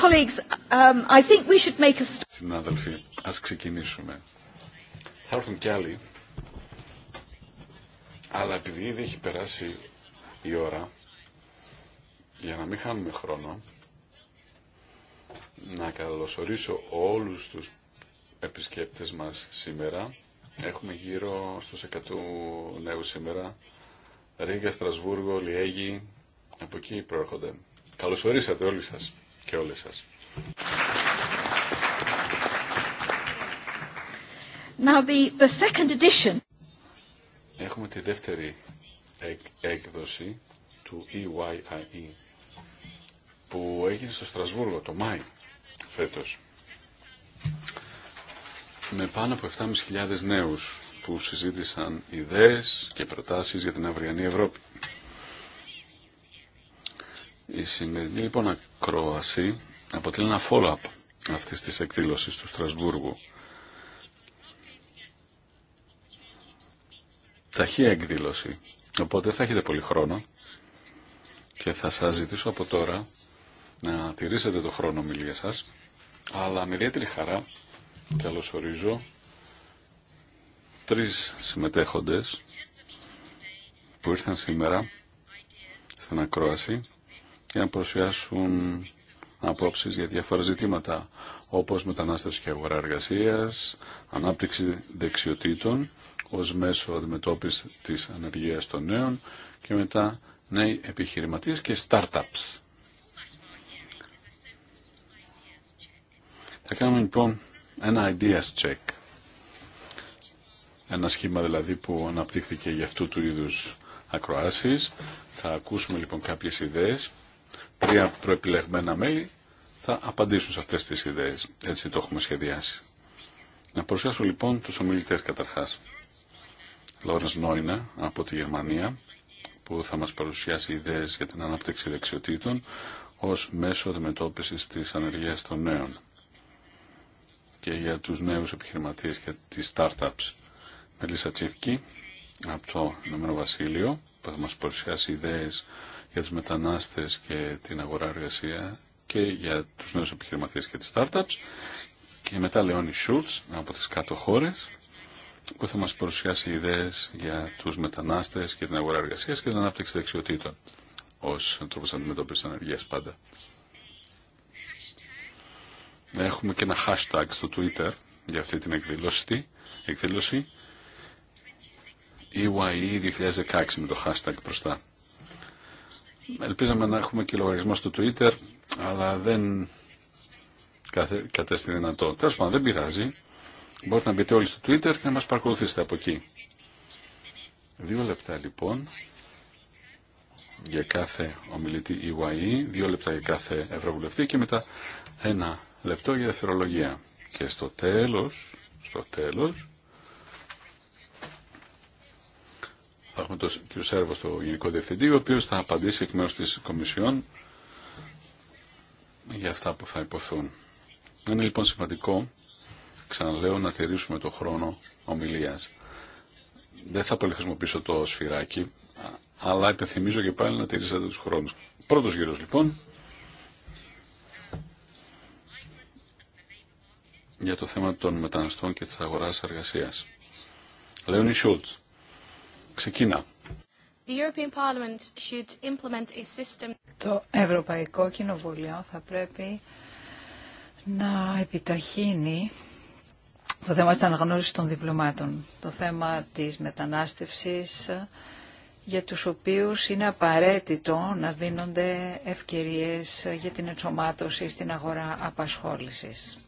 Um, Συνάδελφοι, ας ξεκινήσουμε. Θα έρθουν κι άλλοι, αλλά επειδή ήδη έχει περάσει η ώρα, για να μην χάνουμε χρόνο, να καλωσορίσω όλους τους επισκέπτες μας σήμερα. Έχουμε γύρω στους 100 νέους σήμερα. Ρίγα, Στρασβούργο, Λιέγη, από εκεί προέρχονται. Καλωσορίσατε όλοι σας και όλες σας. Now the, the second edition. Έχουμε τη δεύτερη έκδοση του EYIE e, που έγινε στο Στρασβούργο το Μάη φέτος με πάνω από 7.500 νέους που συζήτησαν ιδέες και προτάσεις για την αυριανή Ευρώπη. Η σημερινή λοιπόν ακρόαση αποτελεί ένα follow-up αυτής της εκδήλωσης του Στρασβούργου. Ταχεία εκδήλωση. Οπότε θα έχετε πολύ χρόνο και θα σας ζητήσω από τώρα να τηρήσετε το χρόνο ομιλία σας, αλλά με ιδιαίτερη χαρά καλωσορίζω τρεις συμμετέχοντες που ήρθαν σήμερα στην ακρόαση για να προσφυάσουν απόψεις για διάφορα ζητήματα όπως μετανάστευση και αγορά εργασίας, ανάπτυξη δεξιοτήτων ως μέσο αντιμετώπισης της ανεργίας των νέων και μετά νέοι επιχειρηματίες και startups. Θα κάνουμε λοιπόν ένα ideas check. Ένα σχήμα δηλαδή που αναπτύχθηκε για αυτού του είδους ακροάσεις. Θα ακούσουμε λοιπόν κάποιες ιδέες τρία προεπιλεγμένα μέλη θα απαντήσουν σε αυτές τις ιδέες. Έτσι το έχουμε σχεδιάσει. Να παρουσιάσω λοιπόν τους ομιλητές καταρχάς. Λόρας Νόινα από τη Γερμανία που θα μας παρουσιάσει ιδέες για την ανάπτυξη δεξιοτήτων ως μέσο αντιμετώπισης της ανεργίας των νέων και για τους νέους επιχειρηματίες και τις startups. Μελίσσα Τσίφκη από το Ηνωμένο Βασίλειο που θα μας παρουσιάσει ιδέες για τους μετανάστες και την αγορά εργασία και για τους νέους επιχειρηματίες και τις startups και μετά Λεόνι Σούλτς από τις κάτω χώρες που θα μας παρουσιάσει ιδέες για τους μετανάστες και την αγορά εργασία και την ανάπτυξη δεξιοτήτων ως τρόπος αντιμετώπισης ανεργίας πάντα. Έχουμε και ένα hashtag στο Twitter για αυτή την εκδήλωση, εκδήλωση EYE 2016 e με το hashtag μπροστά. Ελπίζαμε να έχουμε και λογαριασμό στο Twitter, αλλά δεν κατέστη δυνατό. Τέλο πάντων, δεν πειράζει. Μπορείτε να μπείτε όλοι στο Twitter και να μας παρακολουθήσετε από εκεί. Δύο λεπτά λοιπόν για κάθε ομιλητή EYE, e, δύο λεπτά για κάθε ευρωβουλευτή και μετά ένα λεπτό για δευτερολογία. Και στο τέλος, στο τέλος, θα έχουμε τον κύριο Σέρβο στο Γενικό Διευθυντή, ο οποίο θα απαντήσει εκ μέρους της Κομισιόν για αυτά που θα υποθούν. Είναι λοιπόν σημαντικό, ξαναλέω, να τηρήσουμε το χρόνο ομιλίας. Δεν θα πολύ χρησιμοποιήσω το σφυράκι, αλλά υπενθυμίζω και πάλι να τηρήσετε τους χρόνους. Πρώτος γύρος λοιπόν, για το θέμα των μεταναστών και της αγοράς εργασίας. Λέωνι Σούλτς το Ευρωπαϊκό Κοινοβούλιο θα πρέπει να επιταχύνει το θέμα της αναγνώρισης των διπλωμάτων, το θέμα της μετανάστευσης, για τους οποίους είναι απαραίτητο να δίνονται ευκαιρίες για την ενσωμάτωση στην αγορά απασχόλησης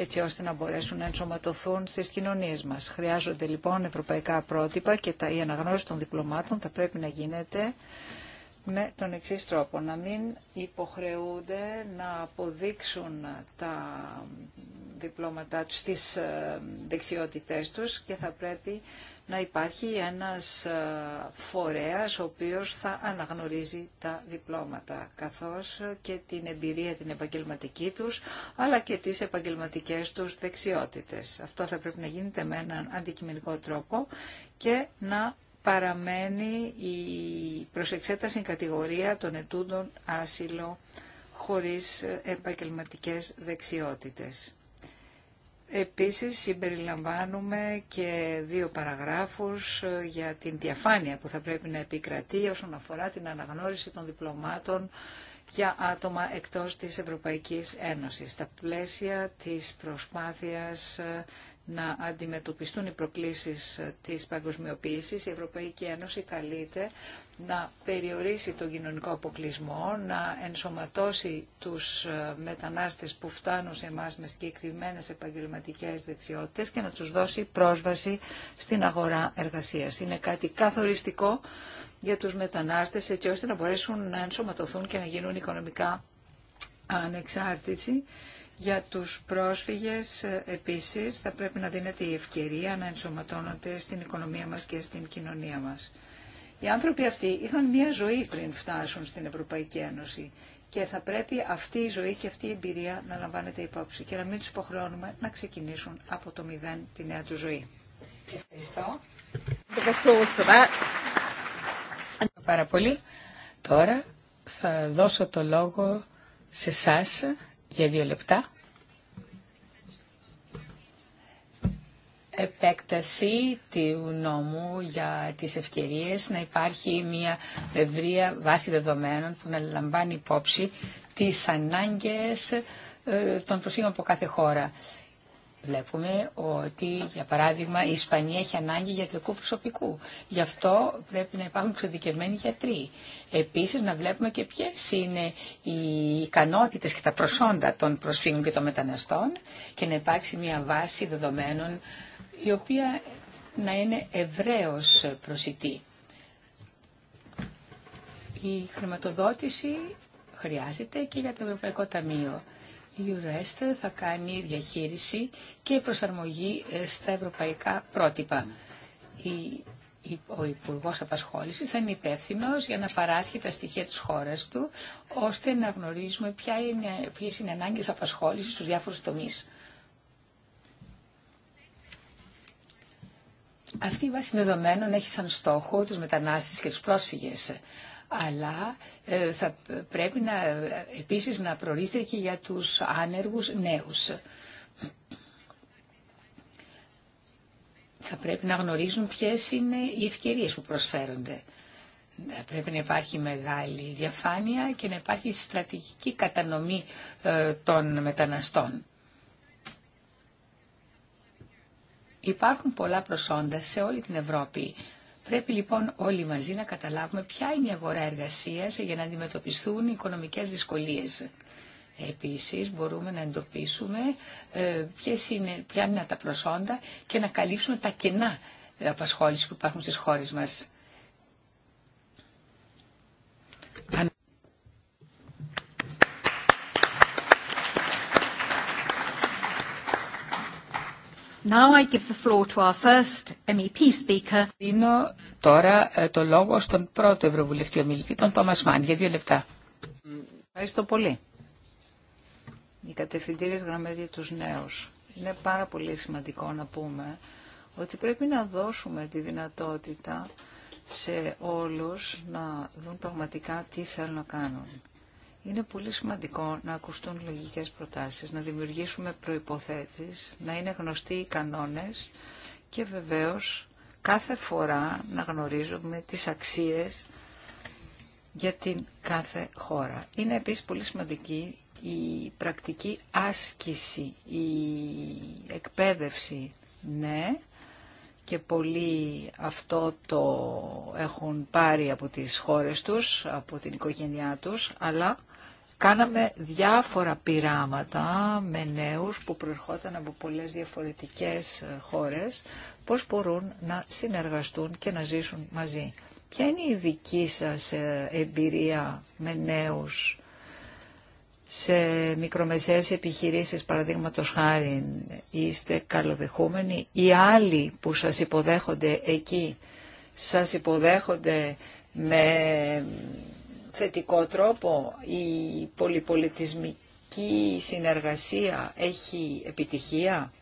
έτσι ώστε να μπορέσουν να ενσωματωθούν στις κοινωνίε μας. Χρειάζονται λοιπόν ευρωπαϊκά πρότυπα και η αναγνώριση των διπλωμάτων θα πρέπει να γίνεται με τον εξή τρόπο. Να μην υποχρεούνται να αποδείξουν τα διπλώματά τους στις ε, δεξιότητές τους και θα πρέπει να υπάρχει ένας ε, φορέας ο οποίος θα αναγνωρίζει τα διπλώματα καθώς και την εμπειρία την επαγγελματική τους αλλά και τις επαγγελματικές τους δεξιότητες. Αυτό θα πρέπει να γίνεται με έναν αντικειμενικό τρόπο και να παραμένει η προσεξέταση κατηγορία των ετούντων άσυλο χωρίς επαγγελματικές δεξιότητες. Επίσης συμπεριλαμβάνουμε και δύο παραγράφους για την διαφάνεια που θα πρέπει να επικρατεί όσον αφορά την αναγνώριση των διπλωμάτων για άτομα εκτός της Ευρωπαϊκής Ένωσης. Στα πλαίσια της προσπάθειας ε, να αντιμετωπιστούν οι προκλήσεις ε, της παγκοσμιοποίησης, η Ευρωπαϊκή Ένωση καλείται να περιορίσει τον κοινωνικό αποκλεισμό, να ενσωματώσει τους ε, μετανάστες που φτάνουν σε εμάς με συγκεκριμένε επαγγελματικές δεξιότητες και να τους δώσει πρόσβαση στην αγορά εργασίας. Είναι κάτι καθοριστικό για τους μετανάστες έτσι ώστε να μπορέσουν να ενσωματωθούν και να γίνουν οικονομικά ανεξάρτητοι. Για τους πρόσφυγες ε, επίσης θα πρέπει να δίνεται η ευκαιρία να ενσωματώνονται στην οικονομία μας και στην κοινωνία μας. Οι άνθρωποι αυτοί είχαν μια ζωή πριν φτάσουν στην Ευρωπαϊκή Ένωση και θα πρέπει αυτή η ζωή και αυτή η εμπειρία να λαμβάνεται υπόψη και να μην τους υποχρεώνουμε να ξεκινήσουν από το μηδέν τη νέα του ζωή. Ευχαριστώ. Πάρα πολύ. Τώρα θα δώσω το λόγο σε εσά για δύο λεπτά επέκταση του νόμου για τις ευκαιρίες να υπάρχει μια ευρεία βάση δεδομένων που να λαμβάνει υπόψη τις ανάγκες ε, των προσφύγων από κάθε χώρα. Βλέπουμε ότι, για παράδειγμα, η Ισπανία έχει ανάγκη γιατρικού προσωπικού. Γι' αυτό πρέπει να υπάρχουν εξειδικευμένοι γιατροί. Επίσης, να βλέπουμε και ποιες είναι οι ικανότητες και τα προσόντα των προσφύγων και των μεταναστών και να υπάρξει μια βάση δεδομένων η οποία να είναι ευρέως προσιτή. Η χρηματοδότηση χρειάζεται και για το Ευρωπαϊκό Ταμείο. Η Eurest θα κάνει διαχείριση και προσαρμογή ε, στα ευρωπαϊκά πρότυπα. Ο Υπουργό Απασχόληση θα είναι υπεύθυνο για να παράσχει τα στοιχεία τη χώρα του, ώστε να γνωρίζουμε ποιε είναι οι ανάγκε απασχόληση στου διάφορου τομεί. Αυτή η βάση δεδομένων έχει σαν στόχο τους μετανάστες και τους πρόσφυγες. Αλλά ε, θα πρέπει να, επίσης να προορίζεται και για τους άνεργους νέους. Θα πρέπει να γνωρίζουν ποιες είναι οι ευκαιρίες που προσφέρονται. Ε, πρέπει να υπάρχει μεγάλη διαφάνεια και να υπάρχει στρατηγική κατανομή ε, των μεταναστών. Υπάρχουν πολλά προσόντα σε όλη την Ευρώπη. Πρέπει λοιπόν όλοι μαζί να καταλάβουμε ποια είναι η αγορά εργασία για να αντιμετωπιστούν οι οικονομικές δυσκολίες. Επίσης μπορούμε να εντοπίσουμε ε, είναι, ποια είναι τα προσόντα και να καλύψουμε τα κενά ε, απασχόληση που υπάρχουν στις χώρες μας. Now I give the floor to our first MEP speaker. Δίνω τώρα ε, το λόγο στον πρώτο Ευρωβουλευτή ομιλητή, τον Τόμα Μάν, για δύο λεπτά. Ευχαριστώ πολύ. Οι κατευθυντήριες γραμμές για τους νέους. Είναι πάρα πολύ σημαντικό να πούμε ότι πρέπει να δώσουμε τη δυνατότητα σε όλους να δουν πραγματικά τι θέλουν να κάνουν. Είναι πολύ σημαντικό να ακουστούν λογικές προτάσεις, να δημιουργήσουμε προϋποθέσεις, να είναι γνωστοί οι κανόνες και βεβαίως κάθε φορά να γνωρίζουμε τις αξίες για την κάθε χώρα. Είναι επίσης πολύ σημαντική η πρακτική άσκηση, η εκπαίδευση, ναι, και πολλοί αυτό το έχουν πάρει από τις χώρες τους, από την οικογένειά τους, αλλά Κάναμε διάφορα πειράματα με νέους που προερχόταν από πολλές διαφορετικές ε, χώρες, πώς μπορούν να συνεργαστούν και να ζήσουν μαζί. Ποια είναι η δική σας ε, εμπειρία με νέους σε μικρομεσαίες επιχειρήσεις, παραδείγματο χάρη, είστε καλοδεχούμενοι, οι άλλοι που σας υποδέχονται εκεί, σας υποδέχονται με θετικό τρόπο η πολυπολιτισμική συνεργασία έχει επιτυχία.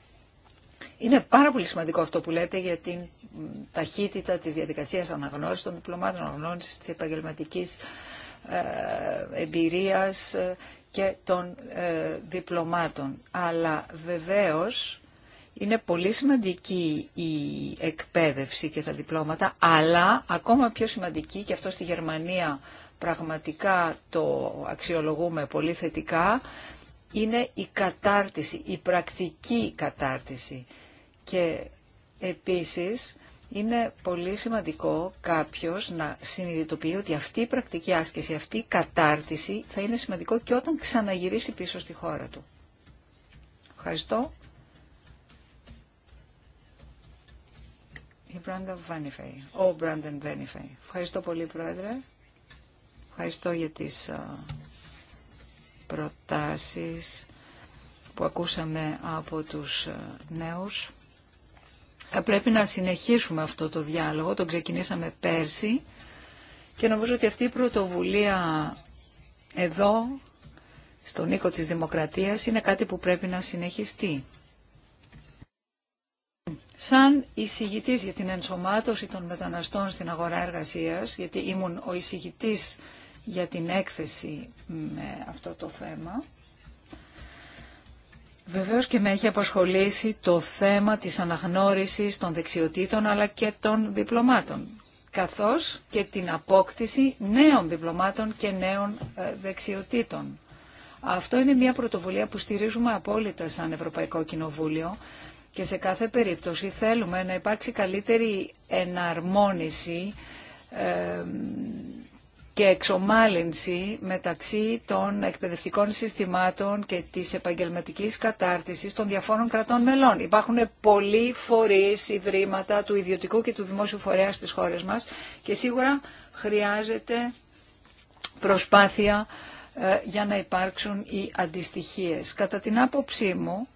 Είναι πάρα πολύ σημαντικό αυτό που λέτε για την ταχύτητα της διαδικασίας αναγνώρισης των διπλωμάτων, αναγνώρισης της επαγγελματικής ε, εμπειρίας ε, και των ε, διπλωμάτων. Αλλά βεβαίως είναι πολύ σημαντική η εκπαίδευση και τα διπλώματα, αλλά ακόμα πιο σημαντική, και αυτό στη Γερμανία πραγματικά το αξιολογούμε πολύ θετικά είναι η κατάρτιση, η πρακτική κατάρτιση. Και επίσης είναι πολύ σημαντικό κάποιος να συνειδητοποιεί ότι αυτή η πρακτική άσκηση, αυτή η κατάρτιση θα είναι σημαντικό και όταν ξαναγυρίσει πίσω στη χώρα του. Ευχαριστώ. Brandon Ο Brandon Ευχαριστώ πολύ, Πρόεδρε. Ευχαριστώ για τις προτάσεις που ακούσαμε από τους νέους. Θα πρέπει να συνεχίσουμε αυτό το διάλογο, τον ξεκινήσαμε πέρσι και νομίζω ότι αυτή η πρωτοβουλία εδώ, στον οίκο της Δημοκρατίας, είναι κάτι που πρέπει να συνεχιστεί. Σαν εισηγητής για την ενσωμάτωση των μεταναστών στην αγορά εργασίας, γιατί ήμουν ο εισηγητής για την έκθεση με αυτό το θέμα. Βεβαίως και με έχει απασχολήσει το θέμα της αναγνώρισης των δεξιοτήτων αλλά και των διπλωμάτων, καθώς και την απόκτηση νέων διπλωμάτων και νέων ε, δεξιοτήτων. Αυτό είναι μια πρωτοβουλία που στηρίζουμε απόλυτα σαν Ευρωπαϊκό Κοινοβούλιο και σε κάθε περίπτωση θέλουμε να υπάρξει καλύτερη εναρμόνιση ε, και εξομάλυνση μεταξύ των εκπαιδευτικών συστημάτων και της επαγγελματικής κατάρτισης των διαφόρων κρατών μελών. Υπάρχουν πολλοί φορείς, ιδρύματα του ιδιωτικού και του δημόσιου φορέα στις χώρες μας και σίγουρα χρειάζεται προσπάθεια ε, για να υπάρξουν οι αντιστοιχίες. Κατά την άποψή μου,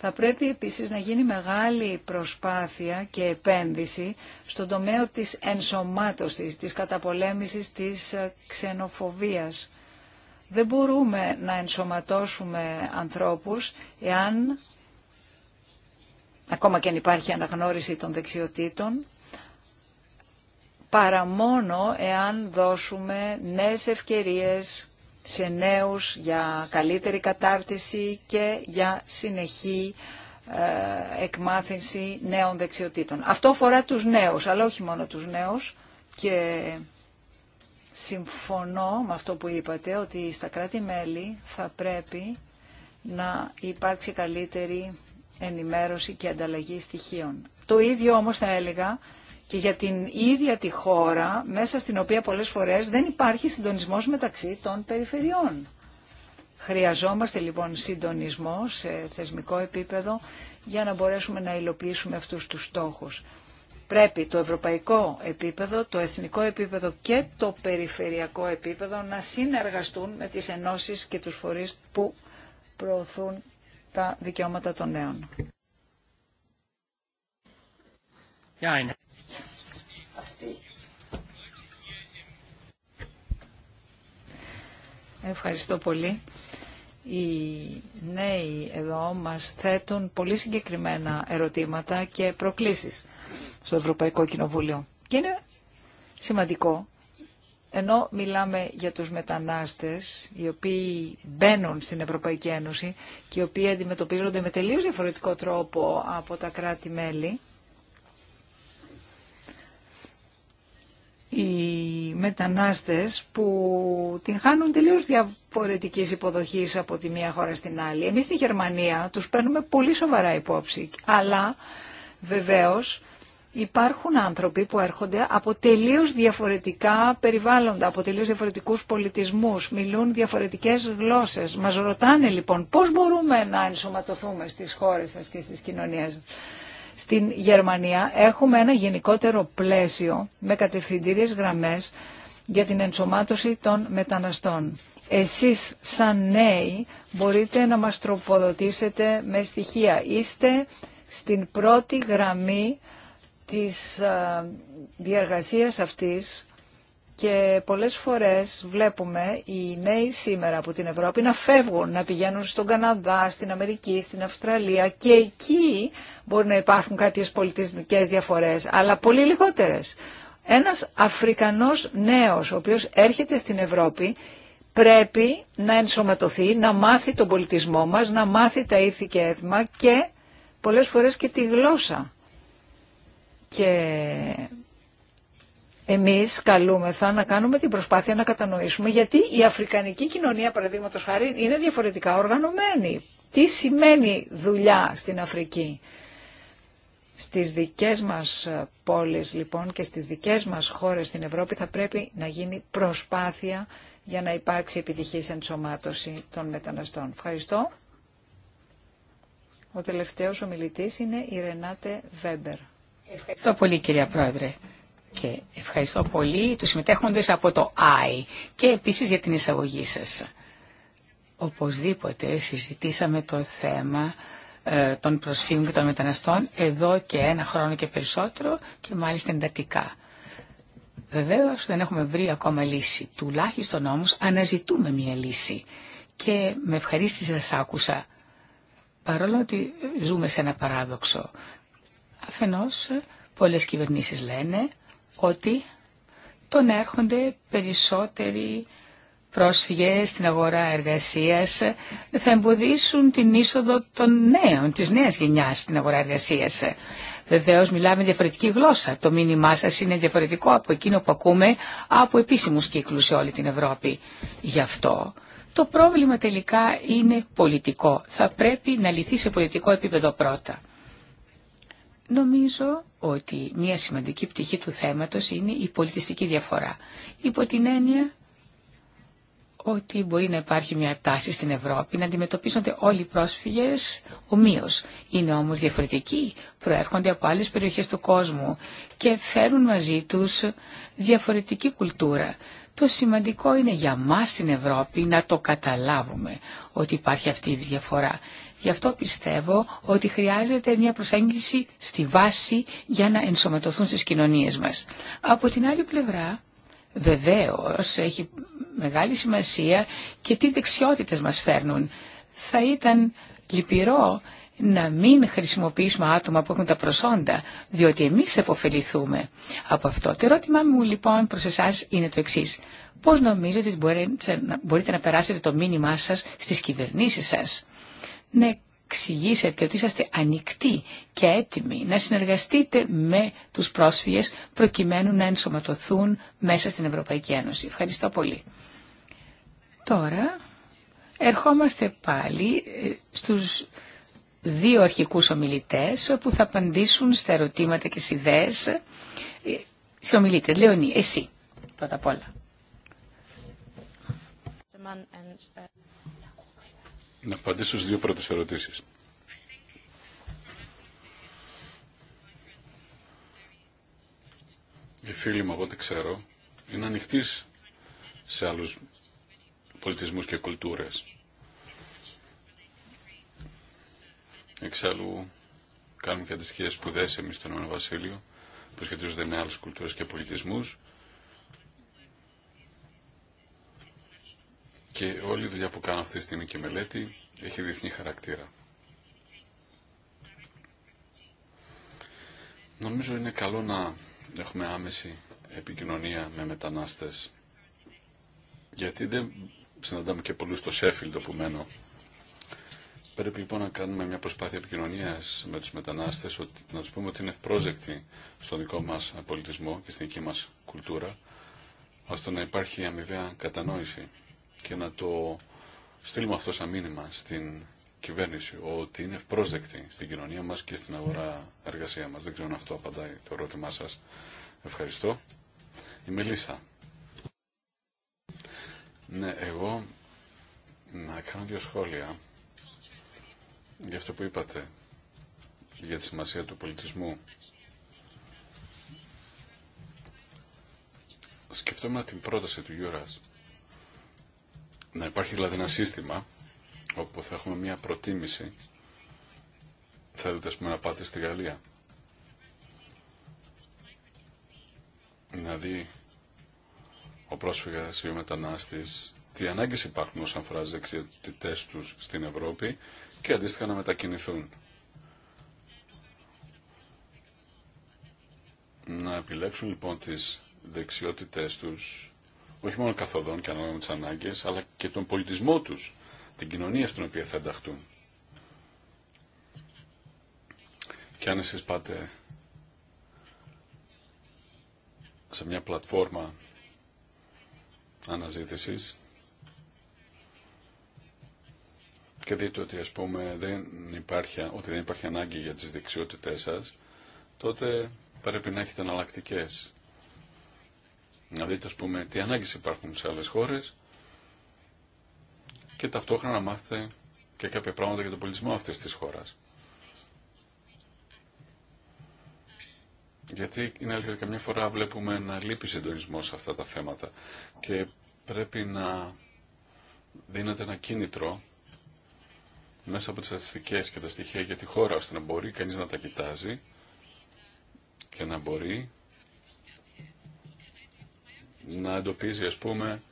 θα πρέπει επίσης να γίνει μεγάλη προσπάθεια και επένδυση στον τομέα της ενσωμάτωσης, της καταπολέμησης της ε, ξενοφοβίας. Δεν μπορούμε να ενσωματώσουμε ανθρώπους εάν, ακόμα και αν υπάρχει αναγνώριση των δεξιοτήτων, παρά μόνο εάν δώσουμε νέες ευκαιρίες σε νέους, για καλύτερη κατάρτιση και για συνεχή ε, εκμάθηση νέων δεξιοτήτων. Αυτό αφορά τους νέους, αλλά όχι μόνο τους νέους και συμφωνώ με αυτό που είπατε ότι στα κράτη-μέλη θα πρέπει να υπάρξει καλύτερη ενημέρωση και ανταλλαγή στοιχείων. Το ίδιο όμως θα έλεγα και για την ίδια τη χώρα μέσα στην οποία πολλές φορές δεν υπάρχει συντονισμός μεταξύ των περιφερειών. Χρειαζόμαστε λοιπόν συντονισμό σε θεσμικό επίπεδο για να μπορέσουμε να υλοποιήσουμε αυτούς τους στόχους. Πρέπει το ευρωπαϊκό επίπεδο, το εθνικό επίπεδο και το περιφερειακό επίπεδο να συνεργαστούν με τις ενώσεις και τους φορείς που προωθούν τα δικαιώματα των νέων. Ευχαριστώ πολύ. Οι νέοι εδώ μας θέτουν πολύ συγκεκριμένα ερωτήματα και προκλήσεις στο Ευρωπαϊκό Κοινοβούλιο. Και είναι σημαντικό, ενώ μιλάμε για τους μετανάστες, οι οποίοι μπαίνουν στην Ευρωπαϊκή Ένωση και οι οποίοι αντιμετωπίζονται με τελείως διαφορετικό τρόπο από τα κράτη-μέλη, οι μετανάστες που την χάνουν τελείως διαφορετικής υποδοχής από τη μία χώρα στην άλλη. Εμείς στη Γερμανία τους παίρνουμε πολύ σοβαρά υπόψη, αλλά βεβαίως υπάρχουν άνθρωποι που έρχονται από τελείως διαφορετικά περιβάλλοντα, από τελείως διαφορετικούς πολιτισμούς, μιλούν διαφορετικές γλώσσες. Μας ρωτάνε λοιπόν πώς μπορούμε να ενσωματωθούμε στις χώρες σας και στις κοινωνίες σας στην Γερμανία έχουμε ένα γενικότερο πλαίσιο με κατευθυντήριες γραμμές για την ενσωμάτωση των μεταναστών. Εσείς σαν νέοι μπορείτε να μας τροποδοτήσετε με στοιχεία. Είστε στην πρώτη γραμμή της διαργασίας αυτής και πολλές φορές βλέπουμε οι νέοι σήμερα από την Ευρώπη να φεύγουν, να πηγαίνουν στον Καναδά, στην Αμερική, στην Αυστραλία και εκεί μπορεί να υπάρχουν κάποιες πολιτισμικές διαφορές, αλλά πολύ λιγότερες. Ένας Αφρικανός νέος, ο οποίος έρχεται στην Ευρώπη, πρέπει να ενσωματωθεί, να μάθει τον πολιτισμό μας, να μάθει τα ήθη και έθιμα και πολλές φορές και τη γλώσσα. Εμείς καλούμεθα να κάνουμε την προσπάθεια να κατανοήσουμε γιατί η αφρικανική κοινωνία, παραδείγματος χάρη, είναι διαφορετικά οργανωμένη. Τι σημαίνει δουλειά στην Αφρική. Στις δικές μας πόλεις λοιπόν και στις δικές μας χώρες στην Ευρώπη θα πρέπει να γίνει προσπάθεια για να υπάρξει επιτυχής ενσωμάτωση των μεταναστών. Ευχαριστώ. Ο τελευταίος ομιλητής είναι η Ρενάτε Βέμπερ. Ευχαριστώ πολύ κυρία Πρόεδρε. Και ευχαριστώ πολύ τους συμμετέχοντες από το ΆΙ και επίσης για την εισαγωγή σας. Οπωσδήποτε συζητήσαμε το θέμα ε, των προσφύγων και των μεταναστών εδώ και ένα χρόνο και περισσότερο και μάλιστα εντατικά. Βεβαίω δεν έχουμε βρει ακόμα λύση. Τουλάχιστον όμω αναζητούμε μια λύση. Και με ευχαρίστηση σας άκουσα, παρόλο ότι ζούμε σε ένα παράδοξο. Αφενός, πολλές κυβερνήσεις λένε ότι τον έρχονται περισσότεροι πρόσφυγες στην αγορά εργασίας θα εμποδίσουν την είσοδο των νέων, της νέας γενιάς στην αγορά εργασίας. Βεβαίω μιλάμε διαφορετική γλώσσα. Το μήνυμά σα είναι διαφορετικό από εκείνο που ακούμε από επίσημου κύκλου σε όλη την Ευρώπη. Γι' αυτό το πρόβλημα τελικά είναι πολιτικό. Θα πρέπει να λυθεί σε πολιτικό επίπεδο πρώτα. Νομίζω ότι μια σημαντική πτυχή του θέματος είναι η πολιτιστική διαφορά. Υπό την έννοια ότι μπορεί να υπάρχει μια τάση στην Ευρώπη να αντιμετωπίζονται όλοι οι πρόσφυγες ομοίως. Είναι όμως διαφορετικοί, προέρχονται από άλλες περιοχές του κόσμου και φέρουν μαζί τους διαφορετική κουλτούρα. Το σημαντικό είναι για μας στην Ευρώπη να το καταλάβουμε ότι υπάρχει αυτή η διαφορά Γι' αυτό πιστεύω ότι χρειάζεται μια προσέγγιση στη βάση για να ενσωματωθούν στις κοινωνίες μας. Από την άλλη πλευρά, βεβαίως, έχει μεγάλη σημασία και τι δεξιότητες μας φέρνουν. Θα ήταν λυπηρό να μην χρησιμοποιήσουμε άτομα που έχουν τα προσόντα, διότι εμείς θα υποφεληθούμε από αυτό. Το ερώτημά μου λοιπόν προς εσάς είναι το εξής. Πώς νομίζετε ότι μπορείτε να περάσετε το μήνυμά σας στις κυβερνήσεις σας να εξηγήσετε ότι είσαστε ανοιχτοί και έτοιμοι να συνεργαστείτε με τους πρόσφυγες προκειμένου να ενσωματωθούν μέσα στην Ευρωπαϊκή Ένωση. Ευχαριστώ πολύ. Τώρα ερχόμαστε πάλι ε, στους δύο αρχικούς ομιλητές που θα απαντήσουν στα ερωτήματα και στις ιδέες. Σε ομιλείτε, Λεωνή, εσύ πρώτα απ' όλα να απαντήσω στις δύο πρώτες ερωτήσεις. Οι φίλοι μου, από ό,τι ξέρω, είναι ανοιχτή σε άλλους πολιτισμούς και κουλτούρες. Εξάλλου, κάνουμε και αντιστοιχείες σπουδές εμείς στον Βασίλειο, που σχετίζονται με άλλες κουλτούρες και πολιτισμούς και όλη η δουλειά που κάνω αυτή τη στιγμή και μελέτη έχει διεθνή χαρακτήρα. Νομίζω είναι καλό να έχουμε άμεση επικοινωνία με μετανάστες. Γιατί δεν συναντάμε και πολλούς στο Σέφιλντ όπου μένω. Πρέπει λοιπόν να κάνουμε μια προσπάθεια επικοινωνίας με τους μετανάστες, να τους πούμε ότι είναι ευπρόζεκτοι στον δικό μας πολιτισμό και στην δική μας κουλτούρα, ώστε να υπάρχει αμοιβαία κατανόηση και να το στείλουμε αυτό σαν μήνυμα στην κυβέρνηση ότι είναι ευπρόσδεκτη στην κοινωνία μας και στην αγορά εργασία μας. Δεν ξέρω αν αυτό απαντάει το ερώτημά σας. Ευχαριστώ. Η Μελίσσα. Ναι, εγώ να κάνω δύο σχόλια για αυτό που είπατε για τη σημασία του πολιτισμού. Σκεφτόμουν την πρόταση του Γιούρας να υπάρχει δηλαδή ένα σύστημα όπου θα έχουμε μια προτίμηση θέλετε ας πούμε να πάτε στη Γαλλία να δηλαδή, δει ο πρόσφυγας ή ο μετανάστης τι ανάγκες υπάρχουν όσον αφορά τις δεξιότητές τους στην Ευρώπη και αντίστοιχα να μετακινηθούν. Να επιλέξουν λοιπόν τις δεξιότητές τους όχι μόνο καθοδόν και ανάλογα με τι ανάγκε, αλλά και τον πολιτισμό τους, την κοινωνία στην οποία θα ενταχτούν. Και αν εσείς πάτε σε μια πλατφόρμα αναζήτησης και δείτε ότι ας πούμε δεν υπάρχει, ότι δεν υπάρχει ανάγκη για τις δεξιότητές σας, τότε πρέπει να έχετε εναλλακτικέ. Να δείτε, ας πούμε, τι ανάγκες υπάρχουν σε άλλες χώρες και ταυτόχρονα να μάθετε και κάποια πράγματα για τον πολιτισμό αυτής της χώρας. Γιατί είναι αλήθεια ότι καμιά φορά βλέπουμε να λείπει συντονισμό σε αυτά τα θέματα και πρέπει να δίνεται ένα κίνητρο μέσα από τις στατιστικές και τα στοιχεία για τη χώρα ώστε να μπορεί κανείς να τα κοιτάζει και να μπορεί να εντοπίζει ας πούμε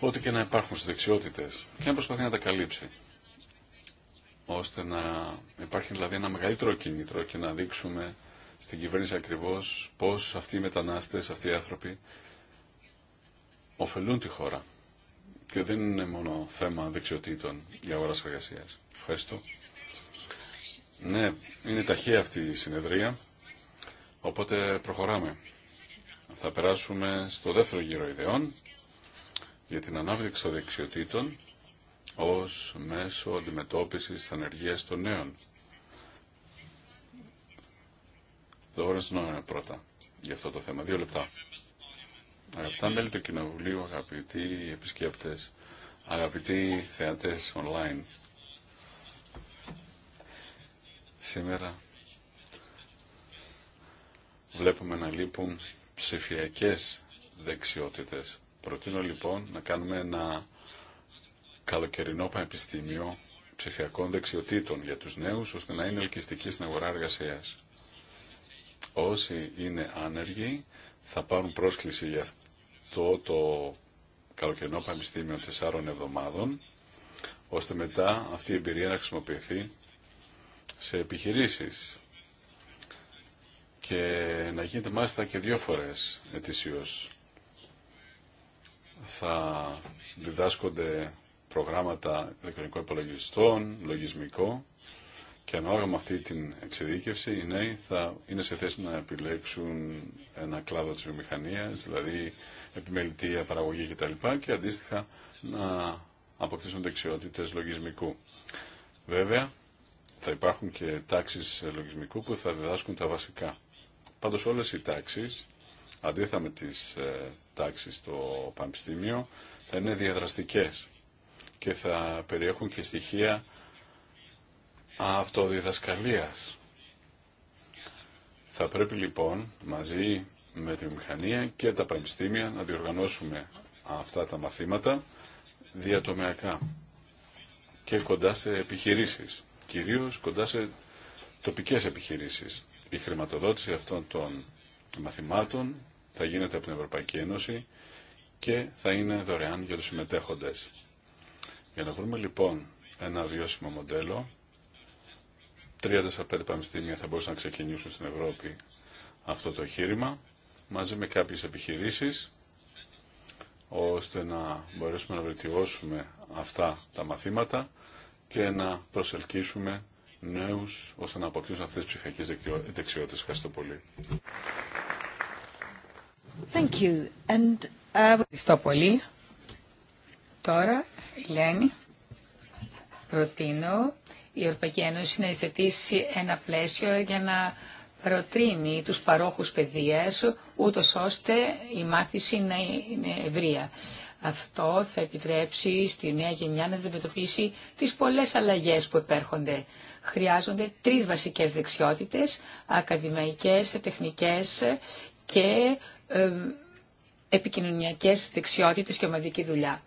ό,τι και να υπάρχουν στις δεξιότητες και να προσπαθεί να τα καλύψει ώστε να υπάρχει δηλαδή ένα μεγαλύτερο κίνητρο και να δείξουμε στην κυβέρνηση ακριβώς πώς αυτοί οι μετανάστες, αυτοί οι άνθρωποι ωφελούν τη χώρα. Και δεν είναι μόνο θέμα δεξιοτήτων για αγορά εργασία. Ευχαριστώ. Ναι, είναι ταχεία αυτή η συνεδρία, οπότε προχωράμε. Θα περάσουμε στο δεύτερο γύρο ιδεών για την ανάπτυξη των δεξιοτήτων ως μέσο αντιμετώπισης της ανεργίας των νέων. Λόρες Νόεν πρώτα για αυτό το θέμα. Δύο λεπτά. Αγαπητά μέλη του Κοινοβουλίου, αγαπητοί επισκέπτες, αγαπητοί θεατές online. Σήμερα βλέπουμε να λείπουν ψηφιακές δεξιότητες. Προτείνω λοιπόν να κάνουμε ένα καλοκαιρινό πανεπιστήμιο ψηφιακών δεξιοτήτων για τους νέους, ώστε να είναι ελκυστικοί στην αγορά εργασίας. Όσοι είναι άνεργοι θα πάρουν πρόσκληση για αυτό το καλοκαιρινό πανεπιστήμιο τεσσάρων εβδομάδων, ώστε μετά αυτή η εμπειρία να χρησιμοποιηθεί σε επιχειρήσεις και να γίνεται μάλιστα και δύο φορές ετησίως. Θα διδάσκονται προγράμματα ηλεκτρονικών υπολογιστών, λογισμικό και ανάλογα με αυτή την εξειδίκευση οι νέοι θα είναι σε θέση να επιλέξουν ένα κλάδο της βιομηχανίας, δηλαδή επιμελητία, παραγωγή κτλ. και αντίστοιχα να αποκτήσουν δεξιότητες λογισμικού. Βέβαια, θα υπάρχουν και τάξεις λογισμικού που θα διδάσκουν τα βασικά. Πάντω όλε οι τάξεις, αντίθετα με τις ε, τάξεις στο Πανεπιστήμιο, θα είναι διαδραστικές και θα περιέχουν και στοιχεία αυτοδιδασκαλίας. Θα πρέπει λοιπόν μαζί με τη μηχανία και τα πανεπιστήμια να διοργανώσουμε αυτά τα μαθήματα διατομιακά και κοντά σε επιχειρήσεις, κυρίως κοντά σε τοπικές επιχειρήσεις. Η χρηματοδότηση αυτών των μαθημάτων θα γίνεται από την Ευρωπαϊκή Ένωση και θα είναι δωρεάν για τους συμμετέχοντες. Για να βρούμε λοιπόν ένα βιώσιμο μοντέλο, 3-4-5 πανεπιστήμια θα μπορούσαν να ξεκινήσουν στην Ευρώπη αυτό το εγχείρημα, μαζί με κάποιες επιχειρήσεις, ώστε να μπορέσουμε να βελτιώσουμε αυτά τα μαθήματα και να προσελκύσουμε Νέου ώστε να αποκτήσουν αυτέ τι ψηφιακέ δεξιότητε. Ευχαριστώ πολύ. Thank you. And, uh, Ευχαριστώ πολύ. Τώρα, Ελένη, προτείνω η Ευρωπαϊκή Ένωση να υθετήσει ένα πλαίσιο για να προτρύνει τους παρόχους παιδείας, ούτως ώστε η μάθηση να είναι ευρεία. Αυτό θα επιτρέψει στη νέα γενιά να αντιμετωπίσει τις πολλές αλλαγές που επέρχονται χρειάζονται τρεις βασικές δεξιότητες, ακαδημαϊκές, τεχνικές και ε, επικοινωνιακές δεξιότητες και ομαδική δουλειά.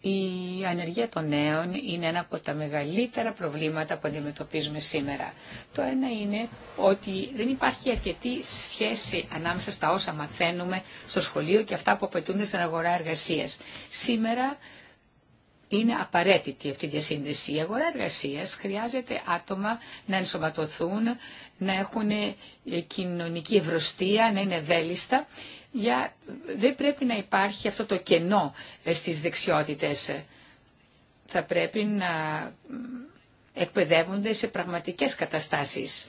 Η ανεργία των νέων είναι ένα από τα μεγαλύτερα προβλήματα που αντιμετωπίζουμε σήμερα. Το ένα είναι ότι δεν υπάρχει αρκετή σχέση ανάμεσα στα όσα μαθαίνουμε στο σχολείο και αυτά που απαιτούνται στην αγορά εργασίας. Σήμερα είναι απαραίτητη αυτή η διασύνδεση. Η αγορά εργασία χρειάζεται άτομα να ενσωματωθούν, να έχουν ε, κοινωνική ευρωστία, να είναι ευέλιστα. Για... Δεν πρέπει να υπάρχει αυτό το κενό ε, στις δεξιότητες. Θα πρέπει να εκπαιδεύονται σε πραγματικές καταστάσεις.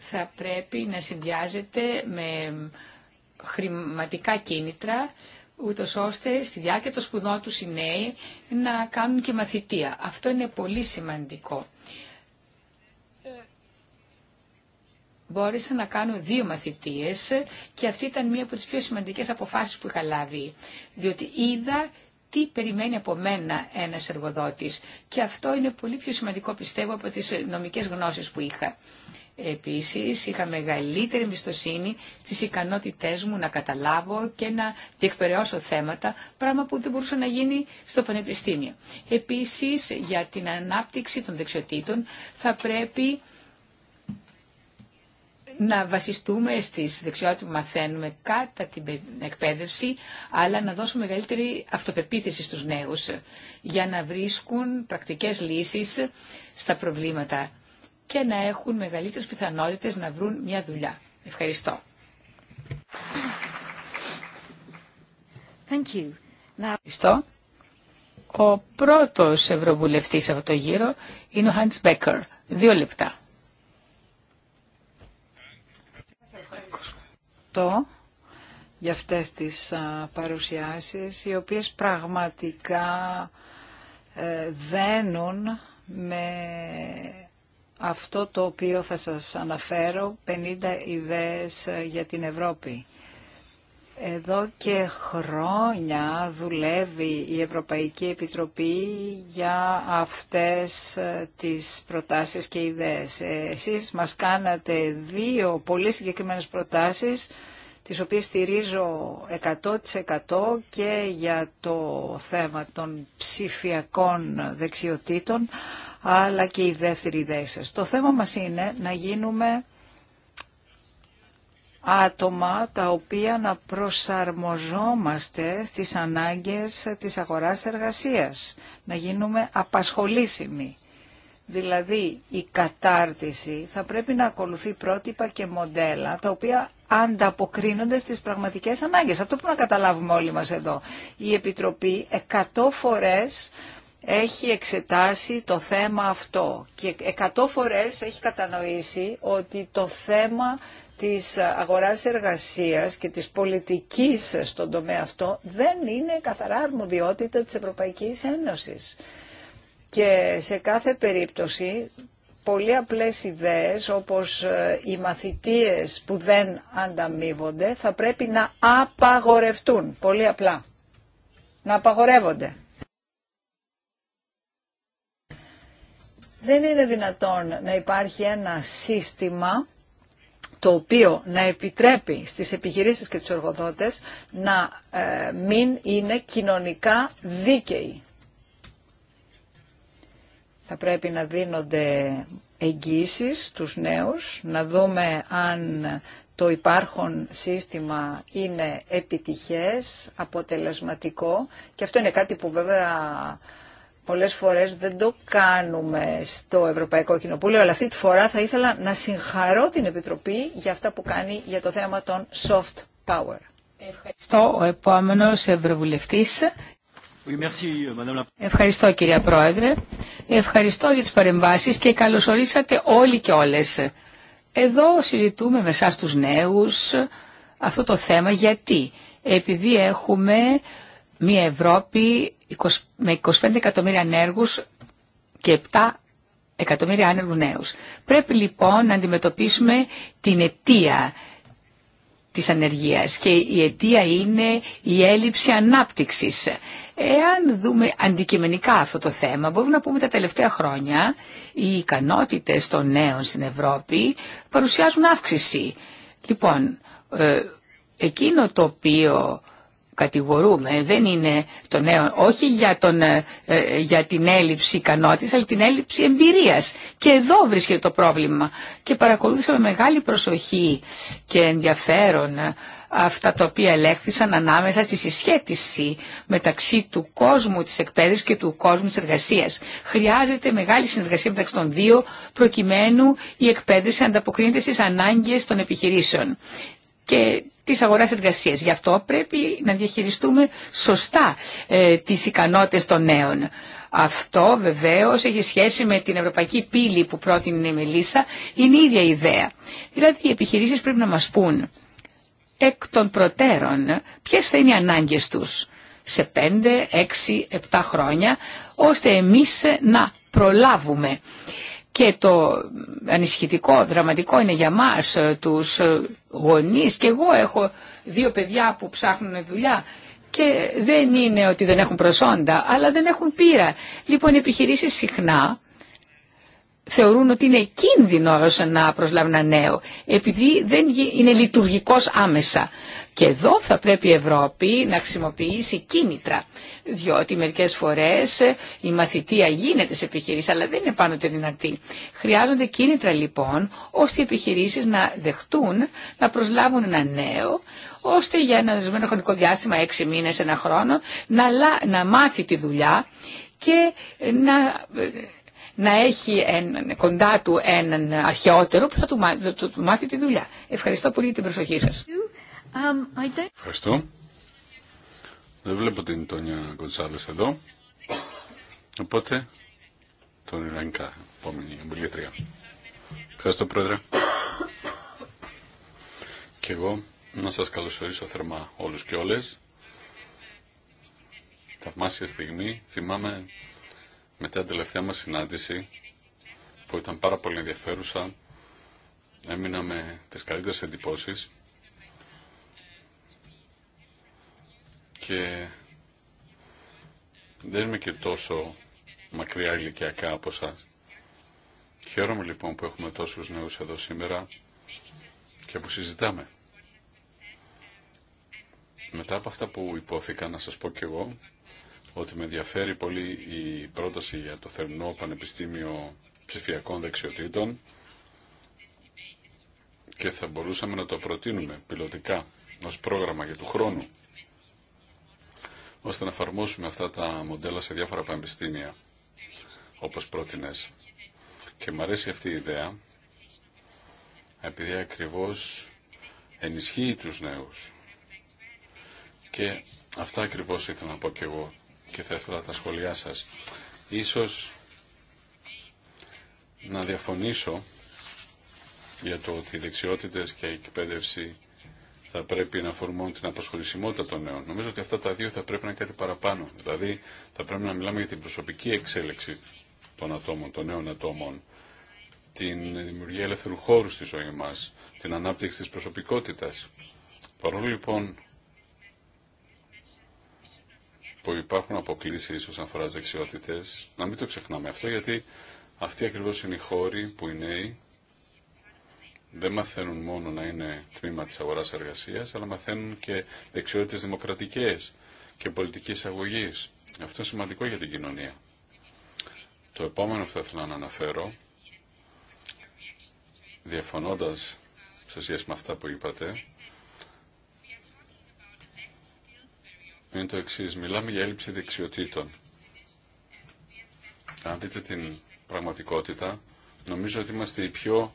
Θα πρέπει να συνδυάζεται με χρηματικά κίνητρα ούτω ώστε στη διάρκεια των σπουδών του οι νέοι να κάνουν και μαθητεία. Αυτό είναι πολύ σημαντικό. Μπόρεσα να κάνω δύο μαθητείες και αυτή ήταν μία από τις πιο σημαντικές αποφάσεις που είχα λάβει, διότι είδα τι περιμένει από μένα ένας εργοδότης και αυτό είναι πολύ πιο σημαντικό πιστεύω από τις νομικές γνώσεις που είχα. Επίσης, είχα μεγαλύτερη εμπιστοσύνη στις ικανότητές μου να καταλάβω και να διεκπαιρεώσω θέματα, πράγμα που δεν μπορούσε να γίνει στο Πανεπιστήμιο. Επίσης, για την ανάπτυξη των δεξιοτήτων θα πρέπει να βασιστούμε στις δεξιότητες που μαθαίνουμε κατά την εκπαίδευση, αλλά να δώσουμε μεγαλύτερη αυτοπεποίθηση στους νέους για να βρίσκουν πρακτικές λύσεις στα προβλήματα και να έχουν μεγαλύτερες πιθανότητες να βρουν μια δουλειά. Ευχαριστώ. Thank you. Ευχαριστώ. Ο πρώτος ευρωβουλευτής από το γύρο είναι ο Hans Becker. Δύο λεπτά. Ευχαριστώ για αυτές τις παρουσιάσεις, οι οποίες πραγματικά ε, δένουν με αυτό το οποίο θα σας αναφέρω, 50 ιδέες ε, για την Ευρώπη. Εδώ και χρόνια δουλεύει η Ευρωπαϊκή Επιτροπή για αυτές ε, τις προτάσεις και ιδέες. Ε, εσείς μας κάνατε δύο πολύ συγκεκριμένες προτάσεις, τις οποίες στηρίζω 100% και για το θέμα των ψηφιακών δεξιοτήτων, αλλά και η δεύτερη ιδέα Το θέμα μας είναι να γίνουμε άτομα τα οποία να προσαρμοζόμαστε στις ανάγκες της αγοράς εργασίας, να γίνουμε απασχολήσιμοι. Δηλαδή η κατάρτιση θα πρέπει να ακολουθεί πρότυπα και μοντέλα τα οποία ανταποκρίνονται στις πραγματικές ανάγκες. Αυτό που να καταλάβουμε όλοι μας εδώ. Η Επιτροπή 100 φορές έχει εξετάσει το θέμα αυτό και εκατό φορές έχει κατανοήσει ότι το θέμα της αγοράς εργασίας και της πολιτικής στον τομέα αυτό δεν είναι καθαρά αρμοδιότητα της Ευρωπαϊκής Ένωσης. Και σε κάθε περίπτωση πολύ απλές ιδέες όπως ε, οι μαθητείες που δεν ανταμείβονται θα πρέπει να απαγορευτούν, πολύ απλά, να απαγορεύονται. Δεν είναι δυνατόν να υπάρχει ένα σύστημα το οποίο να επιτρέπει στις επιχειρήσεις και τους εργοδότες να ε, μην είναι κοινωνικά δίκαιοι. Θα πρέπει να δίνονται εγγύσεις στους νέους, να δούμε αν το υπάρχον σύστημα είναι επιτυχές, αποτελεσματικό και αυτό είναι κάτι που βέβαια Πολλές φορές δεν το κάνουμε στο Ευρωπαϊκό Κοινοπούλιο, αλλά αυτή τη φορά θα ήθελα να συγχαρώ την Επιτροπή για αυτά που κάνει για το θέμα των soft power. Ευχαριστώ. Ο επόμενος Ευρωβουλευτής. Ευχαριστώ κυρία Πρόεδρε. Ευχαριστώ για τις παρεμβάσεις και καλωσορίσατε όλοι και όλες. Εδώ συζητούμε με εσάς τους νέους αυτό το θέμα γιατί επειδή έχουμε μια Ευρώπη με 25 εκατομμύρια ανέργους και 7 εκατομμύρια άνεργους νέους. Πρέπει λοιπόν να αντιμετωπίσουμε την αιτία της ανεργίας και η αιτία είναι η έλλειψη ανάπτυξης. Εάν δούμε αντικειμενικά αυτό το θέμα, μπορούμε να πούμε τα τελευταία χρόνια οι ικανότητες των νέων στην Ευρώπη παρουσιάζουν αύξηση. Λοιπόν, ε, εκείνο το οποίο κατηγορούμε δεν είναι το νέο, όχι για, τον, ε, ε, για την έλλειψη ικανότητας, αλλά την έλλειψη εμπειρίας. Και εδώ βρίσκεται το πρόβλημα. Και παρακολούθησα με μεγάλη προσοχή και ενδιαφέρον αυτά τα οποία ελέγχθησαν ανάμεσα στη συσχέτιση μεταξύ του κόσμου της εκπαίδευσης και του κόσμου της εργασίας. Χρειάζεται μεγάλη συνεργασία μεταξύ των δύο προκειμένου η εκπαίδευση να ανταποκρίνεται στις ανάγκες των επιχειρήσεων. Και Τη αγορά εργασία. Γι' αυτό πρέπει να διαχειριστούμε σωστά ε, τις ικανότητες των νέων. Αυτό βεβαίω έχει σχέση με την ευρωπαϊκή πύλη που πρότεινε η Μελίσσα. Είναι η ίδια ιδέα. Δηλαδή οι επιχειρήσει πρέπει να μα πούν εκ των προτέρων ποιε θα είναι οι ανάγκε του σε 5, 6, 7 χρόνια ώστε εμεί να προλάβουμε. Και το ανησυχητικό, δραματικό είναι για μας ε, τους ε, γονείς και εγώ έχω δύο παιδιά που ψάχνουν δουλειά και δεν είναι ότι δεν έχουν προσόντα αλλά δεν έχουν πείρα. Λοιπόν οι επιχειρήσεις συχνά θεωρούν ότι είναι κίνδυνο να προσλάβουν ένα νέο, επειδή δεν είναι λειτουργικός άμεσα. Και εδώ θα πρέπει η Ευρώπη να χρησιμοποιήσει κίνητρα, διότι μερικές φορές ε, η μαθητεία γίνεται σε επιχειρήσεις, αλλά δεν είναι πάνω το δυνατή. Χρειάζονται κίνητρα λοιπόν, ώστε οι επιχειρήσεις να δεχτούν να προσλάβουν ένα νέο, ώστε για ένα ορισμένο χρονικό διάστημα, έξι μήνες, ένα χρόνο, να, να μάθει τη δουλειά και να ε, να έχει κοντά του έναν αρχαιότερο που θα του, μάθει, τη δουλειά. Ευχαριστώ πολύ για την προσοχή σας. Um, Ευχαριστώ. Δεν βλέπω την Τόνια Κονσάλες εδώ. Οπότε, τον Ιρανικά, επόμενη ομιλήτρια. Ευχαριστώ, Πρόεδρε. Και εγώ να σας καλωσορίσω θερμά όλους και όλες. Θαυμάσια στιγμή. Θυμάμαι μετά την τελευταία μας συνάντηση που ήταν πάρα πολύ ενδιαφέρουσα έμεινα με τις καλύτερες εντυπώσεις και δεν είμαι και τόσο μακριά ηλικιακά από σας. Χαίρομαι λοιπόν που έχουμε τόσους νέους εδώ σήμερα και που συζητάμε. Μετά από αυτά που υπόθηκα να σας πω κι εγώ ότι με ενδιαφέρει πολύ η πρόταση για το Θερμινό Πανεπιστήμιο Ψηφιακών Δεξιοτήτων και θα μπορούσαμε να το προτείνουμε πιλωτικά ως πρόγραμμα για του χρόνου ώστε να εφαρμόσουμε αυτά τα μοντέλα σε διάφορα πανεπιστήμια όπως πρότεινες. Και μου αρέσει αυτή η ιδέα επειδή ακριβώς ενισχύει τους νέους. Και αυτά ακριβώς ήθελα να πω και εγώ και θα ήθελα τα σχόλιά σας. Ίσως να διαφωνήσω για το ότι οι δεξιότητες και η εκπαίδευση θα πρέπει να αφορμούν την αποσχολησιμότητα των νέων. Νομίζω ότι αυτά τα δύο θα πρέπει να είναι κάτι παραπάνω. Δηλαδή θα πρέπει να μιλάμε για την προσωπική εξέλιξη των ατόμων, των νέων ατόμων, την δημιουργία ελεύθερου χώρου στη ζωή μας, την ανάπτυξη της προσωπικότητας. Παρόλο λοιπόν που υπάρχουν αποκλήσει όσον αφορά τι δεξιότητε, να μην το ξεχνάμε αυτό, γιατί αυτοί ακριβώς είναι οι χώροι που οι νέοι δεν μαθαίνουν μόνο να είναι τμήμα τη αγορά εργασία, αλλά μαθαίνουν και δεξιότητε δημοκρατικέ και πολιτική αγωγή. Αυτό είναι σημαντικό για την κοινωνία. Το επόμενο που θα ήθελα να αναφέρω, διαφωνώντας σε σχέση με αυτά που είπατε, είναι το εξής. Μιλάμε για έλλειψη δεξιοτήτων. Αν δείτε την πραγματικότητα, νομίζω ότι είμαστε οι πιο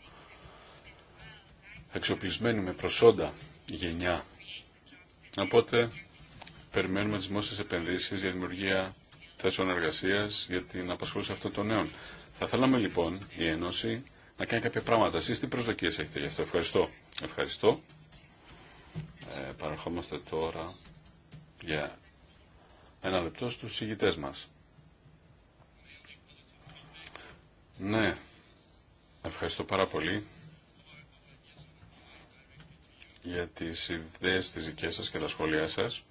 εξοπλισμένοι με προσόντα γενιά. Οπότε περιμένουμε τις δημόσιες επενδύσεις για δημιουργία θέσεων εργασίας, για την απασχόληση αυτών των νέων. Θα θέλαμε λοιπόν η Ένωση να κάνει κάποια πράγματα. Εσείς τι προσδοκίες έχετε γι' αυτό. Ευχαριστώ. Ευχαριστώ. Ε, παραρχόμαστε τώρα για ένα λεπτό στους ηγητές μας. Ναι, ευχαριστώ πάρα πολύ για τις ιδέες της δικές σας και τα σχόλιά σας.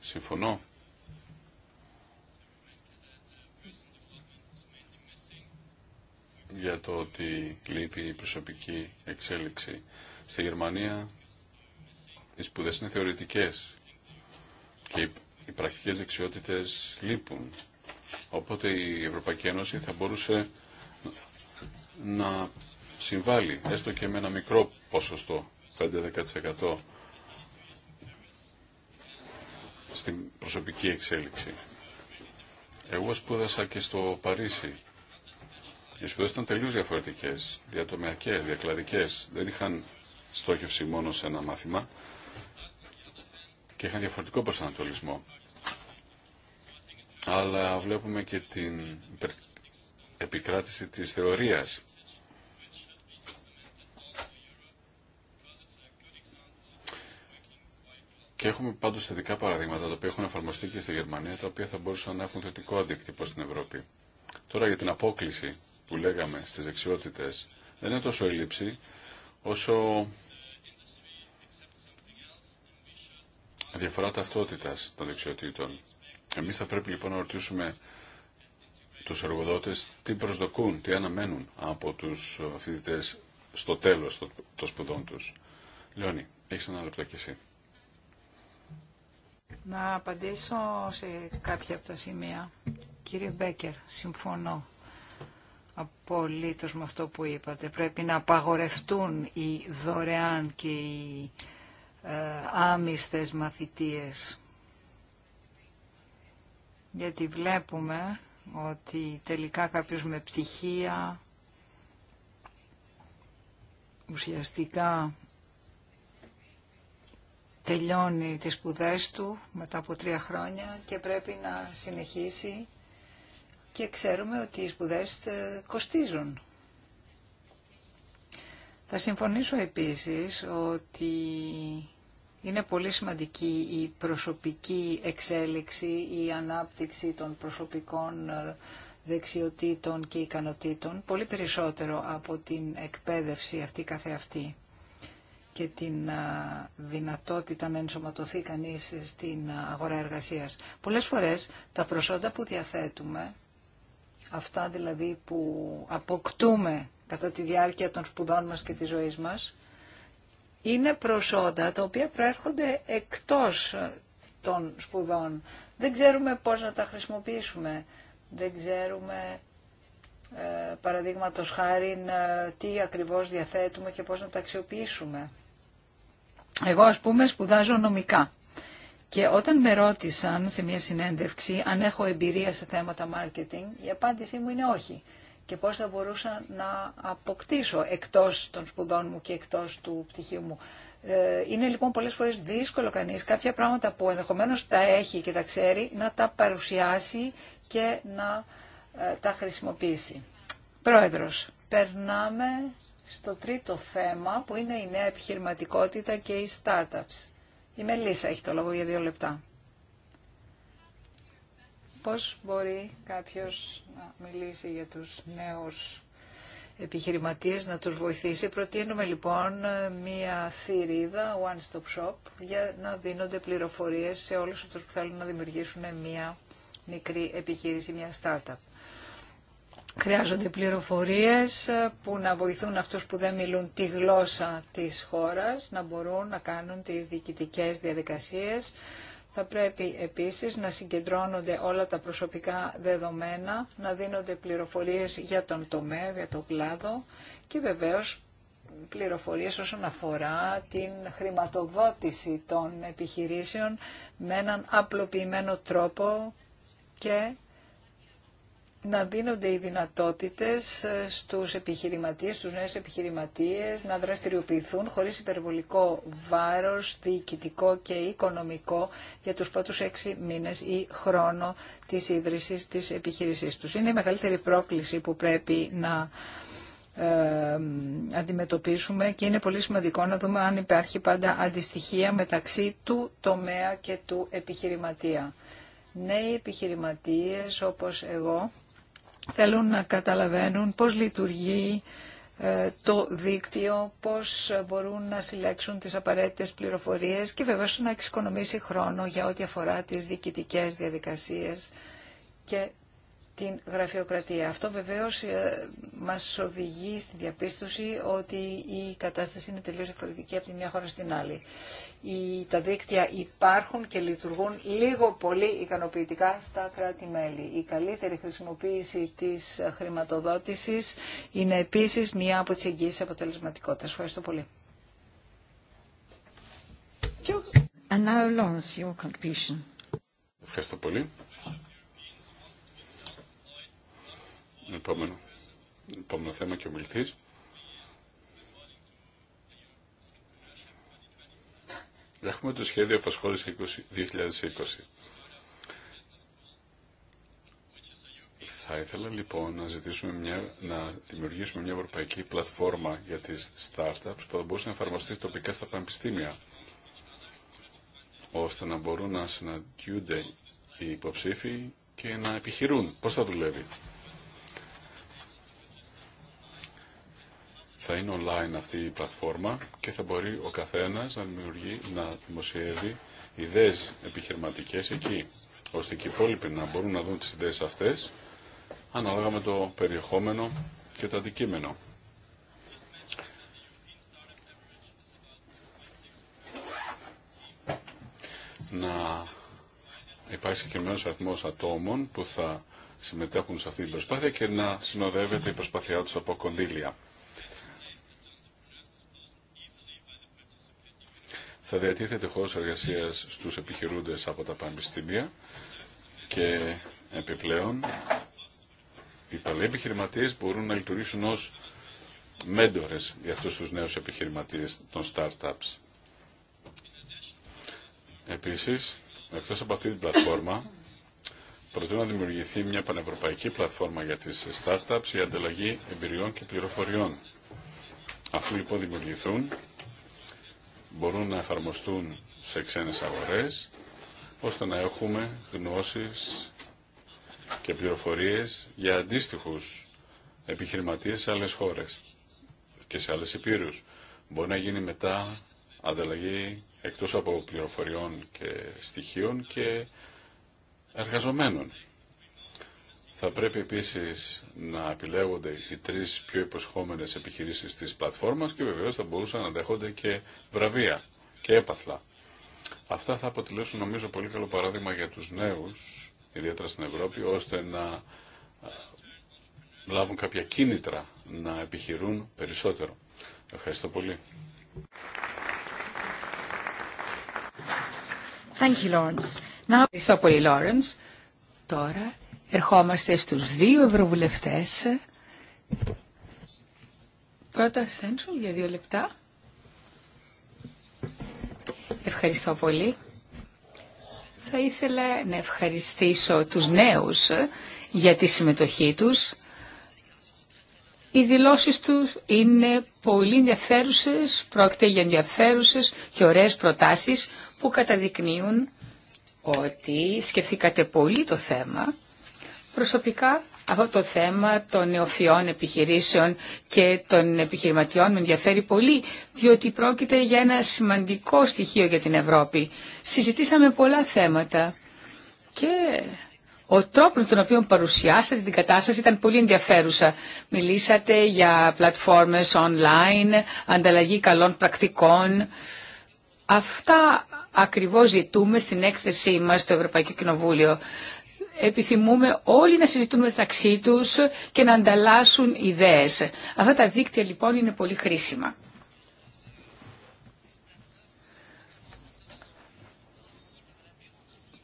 Συμφωνώ. για το ότι λείπει η προσωπική εξέλιξη. Στη Γερμανία οι σπουδές είναι θεωρητικές και οι πρακτικές δεξιότητες λείπουν. Οπότε η Ευρωπαϊκή Ένωση θα μπορούσε να συμβάλλει, έστω και με ένα μικρό ποσοστό, 5-10% στην προσωπική εξέλιξη. Εγώ σπούδασα και στο Παρίσι. Οι σπουδές ήταν τελείως διαφορετικές, διατομιακές, διακλαδικές. Δεν είχαν στόχευση μόνο σε ένα μάθημα, και είχαν διαφορετικό προσανατολισμό. Αλλά βλέπουμε και την επικράτηση της θεωρίας. Και έχουμε πάντως θετικά παραδείγματα, τα οποία έχουν εφαρμοστεί και στη Γερμανία, τα οποία θα μπορούσαν να έχουν θετικό αντίκτυπο στην Ευρώπη. Τώρα για την απόκληση που λέγαμε στις δεξιότητε δεν είναι τόσο η λήψη, όσο διαφορά ταυτότητας των δεξιοτήτων. Εμείς θα πρέπει λοιπόν να ρωτήσουμε τους εργοδότες τι προσδοκούν, τι αναμένουν από τους φοιτητέ στο τέλος των σπουδών τους. Λεωνί, έχεις ένα λεπτό κι εσύ. Να απαντήσω σε κάποια από τα σημεία. Κύριε Μπέκερ, συμφωνώ απολύτως με αυτό που είπατε. Πρέπει να απαγορευτούν οι δωρεάν και οι ε, άμυστες μαθητείες. Γιατί βλέπουμε ότι τελικά κάποιος με πτυχία ουσιαστικά τελειώνει τις σπουδέ του μετά από τρία χρόνια και πρέπει να συνεχίσει και ξέρουμε ότι οι σπουδέ ε, κοστίζουν. Θα συμφωνήσω επίσης ότι είναι πολύ σημαντική η προσωπική εξέλιξη, η ανάπτυξη των προσωπικών ε, δεξιοτήτων και ικανοτήτων, πολύ περισσότερο από την εκπαίδευση αυτή καθεαυτή και την ε, δυνατότητα να ενσωματωθεί κανείς στην ε, αγορά εργασίας. Πολλές φορές τα προσόντα που διαθέτουμε, αυτά δηλαδή που αποκτούμε κατά τη διάρκεια των σπουδών μας και της ζωής μας, είναι προσόντα τα οποία προέρχονται εκτός των σπουδών. Δεν ξέρουμε πώς να τα χρησιμοποιήσουμε. Δεν ξέρουμε, ε, παραδείγματο χάρη, τι ακριβώς διαθέτουμε και πώς να τα αξιοποιήσουμε. Εγώ, ας πούμε, σπουδάζω νομικά. Και όταν με ρώτησαν σε μια συνέντευξη αν έχω εμπειρία σε θέματα marketing, η απάντησή μου είναι όχι και πώς θα μπορούσα να αποκτήσω εκτός των σπουδών μου και εκτός του πτυχίου μου. Ε, είναι λοιπόν πολλές φορές δύσκολο κανείς κάποια πράγματα που ενδεχομένως τα έχει και τα ξέρει να τα παρουσιάσει και να ε, τα χρησιμοποιήσει. Πρόεδρος, περνάμε στο τρίτο θέμα που είναι η νέα επιχειρηματικότητα και οι startups. Η Μελίσσα έχει το λόγο για δύο λεπτά. Πώς μπορεί κάποιος να μιλήσει για τους νέους επιχειρηματίες, να τους βοηθήσει. Προτείνουμε λοιπόν μία θηρίδα, one-stop shop, για να δίνονται πληροφορίες σε όλους αυτούς που θέλουν να δημιουργήσουν μία μικρή επιχείρηση, μία startup. Χρειάζονται πληροφορίες ε, που να βοηθούν αυτούς που δεν μιλούν τη γλώσσα της χώρας να μπορούν να κάνουν τις διοικητικές διαδικασίες, θα πρέπει επίσης να συγκεντρώνονται όλα τα προσωπικά δεδομένα, να δίνονται πληροφορίες για τον τομέα, για τον κλάδο και βεβαίως πληροφορίες όσον αφορά την χρηματοδότηση των επιχειρήσεων με έναν απλοποιημένο τρόπο και να δίνονται οι δυνατότητες ε, στους επιχειρηματίες, στους νέους επιχειρηματίες να δραστηριοποιηθούν χωρίς υπερβολικό βάρος διοικητικό και οικονομικό για τους πρώτους έξι μήνες ή χρόνο της ίδρυσης της επιχείρησής τους. Είναι η μεγαλύτερη πρόκληση που πρέπει να ε, αντιμετωπίσουμε και είναι πολύ σημαντικό να δούμε αν υπάρχει πάντα αντιστοιχεία μεταξύ του τομέα και του επιχειρηματία. Νέοι επιχειρηματίες όπως εγώ θέλουν να καταλαβαίνουν πώς λειτουργεί ε, το δίκτυο, πώς μπορούν να συλλέξουν τις απαραίτητες πληροφορίες και βεβαίως να εξοικονομήσει χρόνο για ό,τι αφορά τις διοικητικές διαδικασίες και την γραφειοκρατία. Αυτό βεβαίως ε, μας οδηγεί στη διαπίστωση ότι η κατάσταση είναι τελείως διαφορετική από τη μια χώρα στην άλλη. Η, τα δίκτυα υπάρχουν και λειτουργούν λίγο πολύ ικανοποιητικά στα κράτη-μέλη. Η καλύτερη χρησιμοποίηση της χρηματοδότησης είναι επίσης μία από τις εγγύσεις αποτελεσματικότητας. Ευχαριστώ πολύ. Ευχαριστώ πολύ. Επόμενο, επόμενο θέμα και ο Έχουμε το σχέδιο απασχόληση 2020. Θα ήθελα λοιπόν να, ζητήσουμε να δημιουργήσουμε μια ευρωπαϊκή πλατφόρμα για τις startups που θα μπορούσε να εφαρμοστεί τοπικά στα πανεπιστήμια ώστε να μπορούν να συναντιούνται οι υποψήφοι και να επιχειρούν. Πώς θα δουλεύει. θα είναι online αυτή η πλατφόρμα και θα μπορεί ο καθένας να δημιουργεί, να δημοσιεύει ιδέες επιχειρηματικές εκεί, ώστε και οι υπόλοιποι να μπορούν να δουν τις ιδέες αυτές, ανάλογα με το περιεχόμενο και το αντικείμενο. Να υπάρχει συγκεκριμένο αριθμό ατόμων που θα συμμετέχουν σε αυτή την προσπάθεια και να συνοδεύεται η προσπάθειά τους από κονδύλια. θα διατίθεται χώρος εργασίας στους επιχειρούντες από τα πανεπιστήμια και επιπλέον οι παλαιοί επιχειρηματίες μπορούν να λειτουργήσουν ως μέντορες για αυτούς τους νέους επιχειρηματίες των startups. Επίσης, εκτός από αυτή την πλατφόρμα, προτείνω να δημιουργηθεί μια πανευρωπαϊκή πλατφόρμα για τις startups για ανταλλαγή εμπειριών και πληροφοριών. Αφού λοιπόν δημιουργηθούν, μπορούν να εφαρμοστούν σε ξένες αγορές, ώστε να έχουμε γνώσεις και πληροφορίες για αντίστοιχους επιχειρηματίες σε άλλες χώρες και σε άλλες υπήρους. Μπορεί να γίνει μετά ανταλλαγή εκτός από πληροφοριών και στοιχείων και εργαζομένων. Θα πρέπει επίσης να επιλέγονται οι τρεις πιο υποσχόμενες επιχειρήσεις της πλατφόρμας και βεβαίως θα μπορούσαν να αντέχονται και βραβεία και έπαθλα. Αυτά θα αποτελέσουν νομίζω πολύ καλό παράδειγμα για τους νέους, ιδιαίτερα στην Ευρώπη, ώστε να ε, λάβουν κάποια κίνητρα να επιχειρούν περισσότερο. Ευχαριστώ πολύ. Thank you, Lawrence. Now... Ευχαριστώ πολύ, Lawrence. Τώρα ερχόμαστε στους δύο ευρωβουλευτές. Πρώτα Σέντσουλ για δύο λεπτά. Ευχαριστώ πολύ. Θα ήθελα να ευχαριστήσω τους νέους για τη συμμετοχή τους. Οι δηλώσεις τους είναι πολύ ενδιαφέρουσε, πρόκειται για ενδιαφέρουσε και ωραίες προτάσεις που καταδεικνύουν ότι σκεφτήκατε πολύ το θέμα Προσωπικά αυτό το θέμα των νεοφιών επιχειρήσεων και των επιχειρηματιών με ενδιαφέρει πολύ, διότι πρόκειται για ένα σημαντικό στοιχείο για την Ευρώπη. Συζητήσαμε πολλά θέματα και ο τρόπος τον οποίο παρουσιάσατε την κατάσταση ήταν πολύ ενδιαφέρουσα. Μιλήσατε για πλατφόρμες online, ανταλλαγή καλών πρακτικών. Αυτά ακριβώς ζητούμε στην έκθεσή μας στο Ευρωπαϊκό Κοινοβούλιο επιθυμούμε όλοι να συζητούν μεταξύ τους και να ανταλλάσσουν ιδέες. Αυτά τα δίκτυα λοιπόν είναι πολύ χρήσιμα.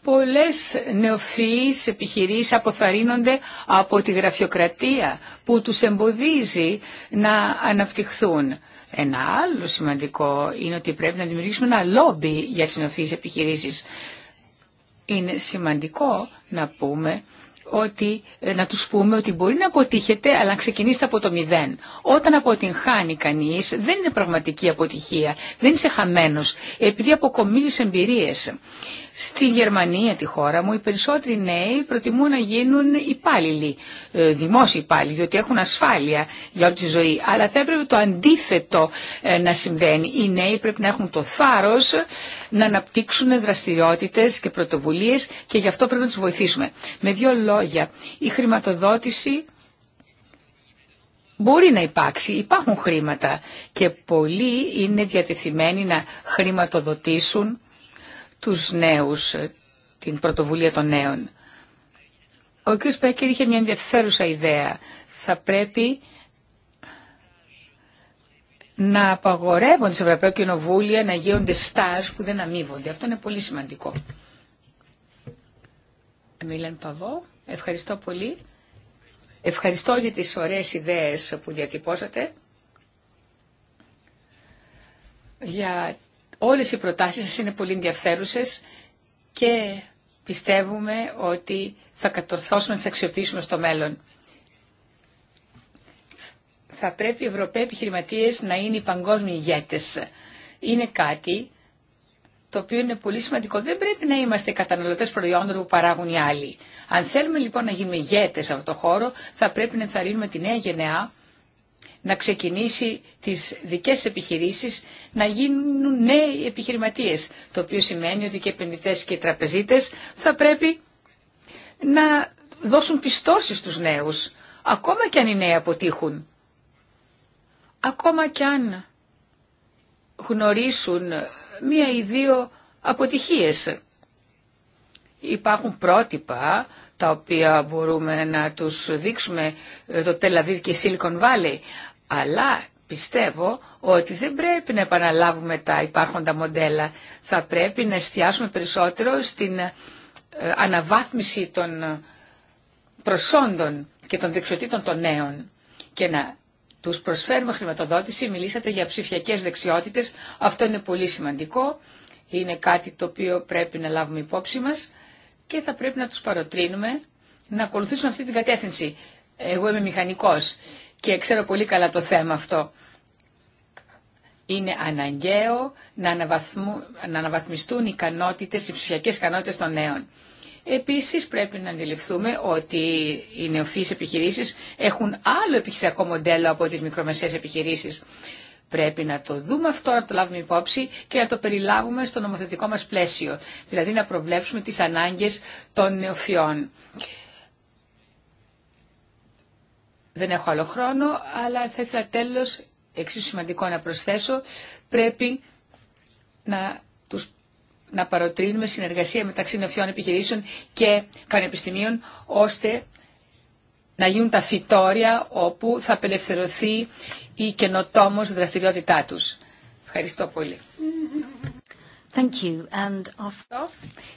Πολλές νεοφυείς επιχειρήσεις αποθαρρύνονται από τη γραφειοκρατία που τους εμποδίζει να αναπτυχθούν. Ένα άλλο σημαντικό είναι ότι πρέπει να δημιουργήσουμε ένα λόμπι για τις νεοφυείς επιχειρήσεις είναι σημαντικό να πούμε ότι, ε, να τους πούμε ότι μπορεί να αποτύχετε, αλλά να ξεκινήσετε από το μηδέν. Όταν αποτυγχάνει κανείς, δεν είναι πραγματική αποτυχία, δεν είσαι χαμένος, επειδή αποκομίζεις εμπειρίες. Στη Γερμανία, τη χώρα μου, οι περισσότεροι νέοι προτιμούν να γίνουν υπάλληλοι, ε, δημόσιοι υπάλληλοι, διότι έχουν ασφάλεια για όλη τη ζωή. Αλλά θα έπρεπε το αντίθετο ε, να συμβαίνει. Οι νέοι πρέπει να έχουν το θάρρο να αναπτύξουν δραστηριότητες και πρωτοβουλίε και γι' αυτό πρέπει να του βοηθήσουμε. Με δύο λόγια, η χρηματοδότηση Μπορεί να υπάρξει, υπάρχουν χρήματα και πολλοί είναι διατεθειμένοι να χρηματοδοτήσουν τους νέους, ε, την πρωτοβουλία των νέων. Ο κ. Πέκερ είχε μια ενδιαφέρουσα ιδέα. Θα πρέπει να απαγορεύονται σε Ευρωπαϊκό Κοινοβούλιο να γίνονται στάζ που δεν αμείβονται. Αυτό είναι πολύ σημαντικό. Μίλαν Παβό, ευχαριστώ πολύ. Ευχαριστώ για τις ωραίες ιδέες που διατυπώσατε για Όλες οι προτάσεις σας είναι πολύ ενδιαφέρουσες και πιστεύουμε ότι θα κατορθώσουμε να τις αξιοποιήσουμε στο μέλλον. Θα πρέπει οι Ευρωπαίοι επιχειρηματίες να είναι οι παγκόσμιοι ηγέτες. Είναι κάτι το οποίο είναι πολύ σημαντικό. Δεν πρέπει να είμαστε καταναλωτές προϊόντων που παράγουν οι άλλοι. Αν θέλουμε λοιπόν να γίνουμε ηγέτες σε αυτό το χώρο, θα πρέπει να ενθαρρύνουμε τη νέα γενεά να ξεκινήσει τις δικές επιχειρήσεις να γίνουν νέοι επιχειρηματίες, το οποίο σημαίνει ότι και επενδύτε και τραπεζίτες θα πρέπει να δώσουν πιστώσεις στους νέους, ακόμα και αν οι νέοι αποτύχουν. Ακόμα και αν γνωρίσουν μία ή δύο αποτυχίες. Υπάρχουν πρότυπα τα οποία μπορούμε να τους δείξουμε το Τελαβίδ και Silicon Valley, αλλά πιστεύω ότι δεν πρέπει να επαναλάβουμε τα υπάρχοντα μοντέλα. Θα πρέπει να εστιάσουμε περισσότερο στην ε, αναβάθμιση των ε, προσόντων και των δεξιοτήτων των νέων και να τους προσφέρουμε χρηματοδότηση. Μιλήσατε για ψηφιακές δεξιότητες. Αυτό είναι πολύ σημαντικό. Είναι κάτι το οποίο πρέπει να λάβουμε υπόψη μας και θα πρέπει να τους παροτρύνουμε να ακολουθήσουν αυτή την κατεύθυνση. Εγώ είμαι μηχανικός και ξέρω πολύ καλά το θέμα αυτό είναι αναγκαίο να, αναβαθμιστούν οι ικανότητες, οι ψηφιακές ικανότητες των νέων. Επίσης πρέπει να αντιληφθούμε ότι οι νεοφύης επιχειρήσεις έχουν άλλο επιχειρησιακό μοντέλο από τις μικρομεσαίες επιχειρήσεις. Πρέπει να το δούμε αυτό, να το λάβουμε υπόψη και να το περιλάβουμε στο νομοθετικό μας πλαίσιο, δηλαδή να προβλέψουμε τις ανάγκες των νεοφυών. Δεν έχω άλλο χρόνο, αλλά θα ήθελα τέλος εξίσου σημαντικό να προσθέσω, πρέπει να, τους, να παροτρύνουμε συνεργασία μεταξύ νοφιών επιχειρήσεων και πανεπιστημίων, ώστε να γίνουν τα φυτόρια όπου θα απελευθερωθεί η καινοτόμως δραστηριότητά τους. Ευχαριστώ πολύ. Thank you. And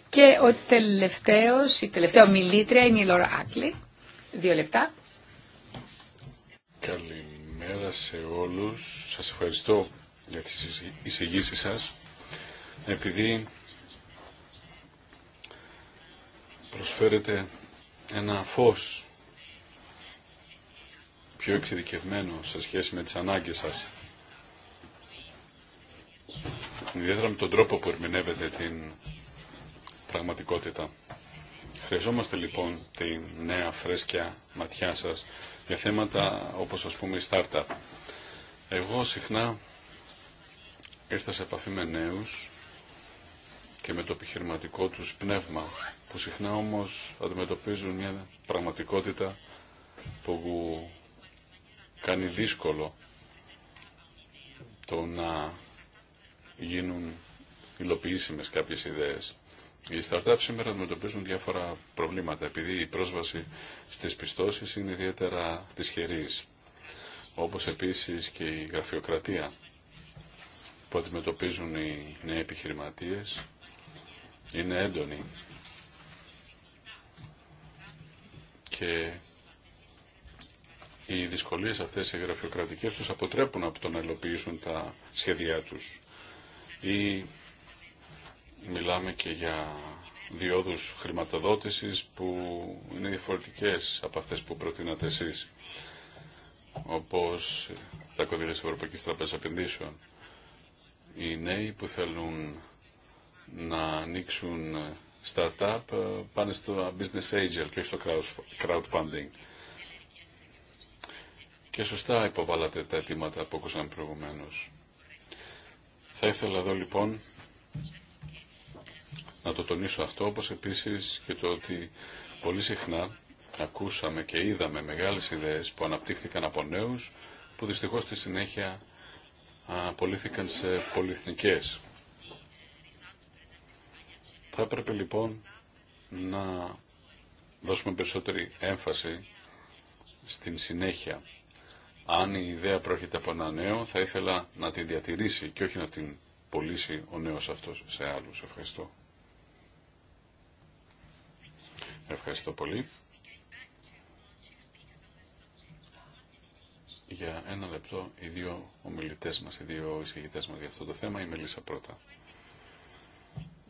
Και ο τελευταίος, η τελευταία ομιλήτρια είναι η Λόρα Άκλη. Δύο λεπτά. Καλημέρα σε όλους. Σας ευχαριστώ για τις εισηγήσεις σας. Επειδή προσφέρετε ένα φως πιο εξειδικευμένο σε σχέση με τις ανάγκες σας. Ιδιαίτερα με τον τρόπο που ερμηνεύετε την πραγματικότητα. Χρειαζόμαστε λοιπόν τη νέα φρέσκια ματιά σας για θέματα όπως ας πούμε η startup. Εγώ συχνά ήρθα σε επαφή με νέους και με το επιχειρηματικό τους πνεύμα που συχνά όμως αντιμετωπίζουν μια πραγματικότητα που κάνει δύσκολο το να γίνουν υλοποιήσιμες κάποιες ιδέες. Οι startups σήμερα αντιμετωπίζουν διάφορα προβλήματα επειδή η πρόσβαση στις πιστώσεις είναι ιδιαίτερα δυσχερής όπως επίσης και η γραφειοκρατία που αντιμετωπίζουν οι νέοι επιχειρηματίες είναι έντονη και οι δυσκολίες αυτές οι γραφειοκρατικές τους αποτρέπουν από το να υλοποιήσουν τα σχέδιά τους. Οι Μιλάμε και για διόδους χρηματοδότησης που είναι διαφορετικές από αυτές που προτείνατε εσείς, όπως τα κονδύλια της Ευρωπαϊκής Τραπέζας Επενδύσεων. Οι νέοι που θέλουν να ανοίξουν startup πάνε στο business angel και στο crowdfunding. Και σωστά υποβάλατε τα αιτήματα που ακούσαμε προηγουμένως. Θα ήθελα εδώ λοιπόν να το τονίσω αυτό, όπως επίσης και το ότι πολύ συχνά ακούσαμε και είδαμε μεγάλες ιδέες που αναπτύχθηκαν από νέους, που δυστυχώς στη συνέχεια απολύθηκαν σε πολυεθνικές. Θα έπρεπε λοιπόν να δώσουμε περισσότερη έμφαση στην συνέχεια. Αν η ιδέα πρόκειται από ένα νέο, θα ήθελα να την διατηρήσει και όχι να την πωλήσει ο νέος αυτός σε άλλους. Ευχαριστώ. Ευχαριστώ πολύ. Για ένα λεπτό οι δύο ομιλητές μας, οι δύο εισηγητές μας για αυτό το θέμα, η Μελίσσα πρώτα.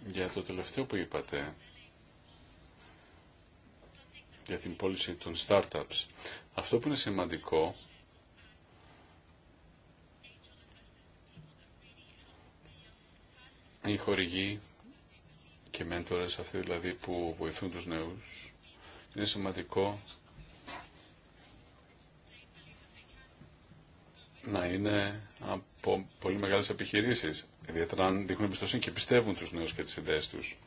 Για το τελευταίο που είπατε, για την πώληση των startups, αυτό που είναι σημαντικό η χορηγοί και μέντορες αυτοί δηλαδή που βοηθούν τους νέους είναι σημαντικό να είναι από πολύ μεγάλες επιχειρήσεις ιδιαίτερα αν δείχνουν εμπιστοσύνη και πιστεύουν τους νέους και τις ιδέες τους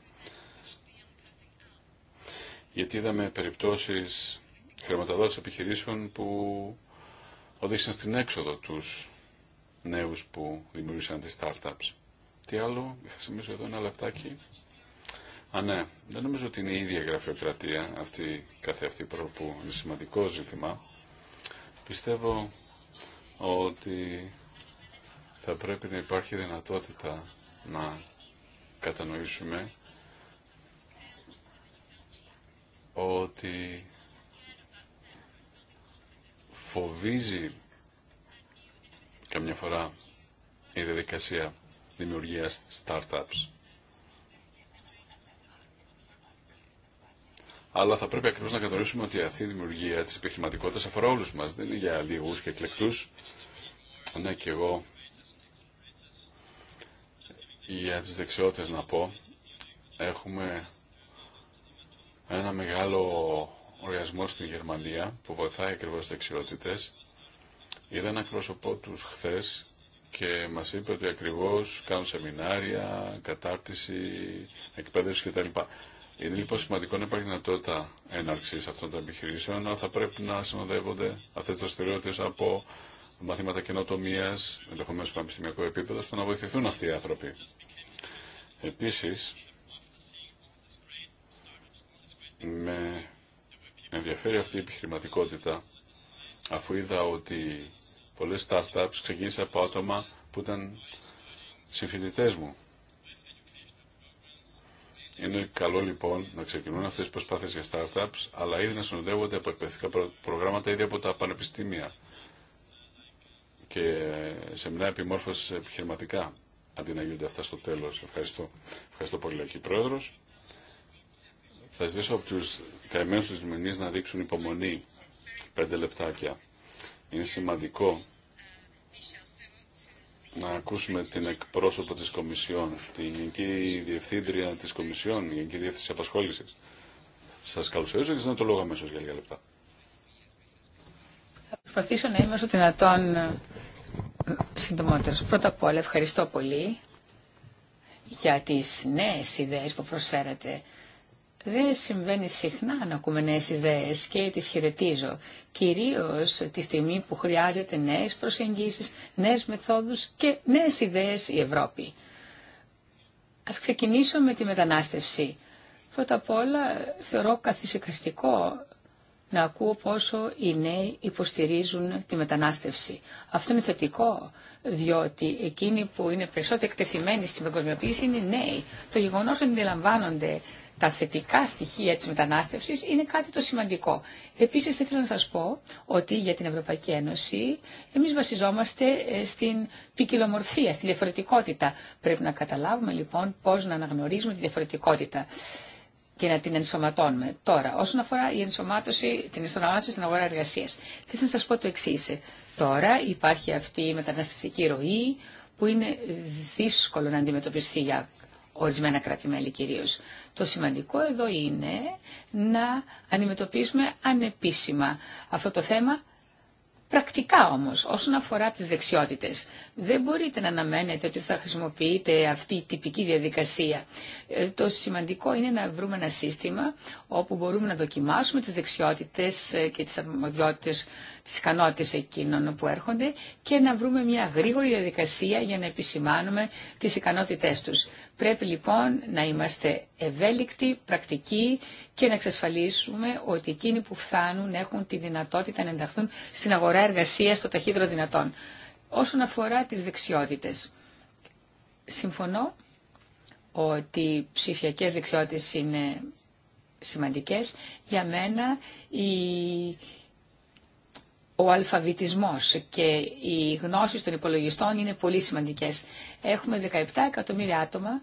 γιατί είδαμε περιπτώσεις χρηματοδότηση επιχειρήσεων που οδήγησαν στην έξοδο τους νέους που δημιούργησαν τις startups. Τι άλλο, είχα εδώ ένα λεπτάκι. Α, ναι. Δεν νομίζω ότι είναι η ίδια γραφειοκρατία αυτή, κάθε αυτή που είναι σημαντικό ζήτημα. Πιστεύω ότι θα πρέπει να υπάρχει δυνατότητα να κατανοήσουμε ότι φοβίζει καμιά φορά η διαδικασία δημιουργίας startups αλλά θα πρέπει ακριβώ να κατανοήσουμε ότι αυτή η δημιουργία τη επιχειρηματικότητα αφορά όλου μα. Δεν είναι για λίγου και εκλεκτού. Ναι, και εγώ για τι δεξιότητε να πω έχουμε ένα μεγάλο οργανισμό στην Γερμανία που βοηθάει ακριβώ τις δεξιότητε, είδα ένα πρόσωπό τους χθε και μα είπε ότι ακριβώ κάνουν σεμινάρια, κατάρτιση, εκπαίδευση κτλ. Είναι λοιπόν σημαντικό να υπάρχει δυνατότητα έναρξη αυτών των επιχειρήσεων, αλλά θα πρέπει να συνοδεύονται αυτέ τι δραστηριότητε από μαθήματα καινοτομία, ενδεχομένω πανεπιστημιακό επίπεδο, ώστε να βοηθηθούν αυτοί οι άνθρωποι. Επίση, με ενδιαφέρει αυτή η επιχειρηματικότητα, αφού είδα ότι πολλέ startups ξεκίνησαν από άτομα που ήταν συμφιλητέ μου είναι καλό λοιπόν να ξεκινούν αυτές τι προσπάθειε για startups, αλλά ήδη να συνοδεύονται από εκπαιδευτικά προγράμματα ήδη από τα πανεπιστήμια και σε μία επιμόρφωση επιχειρηματικά, αντί να γίνονται αυτά στο τέλος. Ευχαριστώ. Ευχαριστώ πολύ, Λαϊκή Πρόεδρος. Θα ζητήσω από του καημένου τους να δείξουν υπομονή πέντε λεπτάκια. Είναι σημαντικό να ακούσουμε την εκπρόσωπο της Κομισιόν, την Γενική Διευθύντρια της Κομισιόν, η Γενική Διεύθυνση Απασχόλησης. Σας καλωσορίζω και σας το λόγο αμέσως για λίγα λεπτά. Θα προσπαθήσω να είμαι όσο δυνατόν ε, συντομότερος. Πρώτα απ' όλα ευχαριστώ πολύ για τις νέες ιδέες που προσφέρατε δεν συμβαίνει συχνά να ακούμε νέες ιδέες και τις χαιρετίζω, κυρίως τη στιγμή που χρειάζεται νέες προσεγγίσεις, νέες μεθόδους και νέες ιδέες η Ευρώπη. Ας ξεκινήσω με τη μετανάστευση. Πρώτα απ' όλα θεωρώ καθησυχαστικό να ακούω πόσο οι νέοι υποστηρίζουν τη μετανάστευση. Αυτό είναι θετικό, διότι εκείνοι που είναι περισσότερο εκτεθειμένοι στην παγκοσμιοποίηση είναι οι νέοι. Το γεγονός ότι αντιλαμβάνονται τα θετικά στοιχεία της μετανάστευσης είναι κάτι το σημαντικό. Επίσης, θα ήθελα να σας πω ότι για την Ευρωπαϊκή Ένωση εμείς βασιζόμαστε ε, στην ποικιλομορφία, στη διαφορετικότητα. Πρέπει να καταλάβουμε λοιπόν πώς να αναγνωρίζουμε τη διαφορετικότητα και να την ενσωματώνουμε. Τώρα, όσον αφορά η ενσωμάτωση, την ενσωμάτωση στην αγορά εργασία, θα να σα πω το εξή. Τώρα υπάρχει αυτή η μεταναστευτική ροή που είναι δύσκολο να αντιμετωπιστεί για ορισμένα κράτη-μέλη Το σημαντικό εδώ είναι να αντιμετωπίσουμε ανεπίσημα αυτό το θέμα Πρακτικά όμως, όσον αφορά τις δεξιότητες, δεν μπορείτε να αναμένετε ότι θα χρησιμοποιείτε αυτή η τυπική διαδικασία. Ε, το σημαντικό είναι να βρούμε ένα σύστημα όπου μπορούμε να δοκιμάσουμε τις δεξιότητες ε, και τις αρμοδιότητες, τις ικανότητες εκείνων που έρχονται και να βρούμε μια γρήγορη διαδικασία για να επισημάνουμε τις ικανότητές τους. Πρέπει λοιπόν να είμαστε ευέλικτοι, πρακτικοί και να εξασφαλίσουμε ότι εκείνοι που φθάνουν έχουν τη δυνατότητα να ενταχθούν στην αγορά εργασία το ταχύτερο δυνατόν. Όσον αφορά τις δεξιότητες, συμφωνώ ότι οι ψηφιακές δεξιότητες είναι σημαντικές. Για μένα η ο αλφαβητισμός και οι γνώσεις των υπολογιστών είναι πολύ σημαντικές. Έχουμε 17 εκατομμύρια άτομα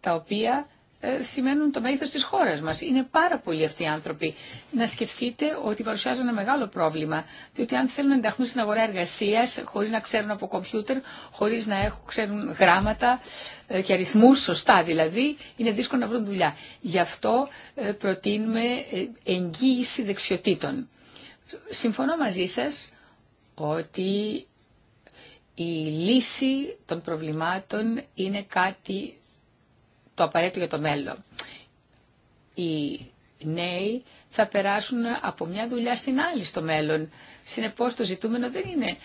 τα οποία ε, σημαίνουν το μέγεθος της χώρας μας. Είναι πάρα πολλοί αυτοί οι άνθρωποι. Να σκεφτείτε ότι παρουσιάζουν ένα μεγάλο πρόβλημα, διότι αν θέλουν να ενταχθούν στην αγορά εργασίας, χωρίς να ξέρουν από κομπιούτερ, χωρίς να έχουν, ξέρουν γράμματα ε, και αριθμούς σωστά δηλαδή, είναι δύσκολο να βρουν δουλειά. Γι' αυτό ε, προτείνουμε εγγύηση δεξιοτήτων. Συμφωνώ μαζί σας ότι η λύση των προβλημάτων είναι κάτι το απαραίτητο για το μέλλον. Οι νέοι θα περάσουν από μια δουλειά στην άλλη στο μέλλον. Συνεπώς το ζητούμενο δεν είναι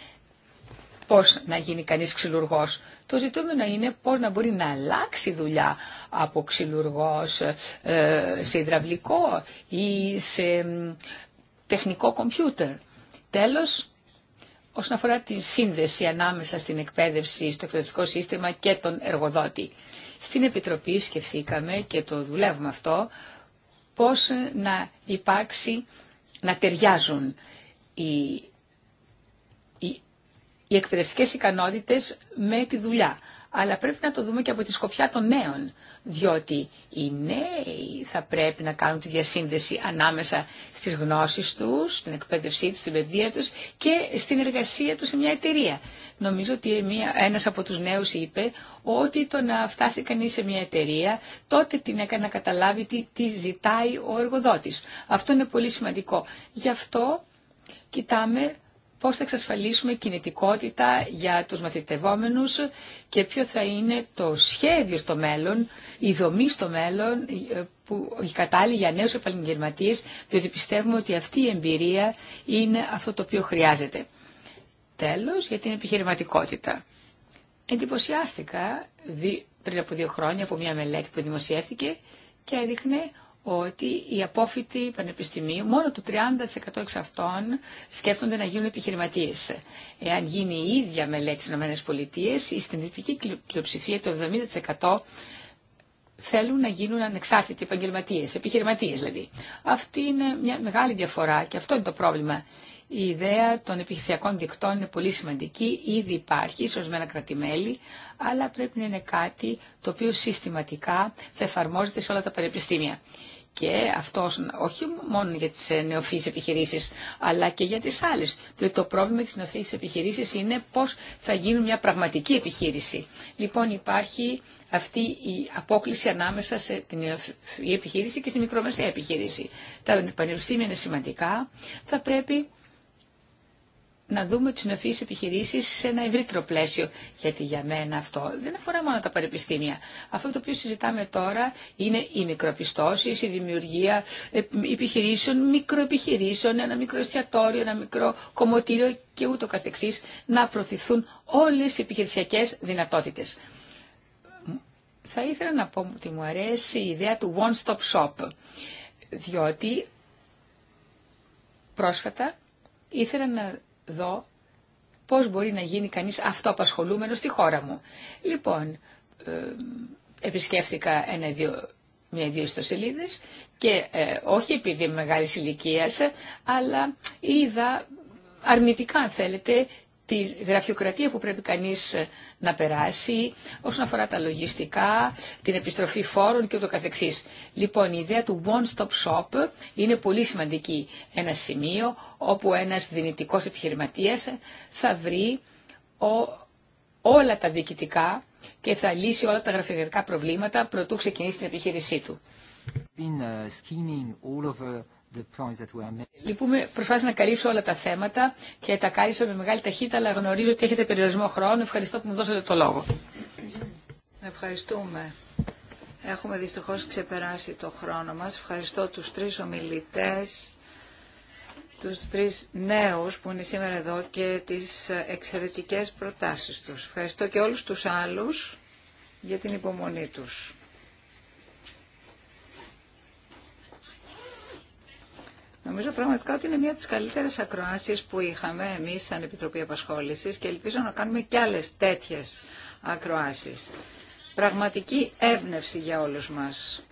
πώς να γίνει κανείς ξυλουργός. Το ζητούμενο είναι πώς να μπορεί να αλλάξει δουλειά από ξυλουργός ε, σε υδραυλικό ή σε τεχνικό κομπιούτερ. Τέλος, όσον αφορά τη σύνδεση ανάμεσα στην εκπαίδευση, στο εκπαιδευτικό σύστημα και τον εργοδότη. Στην Επιτροπή σκεφτήκαμε και το δουλεύουμε αυτό, πώς να υπάρξει, να ταιριάζουν οι, οι, οι εκπαιδευτικές ικανότητες με τη δουλειά αλλά πρέπει να το δούμε και από τη σκοπιά των νέων, διότι οι νέοι θα πρέπει να κάνουν τη διασύνδεση ανάμεσα στις γνώσεις τους, στην εκπαίδευσή τους, στην παιδεία τους και στην εργασία τους σε μια εταιρεία. Νομίζω ότι ένας από τους νέους είπε ότι το να φτάσει κανείς σε μια εταιρεία, τότε την έκανε να καταλάβει τι, τι ζητάει ο εργοδότης. Αυτό είναι πολύ σημαντικό. Γι' αυτό κοιτάμε πώς θα εξασφαλίσουμε κινητικότητα για τους μαθητευόμενους και ποιο θα είναι το σχέδιο στο μέλλον, η δομή στο μέλλον ε, που η κατάλληλη για νέους επαγγελματίες, διότι πιστεύουμε ότι αυτή η εμπειρία είναι αυτό το οποίο χρειάζεται. Τέλος, για την επιχειρηματικότητα. Εντυπωσιάστηκα πριν από δύο χρόνια από μια μελέτη που δημοσιεύτηκε και έδειχνε ότι οι απόφοιτοι πανεπιστημίου, μόνο το 30% εξ αυτών σκέφτονται να γίνουν επιχειρηματίες. Εάν γίνει η ίδια μελέτη στις ΗΠΑ, η στεντρική πλειοψηφία, το 70%, θέλουν να γίνουν ανεξάρτητοι επαγγελματίε, επιχειρηματίε δηλαδή. Αυτή είναι μια μεγάλη διαφορά και αυτό είναι το πρόβλημα. Η ιδέα των επιχειρησιακών δικτών είναι πολύ σημαντική, ήδη υπάρχει σε ορισμένα κρατημέλη, αλλά πρέπει να είναι κάτι το οποίο συστηματικά θα εφαρμόζεται σε όλα τα πανεπιστήμια. Και αυτό όχι μόνο για τις ε, νεοφύης επιχειρήσεις, αλλά και για τις άλλες. Διότι δηλαδή, το πρόβλημα της νεοφύης επιχειρήσεις είναι πώς θα γίνουν μια πραγματική επιχείρηση. Λοιπόν υπάρχει αυτή η απόκληση ανάμεσα σε την επιχείρηση και στη μικρομεσαία επιχείρηση. Τα πανεπιστήμια είναι σημαντικά, θα πρέπει να δούμε τις νοφείς επιχειρήσεις σε ένα ευρύτερο πλαίσιο. Γιατί για μένα αυτό δεν αφορά μόνο τα πανεπιστήμια. Αυτό το οποίο συζητάμε τώρα είναι οι μικροπιστώσεις, η δημιουργία ε, επιχειρήσεων, μικροεπιχειρήσεων, ένα μικρό εστιατόριο, ένα μικρό κομμωτήριο και ούτω καθεξής, να προωθηθούν όλες οι επιχειρησιακές δυνατότητες. Θα ήθελα να πω ότι μου αρέσει η ιδέα του one-stop shop, διότι πρόσφατα ήθελα να δω πώς μπορεί να γίνει κανείς αυτοαπασχολούμενος στη χώρα μου. Λοιπόν, ε, επισκέφθηκα ένα-δύο μια-δύο ιστοσελίδε και ε, όχι επειδή είμαι μεγάλη ηλικία, αλλά είδα αρνητικά, αν θέλετε, τη γραφειοκρατία που πρέπει κανείς ε, να περάσει όσον αφορά τα λογιστικά, την επιστροφή φόρων και ούτω καθεξής. Λοιπόν, η ιδέα του one-stop shop είναι πολύ σημαντική. Ένα σημείο όπου ένας δυνητικός επιχειρηματίας θα βρει όλα τα διοικητικά και θα λύσει όλα τα γραφειοκρατικά προβλήματα προτού ξεκινήσει την επιχείρησή του. Λυπούμε, λοιπόν, προσπάθησα να καλύψω όλα τα θέματα και τα κάλυψα με μεγάλη ταχύτητα, αλλά γνωρίζω ότι έχετε περιορισμό χρόνου. Ευχαριστώ που μου δώσατε το λόγο. Ευχαριστούμε. Έχουμε δυστυχώς ξεπεράσει το χρόνο μας. Ευχαριστώ τους τρεις ομιλητές, τους τρεις νέους που είναι σήμερα εδώ και τις εξαιρετικές προτάσεις τους. Ευχαριστώ και όλους τους άλλους για την υπομονή τους. Νομίζω πραγματικά ότι είναι μία από τις καλύτερες ακροάσεις που είχαμε εμείς σαν Επιτροπή Απασχόλησης και ελπίζω να κάνουμε κι άλλες τέτοιες ακροάσεις. Πραγματική έμπνευση για όλους μας.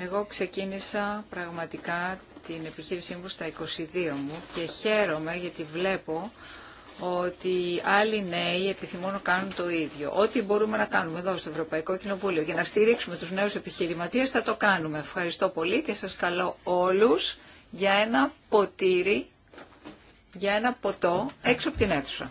Εγώ ξεκίνησα πραγματικά την επιχείρησή μου στα 22 μου και χαίρομαι γιατί βλέπω ότι άλλοι νέοι επιθυμούν να κάνουν το ίδιο. Ό,τι μπορούμε να κάνουμε εδώ στο Ευρωπαϊκό Κοινοβούλιο για να στηρίξουμε τους νέους επιχειρηματίες θα το κάνουμε. Ευχαριστώ πολύ και σας καλώ όλους για ένα ποτήρι, για ένα ποτό έξω από την αίθουσα.